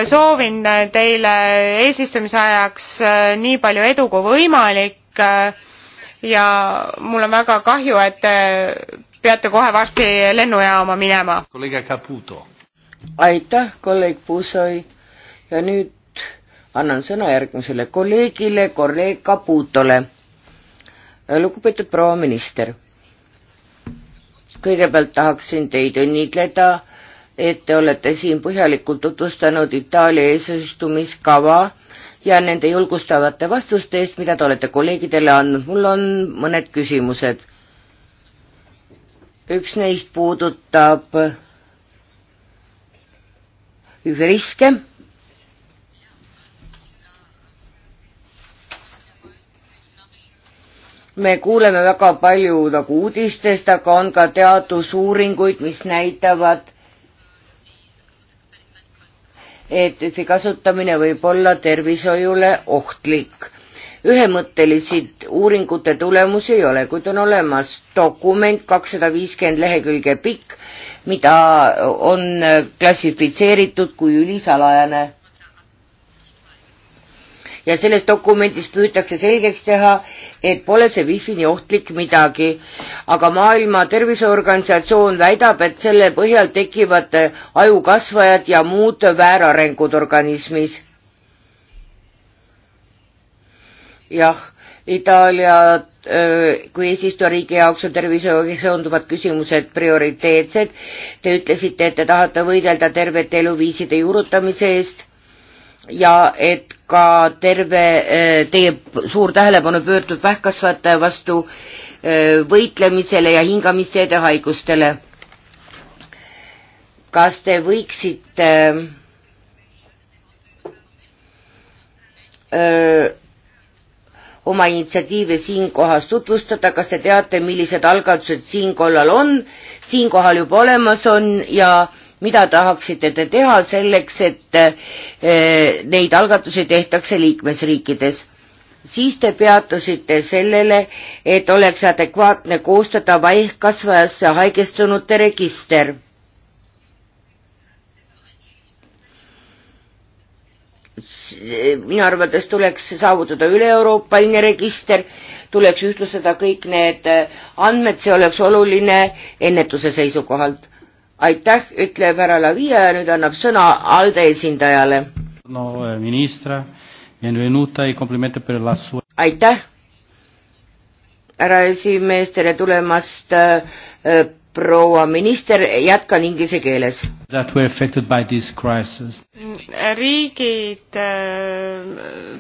Speaker 2: soovin teile eesistumise ajaks nii palju edu kui võimalik kõik äh, ja mul on väga kahju, et äh, peate kohe varsti lennujaama minema.
Speaker 1: aitäh, kolleeg Pusoi ja nüüd annan sõna järgmisele kolleegile, kolleeg Kaputole. lugupeetud proua minister, kõigepealt tahaksin teid õnnitleda, et te olete siin põhjalikult tutvustanud Itaalia eesistumiskava ja nende julgustavate vastuste eest, mida te olete kolleegidele andnud. mul on mõned küsimused. üks neist puudutab riske me kuuleme väga palju nagu uudistest, aga on ka teadusuuringuid, mis näitavad, et wifi kasutamine võib olla tervishoiule ohtlik. ühemõttelisi uuringute tulemusi ei ole, kuid on olemas dokument kakssada viiskümmend lehekülge pikk, mida on klassifitseeritud kui ülisalajane ja selles dokumendis püütakse selgeks teha, et pole see wifi nii ohtlik midagi. aga Maailma Terviseorganisatsioon väidab, et selle põhjal tekivad ajukasvajad ja muud väärarengud organismis. jah, Itaalia äh, kui eesistujariigi jaoks on tervishoiuga seonduvad küsimused prioriteetsed. Te ütlesite, et te tahate võidelda tervete eluviiside juurutamise eest ja et ka terve eh, teie suur tähelepanu pöördub vähkkasvataja vastu eh, võitlemisele ja hingamisteede haigustele. kas te võiksite öö, eh, oma initsiatiive siinkohas tutvustada, kas te teate, millised algatused siinkohal on, siinkohal juba olemas on ja mida tahaksite te teha selleks, et eh, neid algatusi tehtakse liikmesriikides? siis te peatusite sellele, et oleks adekvaatne koostada vaihkkasvajasse haigestunute register. minu arvates tuleks saavutada üle-euroopaline register, tuleks ühtlustada kõik need eh, andmed, see oleks oluline ennetuse seisukohalt aitäh, ütleb härra Lavia ja nüüd annab sõna ALDE esindajale. no eh, ministra,
Speaker 2: benvenuta ja e komplimente per la sua.
Speaker 1: aitäh, härra esimees, tere tulemast äh, proua minister, jätkan inglise keeles.
Speaker 2: Mm, riigid,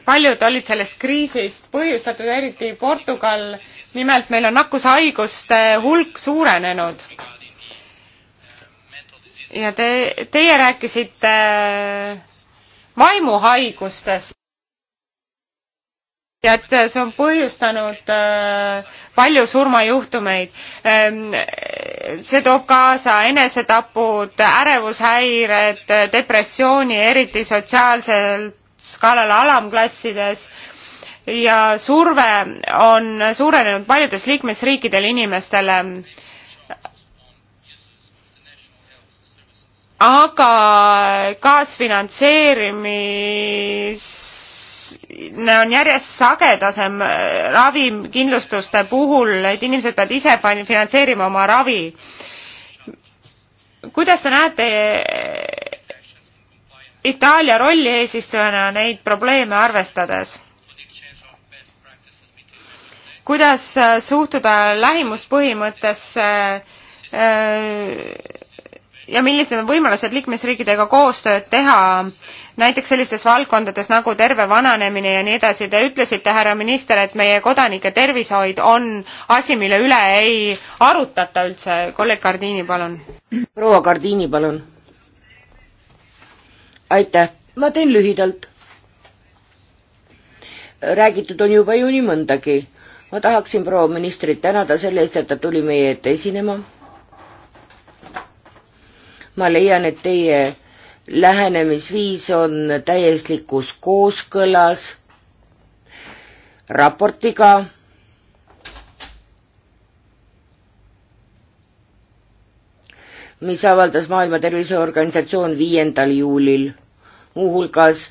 Speaker 2: paljud olid sellest kriisist põhjustatud, eriti Portugal, nimelt meil on nakkushaiguste hulk suurenenud ja te, teie rääkisite äh, vaimuhaigustest ja et see on põhjustanud äh, palju surmajuhtumeid ähm,. see toob kaasa enesetapud, ärevushäired, depressiooni, eriti sotsiaalsel skaalal alamklassides ja surve on suurenenud paljudes liikmesriikidel inimestele äh, aga kaasfinantseerimis on järjest sagedasem ravikindlustuste puhul, et inimesed peavad ise finantseerima oma ravi. kuidas te näete Itaalia rolli eesistujana neid probleeme arvestades? kuidas suhtuda lähimuspõhimõttesse äh, ja millised on võimalused liikmesriikidega koostööd teha näiteks sellistes valdkondades nagu terve vananemine ja nii edasi. Te ütlesite, härra minister, et meie kodanike tervishoid on asi, mille üle ei arutata üldse. kolleeg Gardiini, palun.
Speaker 1: proua Gardiini, palun. aitäh, ma teen lühidalt. räägitud on juba ju nii mõndagi. ma tahaksin proua ministrit tänada selle eest, et ta tuli meie ette esinema ma leian, et teie lähenemisviis on täieslikus kooskõlas raportiga. mis avaldas Maailma Terviseorganisatsioon viiendal juulil, muuhulgas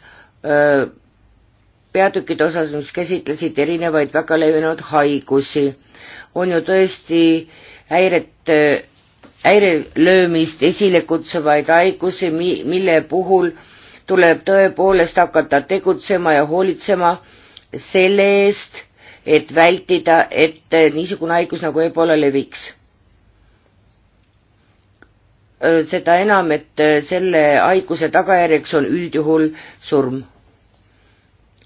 Speaker 1: peatükid osas, mis käsitlesid erinevaid väga levinud haigusi. on ju tõesti häiret häirelöömist esile kutsuvaid haigusi, mille puhul tuleb tõepoolest hakata tegutsema ja hoolitsema selle eest, et vältida, et niisugune haigus nagu ebola leviks. seda enam, et selle haiguse tagajärjeks on üldjuhul surm.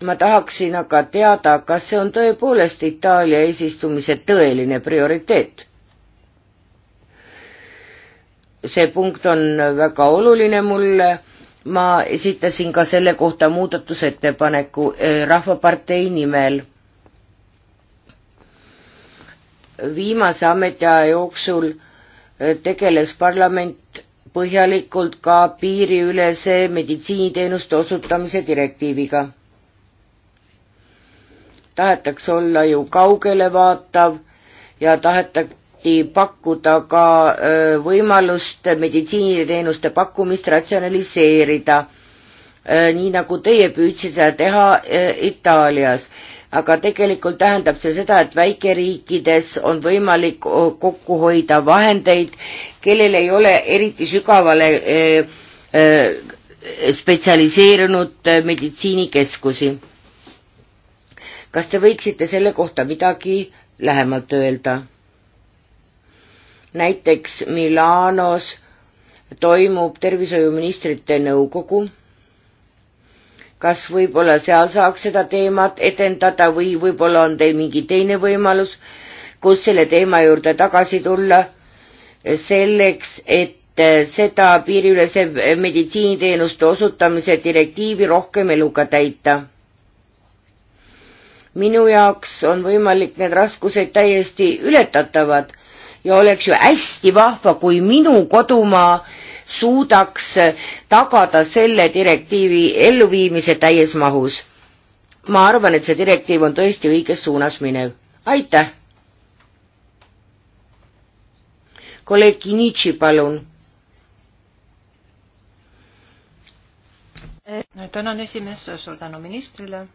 Speaker 1: ma tahaksin aga teada, kas see on tõepoolest Itaalia eesistumise tõeline prioriteet see punkt on väga oluline mulle, ma esitasin ka selle kohta muudatusettepaneku eh, Rahvapartei nimel. viimase ametiaja jooksul eh, tegeles parlament põhjalikult ka piiriülese meditsiiniteenuste osutamise direktiiviga. tahetakse olla ju kaugele vaatav ja tahetakse samuti pakkuda ka võimalust meditsiiniteenuste pakkumist ratsionaliseerida, nii nagu teie püüdsite teha Itaalias. aga tegelikult tähendab see seda, et väikeriikides on võimalik kokku hoida vahendeid, kellel ei ole eriti sügavale spetsialiseerunud meditsiinikeskusi. kas te võiksite selle kohta midagi lähemalt öelda? näiteks Milanos toimub tervishoiuministrite nõukogu, kas võib-olla seal saaks seda teemat edendada või võib-olla on teil mingi teine võimalus, kus selle teema juurde tagasi tulla, selleks, et seda piiriülese meditsiiniteenuste osutamise direktiivi rohkem eluga täita. minu jaoks on võimalik need raskused täiesti ületatavad ja oleks ju hästi vahva, kui minu kodumaa suudaks tagada selle direktiivi elluviimise täies mahus. ma arvan, et see direktiiv on tõesti õiges suunas minev. aitäh! kolleeg Kinitši, palun.
Speaker 3: tänan esimees, suur tänu ministrile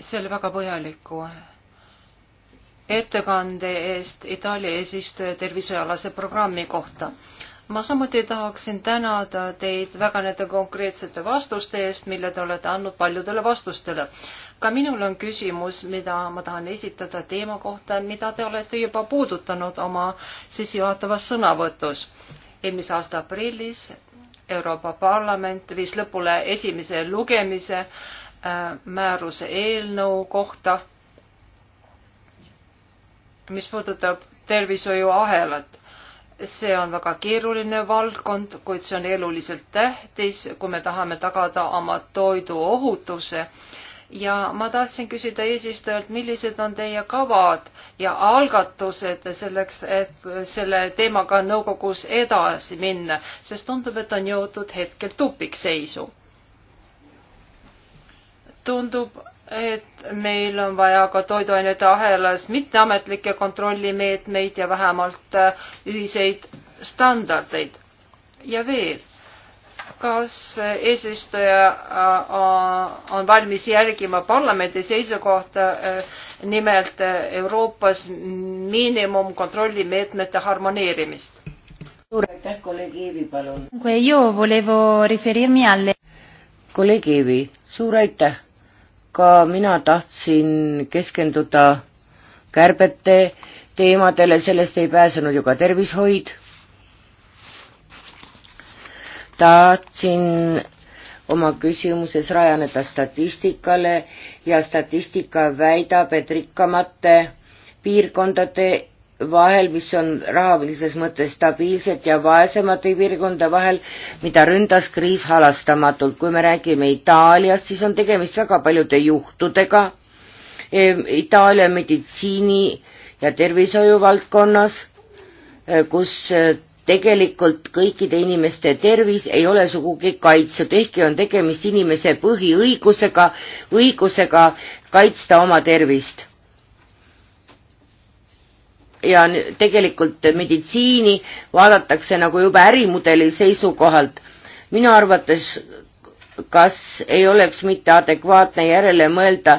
Speaker 3: selle väga põhjaliku ettekande eest Itaalia eesistuja tervisealase programmi kohta. ma samuti tahaksin tänada teid väga nende konkreetsete vastuste eest, mille te olete andnud paljudele vastustele. ka minul on küsimus, mida ma tahan esitada teema kohta, mida te olete juba puudutanud oma sissejuhatavas sõnavõtus. eelmise aasta aprillis Euroopa Parlament viis lõpule esimese lugemise äh, määruse eelnõu kohta mis puudutab tervishoiuahelat. see on väga keeruline valdkond, kuid see on eluliselt tähtis, kui me tahame tagada oma toiduohutuse. ja ma tahtsin küsida eesistujalt, millised on teie kavad ja algatused selleks, et selle teemaga nõukogus edasi minna, sest tundub, et on jõutud hetkel tupikseisu tundub, et meil on vaja ka toiduainete ahelas mitteametlikke kontrollimeetmeid ja vähemalt äh, ühiseid standardeid. ja veel, kas eesistuja äh, on valmis järgima parlamendi seisukohta äh, nimelt Euroopas miinimumkontrollimeetmete harmoneerimist?
Speaker 1: suur aitäh, kolleeg Iivi, palun. kolleeg Iivi, suur aitäh aga mina tahtsin keskenduda kärbete teemadele, sellest ei pääsenud ju ka tervishoid. tahtsin oma küsimuses rajaneda statistikale ja statistika väidab, et rikkamate piirkondade vahel, mis on rahalises mõttes stabiilsed ja vaesemate piirkonda vahel, mida ründas kriis halastamatult. kui me räägime Itaaliast, siis on tegemist väga paljude juhtudega ehm, Itaalia meditsiini ja tervishoiu valdkonnas, eh, kus eh, tegelikult kõikide inimeste tervis ei ole sugugi kaitstud, ehkki on tegemist inimese põhiõigusega, õigusega kaitsta oma tervist ja tegelikult meditsiini vaadatakse nagu juba ärimudeli seisukohalt. minu arvates, kas ei oleks mitte adekvaatne järele mõelda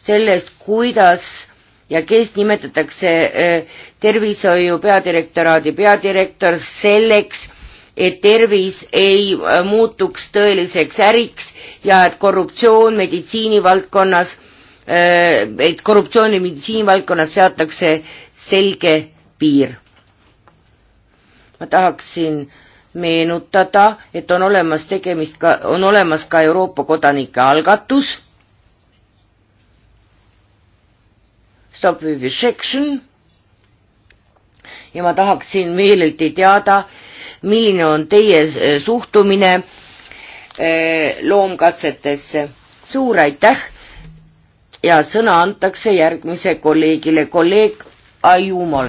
Speaker 1: sellest, kuidas ja kes nimetatakse eh, tervishoiu peadirektoraadi peadirektor selleks, et tervis ei eh, muutuks tõeliseks äriks ja et korruptsioon meditsiinivaldkonnas Äh, et korruptsiooni meditsiinivaldkonnas seatakse selge piir. ma tahaksin meenutada, et on olemas tegemist ka, on olemas ka Euroopa kodanike algatus Stop Vivisection ja ma tahaksin meeleldi teada, milline on teie äh, suhtumine äh, loomkatsetesse. suur aitäh ja sõna antakse järgmise kolleegile, kolleeg Ajumol.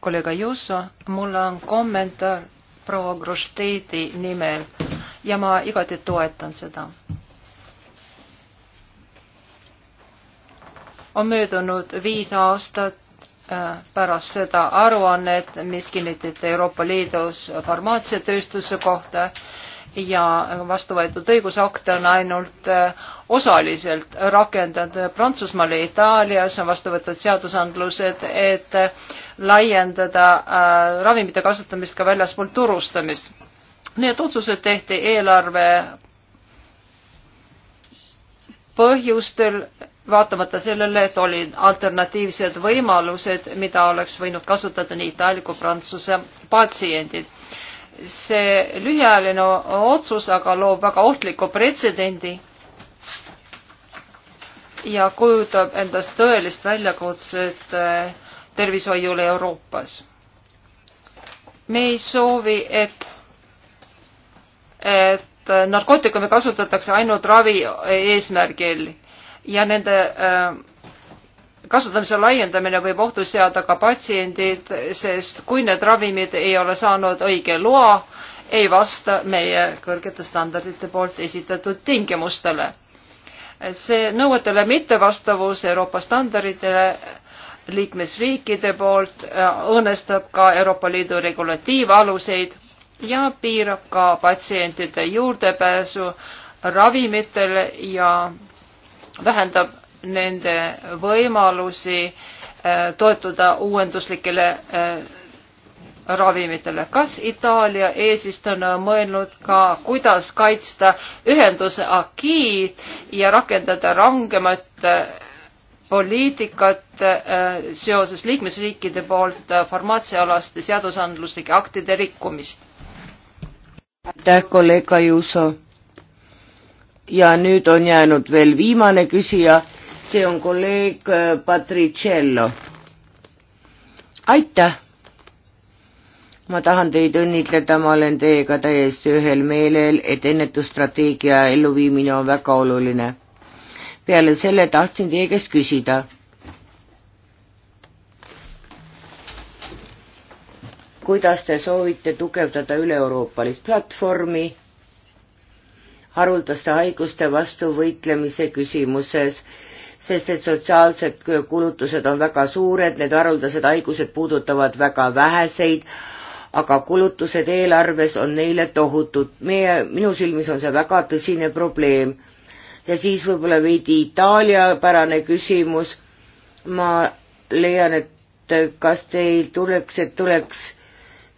Speaker 1: kolleeg Ajuso,
Speaker 3: mul on kommentaar proua Grosteedi nimel ja ma igati toetan seda. on möödunud viis aastat äh, pärast seda aruannet, mis kinnitati Euroopa Liidus farmaatsiatööstuse kohta ja vastu võetud õigusakte on ainult äh, osaliselt rakendatud Prantsusmaal ja Itaalias on vastu võetud seadusandlused, et äh, laiendada äh, ravimite kasutamist ka väljaspool turustamist. Need otsused tehti eelarve põhjustel, vaatamata sellele, et olid alternatiivsed võimalused, mida oleks võinud kasutada nii Itaalia kui Prantsuse patsiendid see lühiajaline otsus aga loob väga ohtliku pretsedendi ja kujutab endast tõelist väljakutset eh, tervishoiule Euroopas. me ei soovi, et, et narkootikume kasutatakse ainult ravi eesmärgil ja nende äh, kasutamise laiendamine võib ohtu seada ka patsiendid, sest kui need ravimid ei ole saanud õige loa, ei vasta meie kõrgete standardite poolt esitatud tingimustele. see nõuetele mittevastavus Euroopa standarditele liikmesriikide poolt äh, õõnestab ka Euroopa Liidu regulatiivaluseid ja piirab ka patsientide juurdepääsu ravimitele ja vähendab nende võimalusi äh, toetuda uuenduslikele äh, ravimitele. kas Itaalia eesistujana on mõelnud ka, kuidas kaitsta ühenduse akiid ja rakendada rangemat äh, poliitikat seoses liikmesriikide poolt farmaatsiaalaste seadusandluslike aktide rikkumist?
Speaker 1: aitäh, kolleeg Ajuso. ja nüüd on jäänud veel viimane küsija see on kolleeg äh, Patricello. aitäh! ma tahan teid õnnitleda, ma olen teiega täiesti ühel meelel, et ennetusstrateegia elluviimine on väga oluline. peale selle tahtsin teie käest küsida. kuidas te soovite tugevdada üle-euroopalist platvormi haruldaste haiguste vastu võitlemise küsimuses sest et sotsiaalsed kulutused on väga suured, need haruldased haigused puudutavad väga väheseid, aga kulutused eelarves on neile tohutud. meie, minu silmis on see väga tõsine probleem. ja siis võib-olla veidi Itaalia-pärane küsimus, ma leian, et kas teil tuleks, et tuleks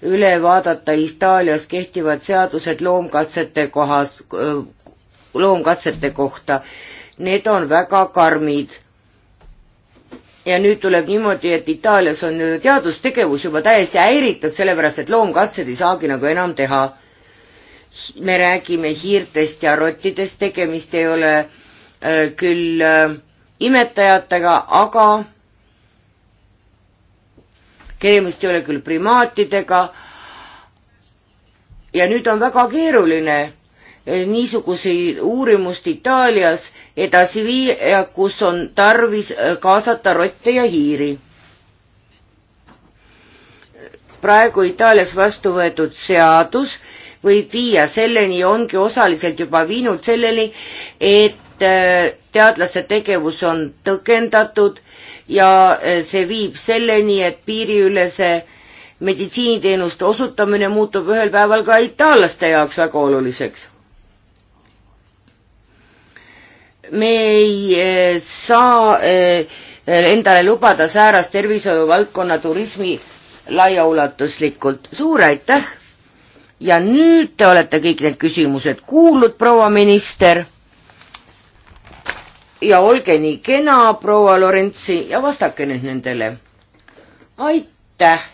Speaker 1: üle vaadata Itaalias kehtivad seadused loomkatsete kohas, loomkatsete kohta need on väga karmid. ja nüüd tuleb niimoodi, et Itaalias on teadustegevus juba täiesti häiritud, sellepärast et loomkatsed ei saagi nagu enam teha. me räägime hiirtest ja rottidest, tegemist ei ole äh, küll äh, imetajatega, aga tegemist ei ole küll primaatidega ja nüüd on väga keeruline niisuguseid uurimust Itaalias edasi viia, kus on tarvis äh, kaasata rotte ja hiiri. praegu Itaalias vastu võetud seadus võib viia selleni, ongi osaliselt juba viinud selleni, et äh, teadlaste tegevus on tõkendatud ja äh, see viib selleni, et piiriülese meditsiiniteenuste osutamine muutub ühel päeval ka itaallaste jaoks väga oluliseks me ei eh, saa eh, endale lubada säärast tervishoiuvaldkonna turismi laiaulatuslikult. suur aitäh! ja nüüd te olete kõik need küsimused kuulnud, proua minister. ja olge nii kena, proua Lorentsi, ja vastake nüüd nendele. aitäh!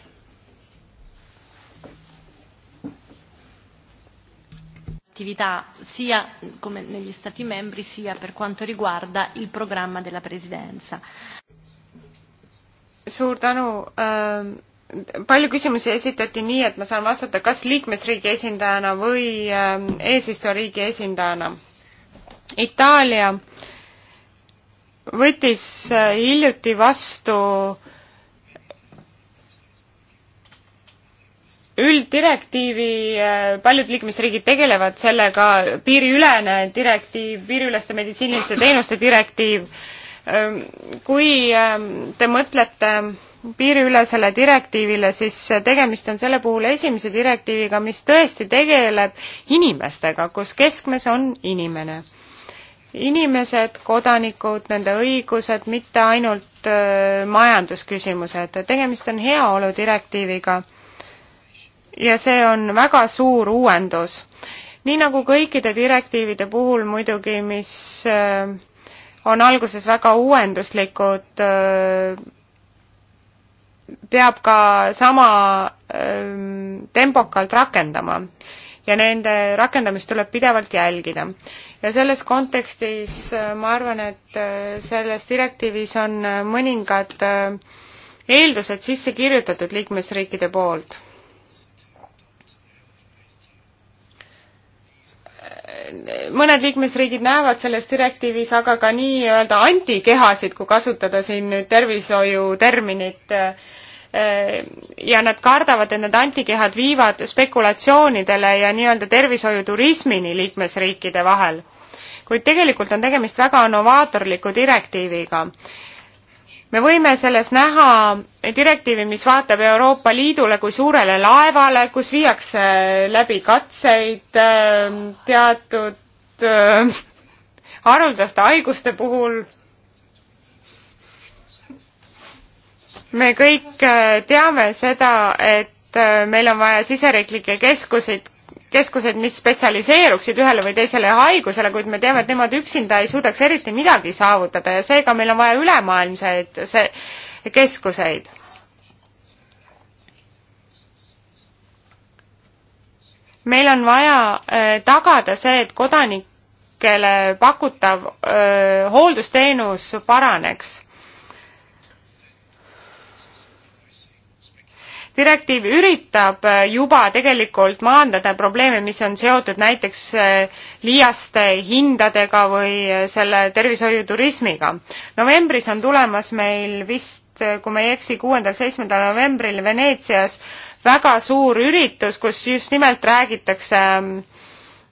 Speaker 1: attività sia
Speaker 2: come negli Stati membri sia per quanto riguarda il programma della Presidenza. suur tänu ähm palju küsimusi esitati nii, et ma saan vastata kas liikmesriigi esindajana või ähm, eesistujariigi esindajana. Itaalia võttis äh, hiljuti vastu äh, ülddirektiivi, äh, paljud liikmesriigid tegelevad sellega, piiriülene direktiiv, piiriüleste meditsiiniliste teenuste direktiiv. Ähm, kui ähm, te mõtlete piiriülesele direktiivile, siis tegemist on selle puhul esimese direktiiviga, mis tõesti tegeleb inimestega, kus keskmes on inimene. inimesed, kodanikud, nende õigused, mitte ainult äh, majandusküsimused, tegemist on heaolu direktiiviga ja see on väga suur uuendus. nii nagu kõikide direktiivide puhul muidugi, mis äh, on alguses väga uuenduslikud, äh, peab ka sama äh, tempokalt rakendama ja nende rakendamist tuleb pidevalt jälgida. ja selles kontekstis ma arvan, et selles direktiivis on mõningad eeldused sisse kirjutatud liikmesriikide poolt mõned liikmesriigid näevad selles direktiivis aga ka nii-öelda antikehasid, kui kasutada siin nüüd tervishoiu terminit, ja nad kardavad, et need antikehad viivad spekulatsioonidele ja nii-öelda tervishoiuturismini liikmesriikide vahel. kuid tegelikult on tegemist väga novaatorliku direktiiviga me võime selles näha direktiivi, mis vaatab Euroopa Liidule kui suurele laevale, kus viiakse läbi katseid ähm, teatud ähm, haruldaste haiguste puhul. me kõik äh, teame seda, et äh, meil on vaja siseriiklikke keskuseid, keskused, mis spetsialiseeruksid ühele või teisele haigusele, kuid me teame, et nemad üksinda ei suudaks eriti midagi saavutada ja seega meil on vaja ülemaailmseid see, keskuseid. meil on vaja äh, tagada see, et kodanikele pakutav äh, hooldusteenus paraneks direktiiv üritab äh, juba tegelikult maandada probleeme, mis on seotud näiteks äh, liiaste hindadega või äh, selle tervishoiuturismiga. novembris on tulemas meil vist, kui ma ei eksi, kuuendal-seitsmendal novembril Veneetsias väga suur üritus, kus just nimelt räägitakse ähm,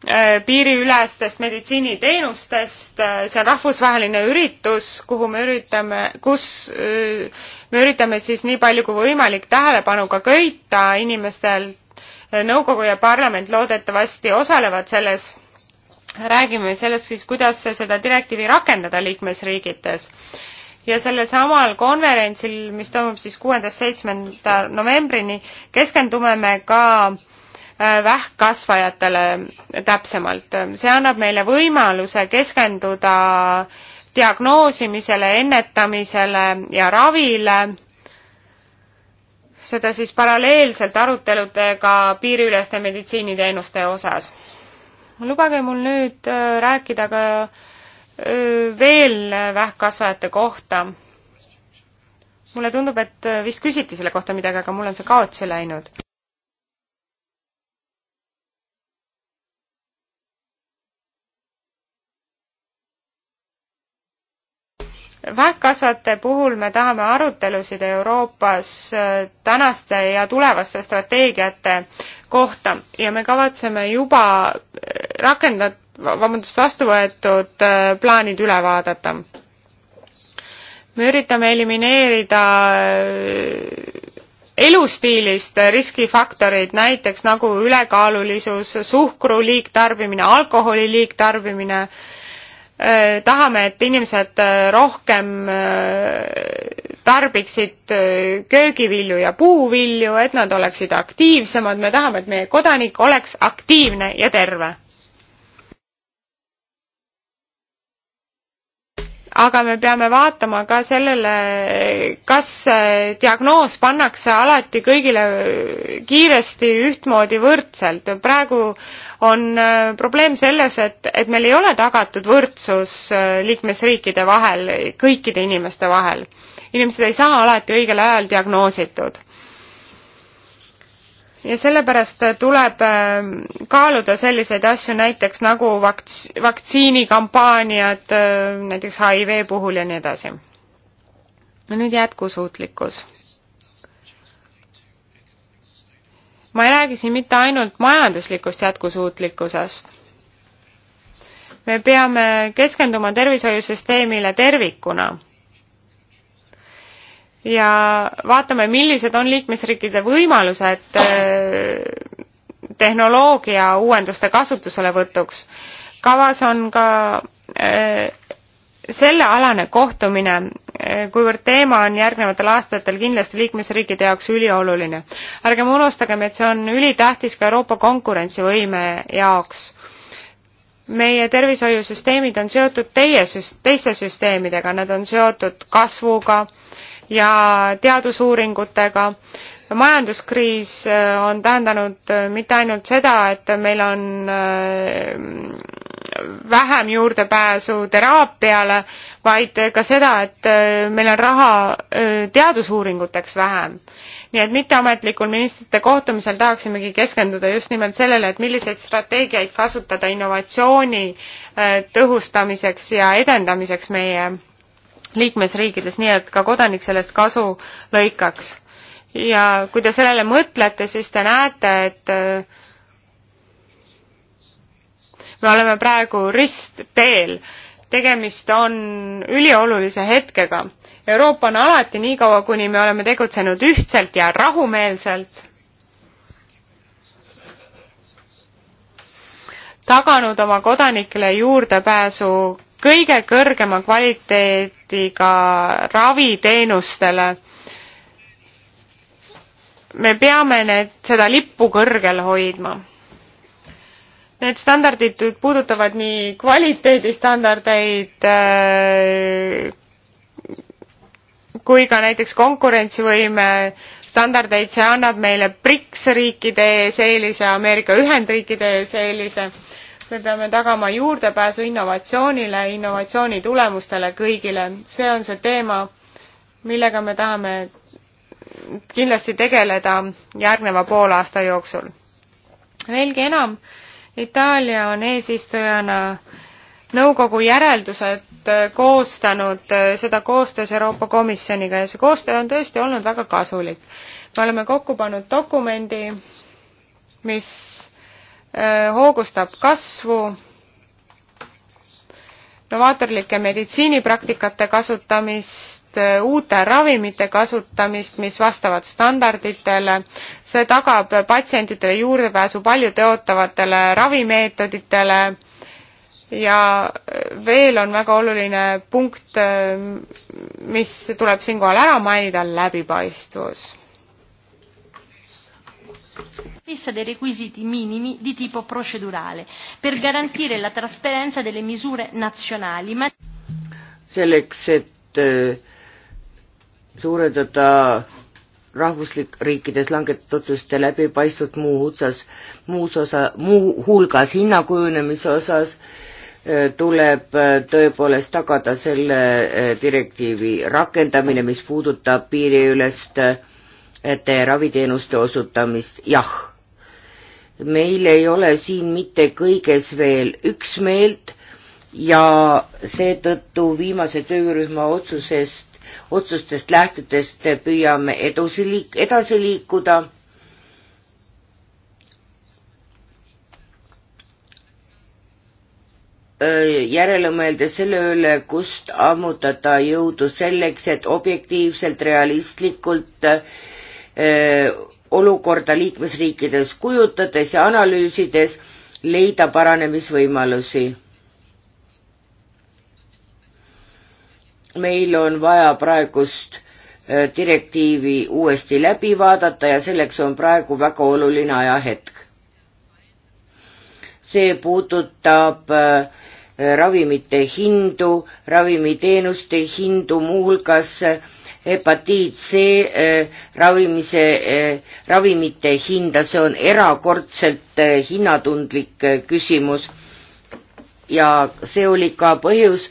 Speaker 2: Äh, piiriülestest meditsiiniteenustest, äh, see on rahvusvaheline üritus, kuhu me üritame, kus äh, me üritame siis nii palju kui võimalik tähelepanu ka köita inimestel, nõukogu ja parlament loodetavasti osalevad selles, räägime sellest siis, kuidas seda direktiivi rakendada liikmesriigites. ja sellel samal konverentsil, mis toimub siis kuuendast seitsmenda novembrini, keskendume me ka äh, Äh, vähkkasvajatele täpsemalt. see annab meile võimaluse keskenduda diagnoosimisele, ennetamisele ja ravile, seda siis paralleelselt aruteludega piiriüleste meditsiiniteenuste osas. lubage mul nüüd äh, rääkida ka äh, veel vähkkasvajate kohta. mulle tundub, et vist küsiti selle kohta midagi, aga mul on see kaotsi läinud vähkkasvate puhul me tahame arutelusid Euroopas äh, tänaste ja tulevaste strateegiate kohta ja me kavatseme juba äh, rakendat-, vabandust, vastu võetud äh, plaanid üle vaadata. me üritame elimineerida elustiilist riskifaktorid, näiteks nagu ülekaalulisus, suhkru liigtarbimine, alkoholi liigtarbimine äh,, Äh, tahame, et inimesed äh, rohkem äh, tarbiksid köögivilju ja puuvilju, et nad oleksid aktiivsemad, me tahame, et meie kodanik oleks aktiivne ja terve. aga me peame vaatama ka sellele, kas äh, diagnoos pannakse alati kõigile kiiresti ühtmoodi võrdselt. praegu on äh, probleem selles, et, et meil ei ole tagatud võrdsus äh, liikmesriikide vahel, kõikide inimeste vahel. inimesed ei saa alati õigel ajal diagnoositud ja sellepärast tuleb äh, kaaluda selliseid asju näiteks nagu vakts-, vaktsiinikampaaniad äh, näiteks HIV puhul ja nii edasi. no nüüd jätkusuutlikkus. ma ei räägi siin mitte ainult majanduslikust jätkusuutlikkusest. me peame keskenduma tervishoiusüsteemile tervikuna ja vaatame, millised on liikmesriikide võimalused äh, tehnoloogia uuenduste kasutuselevõtuks. kavas on ka äh, sellealane kohtumine, äh, kuivõrd teema on järgnevatel aastatel kindlasti liikmesriikide jaoks ülioluline. ärgem unustagem, et see on ülitähtis ka Euroopa konkurentsivõime jaoks meie tervishoiusüsteemid on seotud teie süst-, teiste süsteemidega, nad on seotud kasvuga, ja teadusuuringutega. majanduskriis äh, on tähendanud äh, mitte ainult seda, et meil on äh, vähem juurdepääsu teraapiale, vaid ka seda, et meil on raha teadusuuringuteks vähem. nii et mitteametlikul ministrite kohtumisel tahaksimegi keskenduda just nimelt sellele, et milliseid strateegiaid kasutada innovatsiooni tõhustamiseks ja edendamiseks meie liikmesriikides, nii et ka kodanik sellest kasu lõikaks. ja kui te sellele mõtlete, siis te näete, et äh, me oleme praegu ristteel. tegemist on üliolulise hetkega. Euroopa on alati niikaua, kuni me oleme tegutsenud ühtselt ja rahumeelselt taganud oma kodanikele juurdepääsu kõige kõrgema kvaliteet samuti ka raviteenustele. me peame need, seda lippu kõrgel hoidma. Need standardid puudutavad nii kvaliteedistandardeid äh, kui ka näiteks konkurentsivõime standardeid, see annab meile BRICS riikide ees eelise, Ameerika Ühendriikide ees eelise me peame tagama juurdepääsu innovatsioonile, innovatsiooni tulemustele kõigile. see on see teema, millega me tahame kindlasti tegeleda järgneva poolaasta jooksul. veelgi enam, Itaalia on eesistujana nõukogu järeldused koostanud, seda koostöös Euroopa Komisjoniga ja see koostöö on tõesti olnud väga kasulik. me oleme kokku pannud dokumendi, mis Äh, hoogustab kasvu, novaatorlike meditsiinipraktikate kasutamist, äh, uute ravimite kasutamist, mis vastavad standarditele, see tagab patsientidele juurdepääsu paljude ootavatele ravimeetoditele ja veel on väga oluline punkt, äh, mis tuleb siinkohal ära mainida, läbipaistvus
Speaker 1: fissa dei requisiti minimi di tipo procedurale per garantire la trasparenza delle misure nazionali. Ma... selleks, et eh, suurendada rahvuslik riikides langetatud otsuste läbipaistvust muu otsas, muus osa, muu hulgas hinnakujunemise osas eh, tuleb eh, tõepoolest tagada selle direktiivi rakendamine, mis puudutab piiriülest raviteenuste osutamist, jah meil ei ole siin mitte kõiges veel üksmeelt ja seetõttu viimase töörühma otsusest, otsustest lähtudes püüame edusi liik-, edasi liikuda. järele mõeldes selle üle, kust ammutada jõudu selleks, et objektiivselt, realistlikult öö, olukorda liikmesriikides kujutades ja analüüsides leida paranemisvõimalusi. meil on vaja praegust äh, direktiivi uuesti läbi vaadata ja selleks on praegu väga oluline ajahetk. see puudutab äh, ravimite hindu, ravimiteenuste hindu, muuhulgas äh, hepatiit C eh, ravimise, eh, ravimite hinda, see on erakordselt eh, hinnatundlik küsimus. ja see oli ka põhjus,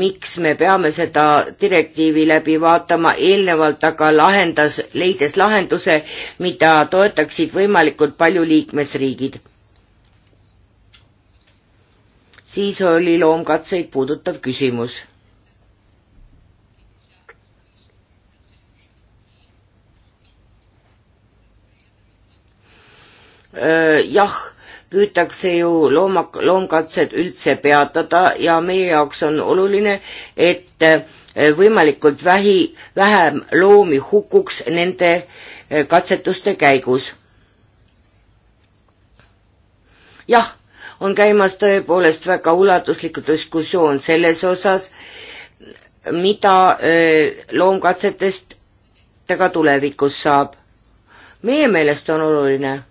Speaker 1: miks me peame seda direktiivi läbi vaatama, eelnevalt aga lahendas, leides lahenduse, mida toetaksid võimalikult palju liikmesriigid. siis oli loomkatseid puudutav küsimus jah, püütakse ju looma, loomkatsed üldse peatada ja meie jaoks on oluline, et võimalikult vähi, vähem loomi hukuks nende katsetuste käigus. jah, on käimas tõepoolest väga ulatuslik diskussioon selles osas, mida loomkatsetest ka tulevikus saab. meie meelest on oluline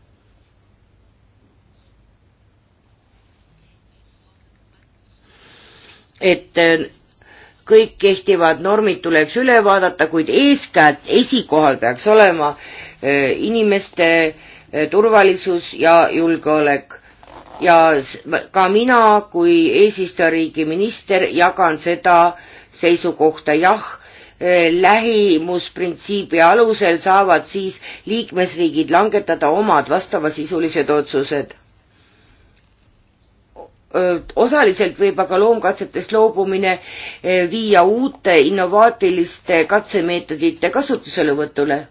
Speaker 1: et äh, kõik kehtivad normid tuleks üle vaadata, kuid eeskätt esikohal peaks olema äh, inimeste äh, turvalisus ja julgeolek. ja ka mina kui eesistujariigi minister jagan seda seisukohta, jah, lähimusprintsiibi alusel saavad siis liikmesriigid langetada omad vastavasisulised otsused osaliselt võib aga loomkatsetest loobumine viia uute innovaatiliste katsemeetodite kasutuselevõtule.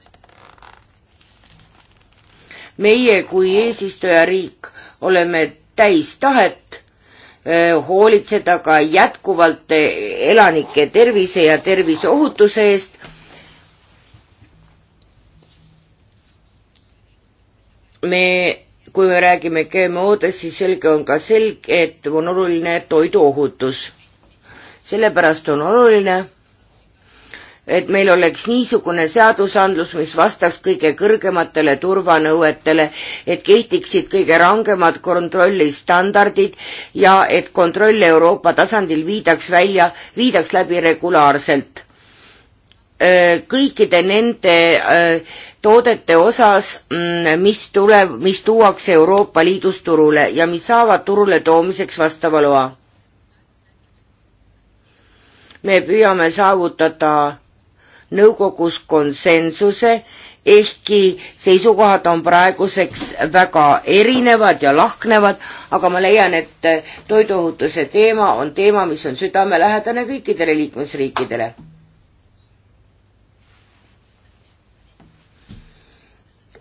Speaker 1: meie kui eesistujariik oleme täis tahet hoolitseda ka jätkuvalt elanike tervise ja terviseohutuse eest. me kui me räägime GMO-dest, siis selge on ka selge, et on oluline toiduohutus. sellepärast on oluline, et meil oleks niisugune seadusandlus, mis vastaks kõige kõrgematele turvanõuetele, et kehtiksid kõige rangemad kontrollistandardid ja et kontroll Euroopa tasandil viidaks välja, viidaks läbi regulaarselt Äh, kõikide nende äh, toodete osas, mm, mis tuleb, mis tuuakse Euroopa Liidus turule ja mis saavad turule toomiseks vastava loa. me püüame saavutada nõukogus konsensuse, ehkki seisukohad on praeguseks väga erinevad ja lahknevad, aga ma leian, et toiduohutuse teema on teema, mis on südamelähedane kõikidele liikmesriikidele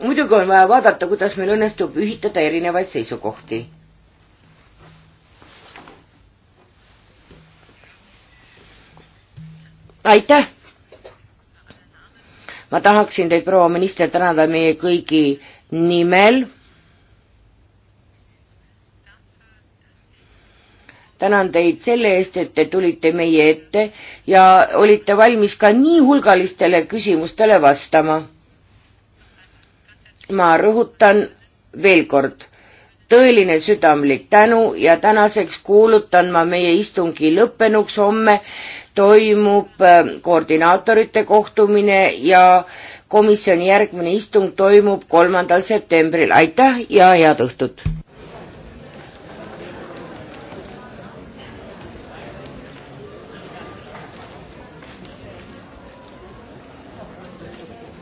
Speaker 1: muidugi on vaja vaadata, kuidas meil õnnestub ühitada erinevaid seisukohti. aitäh! ma tahaksin teid, proua minister, tänada meie kõigi nimel. tänan teid selle eest, et te tulite meie ette ja olite valmis ka nii hulgalistele küsimustele vastama ma rõhutan veel kord, tõeline südamlik tänu ja tänaseks kuulutan ma meie istungi lõppenuks, homme toimub äh, koordinaatorite kohtumine ja komisjoni järgmine istung toimub kolmandal septembril, aitäh ja head õhtut!